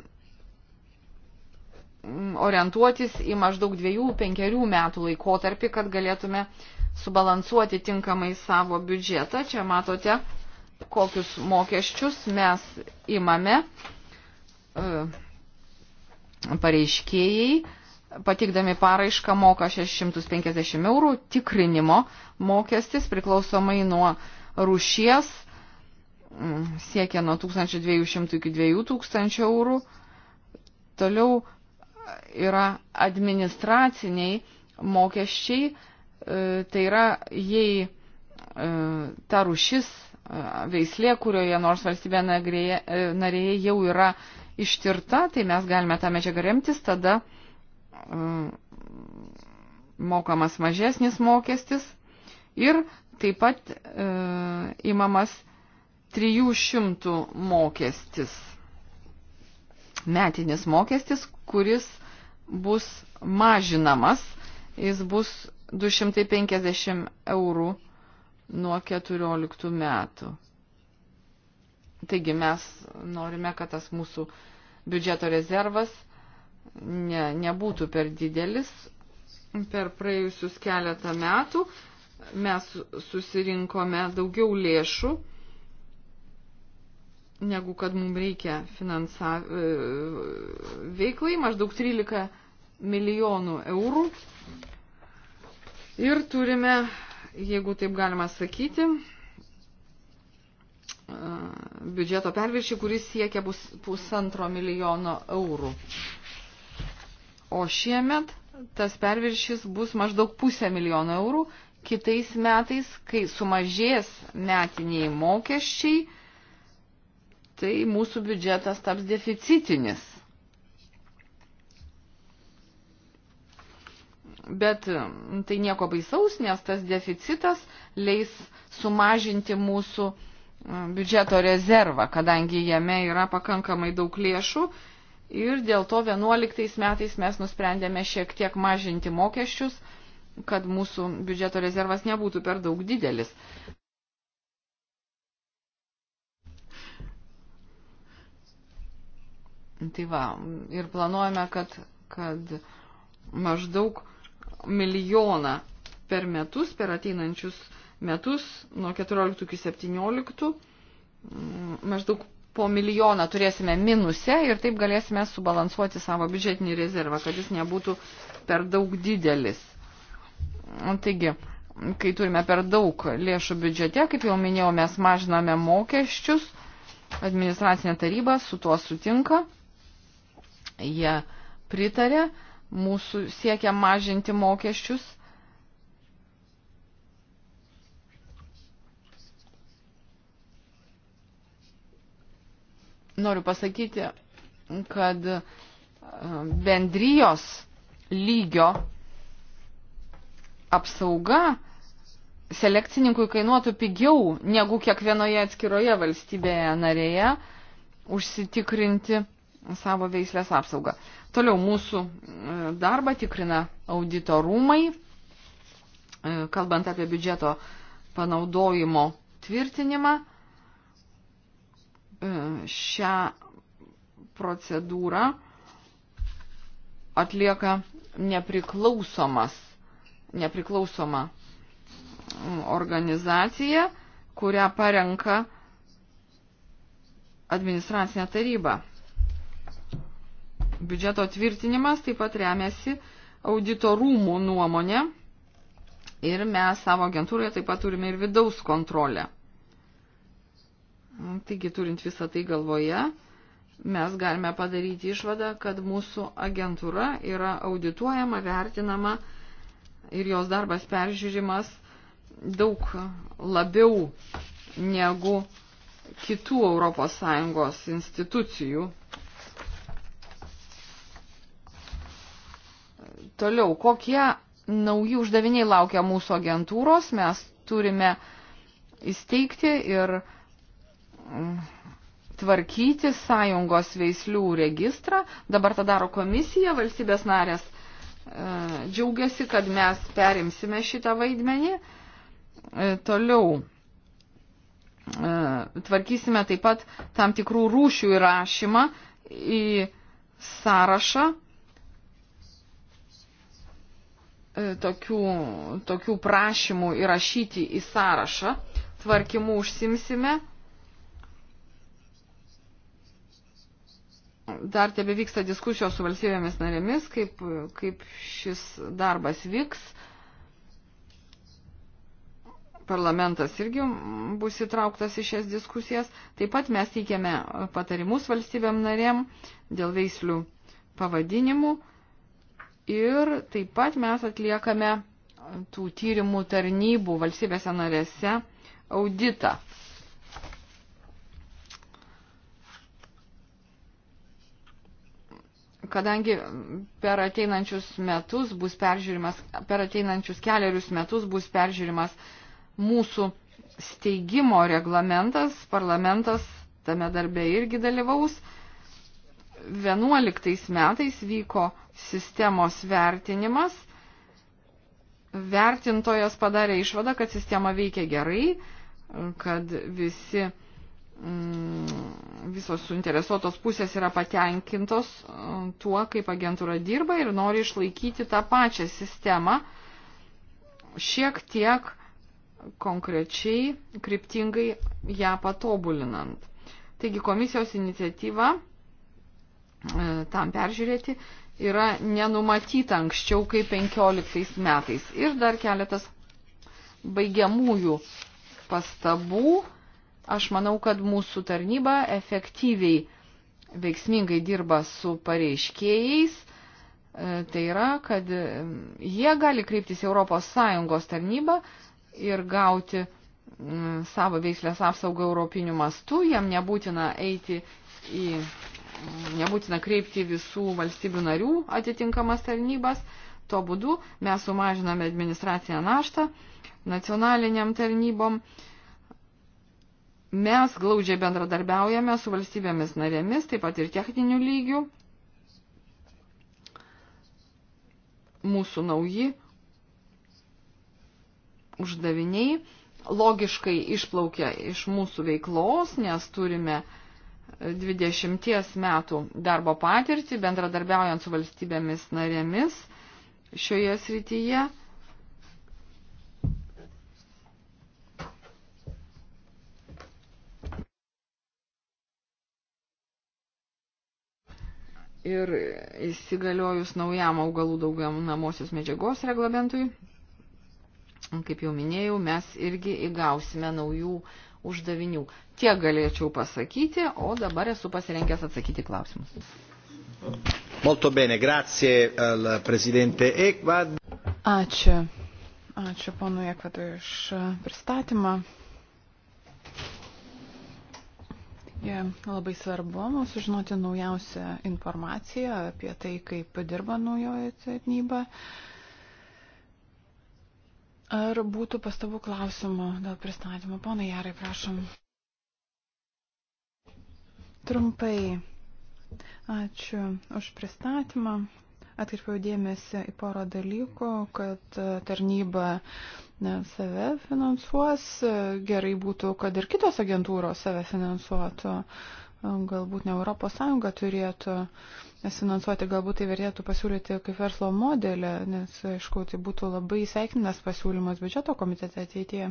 Speaker 1: Mm, orientuotis į maždaug dviejų, penkerių metų laikotarpį, kad galėtume subalansuoti tinkamai savo biudžetą. Čia matote, kokius mokesčius mes imame e, pareiškėjai, patikdami paraišką moka 650 eurų, tikrinimo mokestis priklausomai nuo rūšies mm, siekia nuo 1200 iki 2000 eurų. Toliau yra administraciniai mokesčiai, e, tai yra jei e, ta rušis e, veislė, kurioje nors valstybė narėje jau yra ištirta, tai mes galime tą medžiagą remtis, tada mokamas mažesnis mokestis ir taip pat e, imamas 300 mokestis metinis mokestis, kuris bus mažinamas. Jis bus 250 eurų nuo 14 metų. Taigi mes norime, kad tas mūsų biudžeto rezervas ne, nebūtų per didelis. Per praėjusius keletą metų mes susirinkome daugiau lėšų negu kad mums reikia finansa, e, veiklai, maždaug 13 milijonų eurų. Ir turime, jeigu taip galima sakyti, e, biudžeto perviršį, kuris siekia bus pusantro milijono eurų. O šiemet tas perviršis bus maždaug pusę milijono eurų. Kitais metais, kai sumažės metiniai mokesčiai, tai mūsų biudžetas taps deficitinis. Bet mm, tai nieko baisaus, nes tas deficitas leis sumažinti mūsų mm, biudžeto rezervą, kadangi jame yra pakankamai daug lėšų ir dėl to 11 metais mes nusprendėme šiek tiek mažinti mokesčius, kad mūsų biudžeto rezervas nebūtų per daug didelis. Tai va, ir planuojame, kad, kad maždaug milijoną per metus, per ateinančius metus, nuo 14 iki 17, mm, maždaug po milijoną turėsime minuse ir taip galėsime subalansuoti savo biudžetinį rezervą, kad jis nebūtų per daug didelis. Taigi, kai turime per daug lėšų biudžete, kaip jau minėjau, mes mažiname mokesčius, administracinė taryba su tuo sutinka jie pritarė, mūsų siekia mažinti mokesčius. Noriu pasakyti, kad e, bendrijos lygio apsauga selekcininkui kainuotų pigiau negu kiekvienoje atskiroje valstybėje narėje užsitikrinti savo veislės apsaugą. Toliau mūsų e, darbą tikrina audito rūmai, e, kalbant apie biudžeto panaudojimo tvirtinimą. E, šią procedūrą atlieka nepriklausomas, nepriklausoma organizacija, kurią parenka administracinė taryba. Biudžeto tvirtinimas taip pat remiasi auditorumų nuomonė ir mes savo agentūroje taip pat turime ir vidaus kontrolę. Taigi, turint visą tai galvoje, mes galime padaryti išvadą, kad mūsų agentūra yra audituojama, vertinama ir jos darbas peržiūrimas daug labiau negu kitų ES institucijų Toliau, kokie nauji uždaviniai laukia mūsų agentūros, mes turime įsteigti ir mm, tvarkyti sąjungos veislių registrą. Dabar tą daro komisija, valstybės narės e, džiaugiasi, kad mes perimsime šitą vaidmenį. E, toliau e, tvarkysime taip pat tam tikrų rūšių įrašymą į sąrašą E, tokių, tokių prašymų įrašyti į sąrašą. Tvarkimų užsimsime. Dar tebe vyksta diskusijos su valstybėmis narėmis, kaip, kaip šis darbas vyks. Parlamentas irgi bus įtrauktas į šias diskusijas. Taip pat mes teikėme patarimus valstybėm narėm dėl veislių pavadinimų ir taip pat mes atliekame tų tyrimų tarnybų valstybėse narėse auditą. Kadangi per ateinančius metus bus peržiūrimas, per ateinančius keliarius metus bus peržiūrimas mūsų steigimo reglamentas, parlamentas tame darbe irgi dalyvaus. 2011 metais vyko sistemos vertinimas. Vertintojas padarė išvadą, kad sistema veikia gerai, kad visi, mm, visos suinteresuotos pusės yra patenkintos mm, tuo, kaip agentūra dirba ir nori išlaikyti tą pačią sistemą šiek tiek konkrečiai, kryptingai ją patobulinant. Taigi komisijos iniciatyva E, tam peržiūrėti yra nenumatyta anksčiau kaip 15 metais. Ir dar keletas baigiamųjų pastabų. Aš manau, kad mūsų tarnyba efektyviai veiksmingai dirba su pareiškėjais. E, tai yra, kad e, jie gali kreiptis ES tarnybą ir gauti savo veislės apsaugą europiniu mastu. Jam nebūtina eiti į nebūtina kreipti visų valstybių narių atitinkamas tarnybas. Tuo būdu mes sumažiname administracinę naštą nacionaliniam tarnybom. Mes glaudžiai bendradarbiaujame su valstybėmis narėmis, taip pat ir techninių lygių. Mūsų nauji uždaviniai logiškai išplaukia iš mūsų veiklos, nes turime uh, 20 metų darbo patirtį, bendradarbiaujant su valstybėmis narėmis šioje srityje. Ir įsigaliojus naujam augalų daugiamnamosios medžiagos reglamentui, kaip jau minėjau, mes irgi įgausime naujų uždavinių. Tiek galėčiau pasakyti, o dabar esu pasirengęs atsakyti klausimus.
Speaker 2: Molto bene, grazie al presidente Ekvad. Ačiū.
Speaker 3: Ačiū ponui Ekvadui iš pristatymą. Ja, labai svarbu mums sužinoti naujausią informaciją apie tai, kaip dirba naujoji tarnyba. Uh, Ar būtų pastabų klausimų dėl pristatymo? Pona Jarai, prašom. Trumpai. Ačiū už pristatymą. Atkirpiau dėmesį į porą dalykų, kad tarnyba ne, save finansuos, gerai būtų, kad ir kitos agentūros save finansuotų galbūt ne Europos Sąjunga turėtų finansuoti, galbūt tai vertėtų pasiūlyti kaip verslo modelį, nes, aišku, tai būtų labai sveikinas pasiūlymas biudžeto komitete ateityje,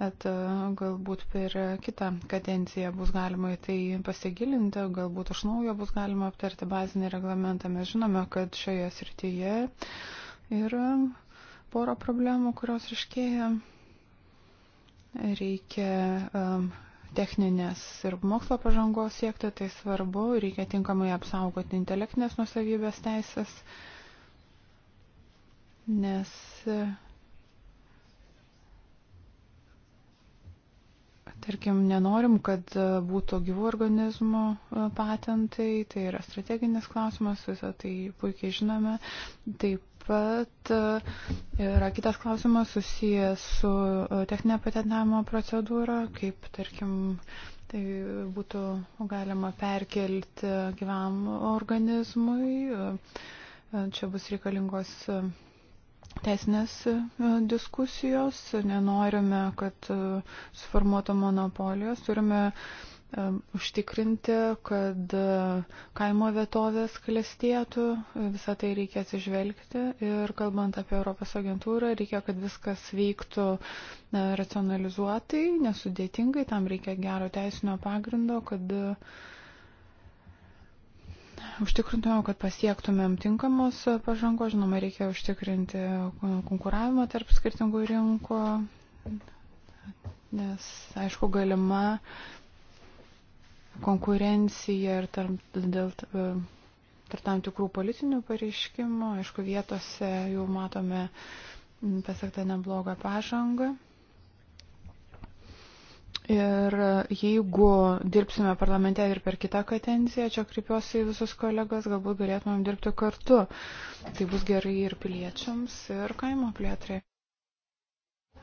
Speaker 3: bet e, galbūt per kitą kadenciją bus galima į tai pasigilinti, galbūt iš naujo bus galima aptarti bazinį reglamentą. Mes žinome, kad šioje srityje yra poro problemų, kurios iškėja reikia um, techninės ir mokslo pažangos siekti, tai svarbu, reikia tinkamai apsaugoti intelektinės nusavybės teisės, nes tarkim, nenorim, kad būtų gyvų organizmų e, patentai, tai yra strateginis klausimas, visą tai puikiai žinome. Taip pat e, yra kitas klausimas susijęs su e, techninė patentavimo procedūra, kaip tarkim tai būtų galima perkelti gyvam organizmui. E, čia bus reikalingos teisinės diskusijos, nenorime, kad suformuoto monopolijos, turime užtikrinti, kad e, kaimo vietovės klestėtų, e, visą tai reikia atsižvelgti ir kalbant apie Europos agentūrą, reikia, kad viskas veiktų e, racionalizuotai, nesudėtingai, tam reikia gero teisinio pagrindo, kad užtikrintumėm, kad pasiektumėm tinkamos pažangos, žinoma, reikia užtikrinti konkuravimą tarp skirtingų rinkų, nes, aišku, galima konkurencija ir tarp, dėl e, tarp tam tikrų politinių pareiškimų. Aišku, vietose jau matome pasiektą neblogą pažangą. Ir jeigu dirbsime parlamente ir per kitą kadenciją, čia kreipiuosi į visus kolegas, galbūt galėtumėm dirbti kartu. Tai bus gerai ir piliečiams, ir kaimo plėtrai.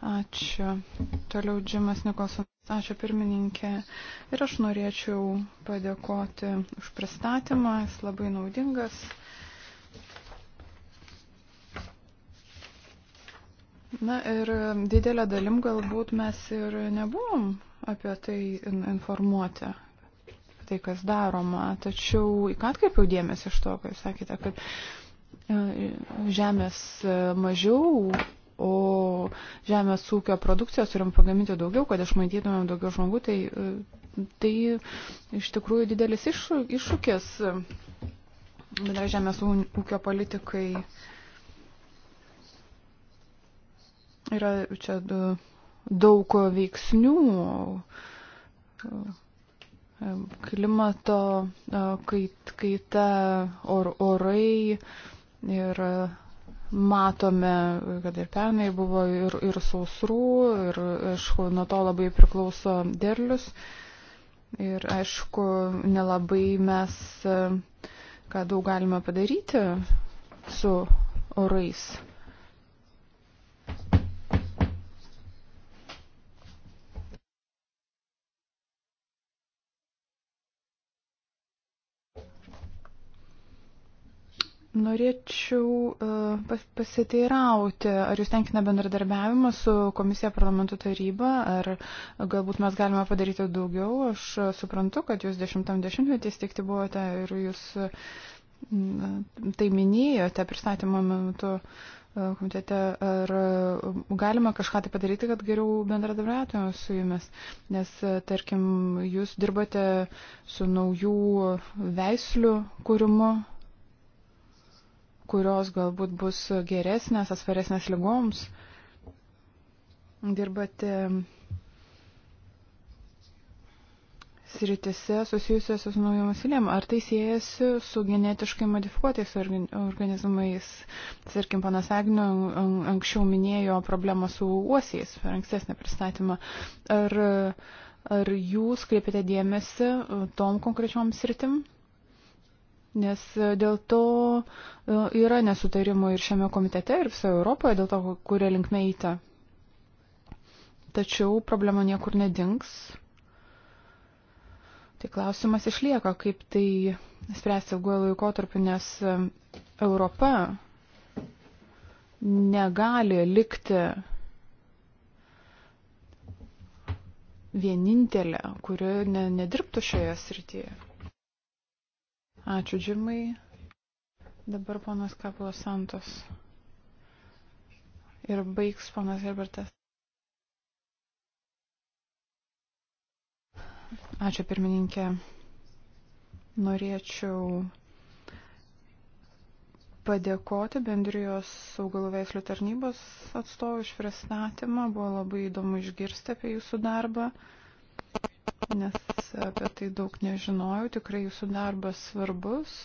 Speaker 3: Ačiū. Toliau Džimas Nikolsonas. Ačiū pirmininkė. Ir aš norėčiau padėkoti už pristatymą. Jis labai naudingas. Na ir didelę dalim galbūt mes ir nebuvom apie tai informuoti, apie tai, kas daroma. Tačiau į ką atkreipiau dėmesį iš to, kai jūs sakėte, kad e, žemės e, mažiau o žemės ūkio produkcijos turim pagaminti daugiau, kad išmaitytumėm daugiau žmogų, tai, e, tai iš tikrųjų didelis iššū, iššūkis bendra žemės ūkio politikai. Yra čia daug veiksnių e, klimato e, kaita, or, orai ir Matome, kad ir pernai buvo ir, ir sausrų, ir aišku, nuo to labai priklauso derlius. Ir aišku, nelabai mes ką daug galime padaryti su orais. Norėčiau e, pasiteirauti, ar jūs tenkina bendradarbiavimas su komisija parlamentų taryba, ar galbūt mes galime padaryti daugiau. Aš suprantu, kad jūs 10-metį įsteigti buvote ir jūs tai minėjote pristatymo metu e, komitete, ar galima kažką tai padaryti, kad geriau bendradarbiautume su jumis, nes, e, tarkim, jūs dirbate su naujų veislių kūrimu kurios galbūt bus geresnės, atsparesnės lygoms. Dirbate sritise susijusiuose su naujomis vilėm. Ar tai siejasi su genetiškai modifikuotais organizmais? Tarkim, panas Agniu anksčiau minėjo problemą su uosiais per ankstesnį pristatymą. Ar, ar jūs kreipiate dėmesį tom konkrečiom sritim? Nes e, dėl to e, yra nesutarimų ir šiame komitete, ir visoje Europoje, dėl to, kuria linkme įta. Tačiau problema niekur nedings. Tai klausimas išlieka, kaip tai spręsti ilguoju laikotarpiu, nes e, Europa negali likti vienintelė, kuri ne, nedirbtų šioje srityje. Ačiū, Džimai. Dabar ponas Kapulas Santos. Ir baigs ponas Herbertas. Ačiū, pirmininkė. Norėčiau padėkoti bendrijos augalų veislių tarnybos atstovų iš pristatymą. Buvo labai įdomu išgirsti apie jūsų darbą. Uh, nes apie tai daug nežinojau. Tikrai jūsų darbas svarbus.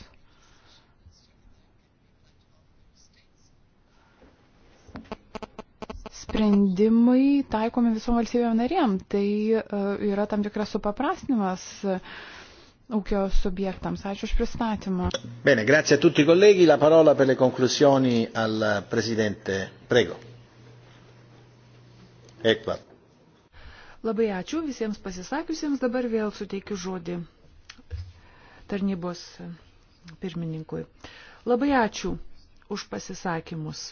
Speaker 3: Sprendimai taikomi visom valstybėm narėm. Tai e, yra tam tikras supaprastinimas e, ūkio subjektams. Ačiū už pristatymą.
Speaker 2: Bene, grazie a tutti i colleghi. La parola per le conclusioni al Presidente. Prego.
Speaker 4: Ekvat. Labai ačiū visiems pasisakiusiems. Dabar vėl suteikiu žodį tarnybos pirmininkui. Labai ačiū už pasisakymus.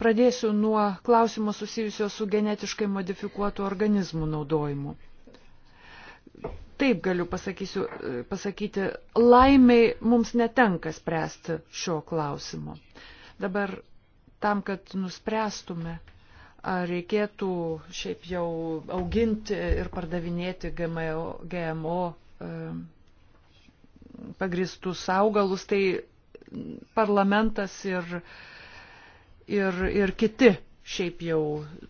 Speaker 4: Pradėsiu nuo klausimo susijusio su genetiškai modifikuotų organizmų naudojimu. Taip galiu pasakyti, laimiai mums netenka spręsti šio klausimo. Dabar tam, kad nuspręstume, ar reikėtų šiaip jau auginti ir pardavinėti GMO, GMO e, pagristus augalus, tai parlamentas ir, ir, ir kiti šiaip jau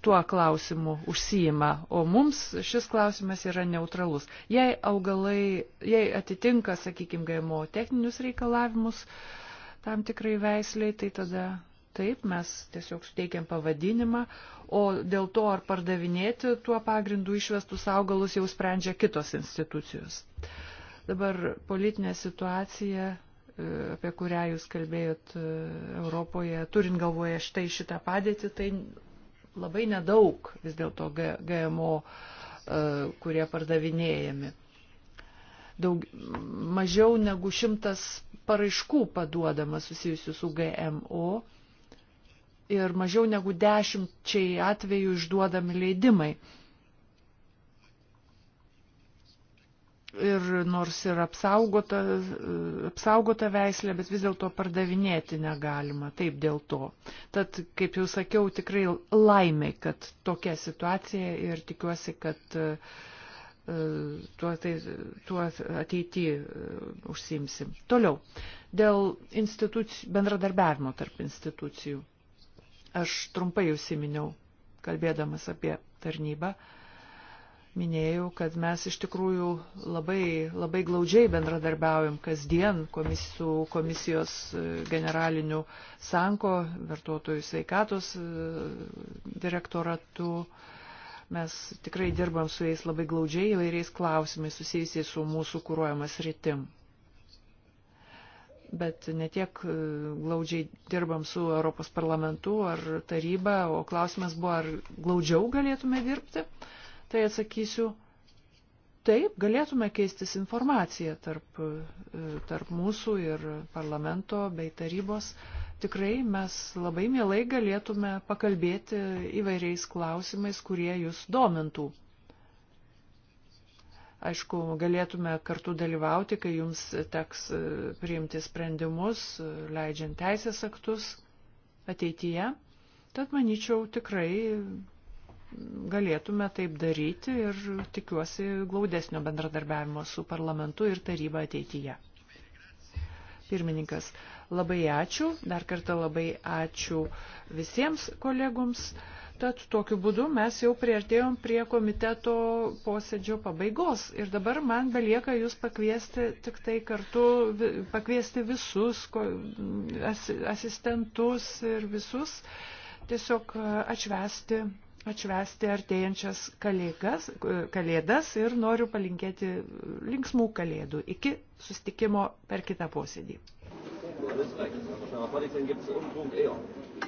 Speaker 4: tuo klausimu užsijima, o mums šis klausimas yra neutralus. Jei augalai, jei atitinka, sakykime, GMO techninius reikalavimus tam tikrai veisliai, tai tada Taip, mes tiesiog suteikiam pavadinimą, o dėl to, ar pardavinėti tuo pagrindu išvestus augalus, jau sprendžia kitos institucijos. Dabar politinė situacija, e, apie kurią jūs kalbėjot e, Europoje, turint galvoje štai šitą padėtį, tai labai nedaug vis dėlto GMO, e, kurie pardavinėjami daug, mažiau negu šimtas paraiškų paduodama susijusių su GMO ir mažiau negu dešimčiai atvejų išduodami leidimai. Ir nors ir apsaugota, apsaugota veislė, bet vis dėlto pardavinėti negalima, taip dėl to. Tad, kaip jau sakiau, tikrai laimė, kad tokia situacija ir tikiuosi, kad e, e, tuo, tai, tuo ateityje užsimsim. Toliau, dėl bendradarbiavimo tarp institucijų Aš trumpai užsiminiau, kalbėdamas apie tarnybą, minėjau, kad mes iš tikrųjų labai, labai glaudžiai bendradarbiaujam kasdien komis, su komisijos e, generaliniu Sanko, vartotojų sveikatos e, direktoratu. Mes tikrai dirbam su jais labai glaudžiai įvairiais klausimais susijusiais su mūsų kūruojamas rytim bet netiek e, glaudžiai dirbam su Europos parlamentu ar taryba, o klausimas buvo, ar glaudžiau galėtume dirbti, tai atsakysiu, taip, galėtume keistis informaciją tarp, e, tarp mūsų ir parlamento bei tarybos. Tikrai mes labai mielai galėtume pakalbėti įvairiais klausimais, kurie jūs domintų. Aišku, galėtume kartu dalyvauti, kai jums teks e, priimti sprendimus, e, leidžiant teisės aktus ateityje. Tad manyčiau, tikrai galėtume taip daryti ir tikiuosi glaudesnio bendradarbiavimo su parlamentu ir taryba ateityje. Pirmininkas, labai ačiū, dar kartą labai ačiū visiems kolegoms. Tad tokiu būdu mes jau priartėjom prie komiteto posėdžio pabaigos. Ir dabar man belieka jūs pakviesti tik tai kartu, pakviesti visus asistentus ir visus tiesiog e, atšvesti, atšvesti artėjančias kalėgas, e, kalėdas ir noriu palinkėti linksmų kalėdų iki sustikimo per kitą posėdį.
Speaker 5: Nach Vatikan gibt es Unfug eher.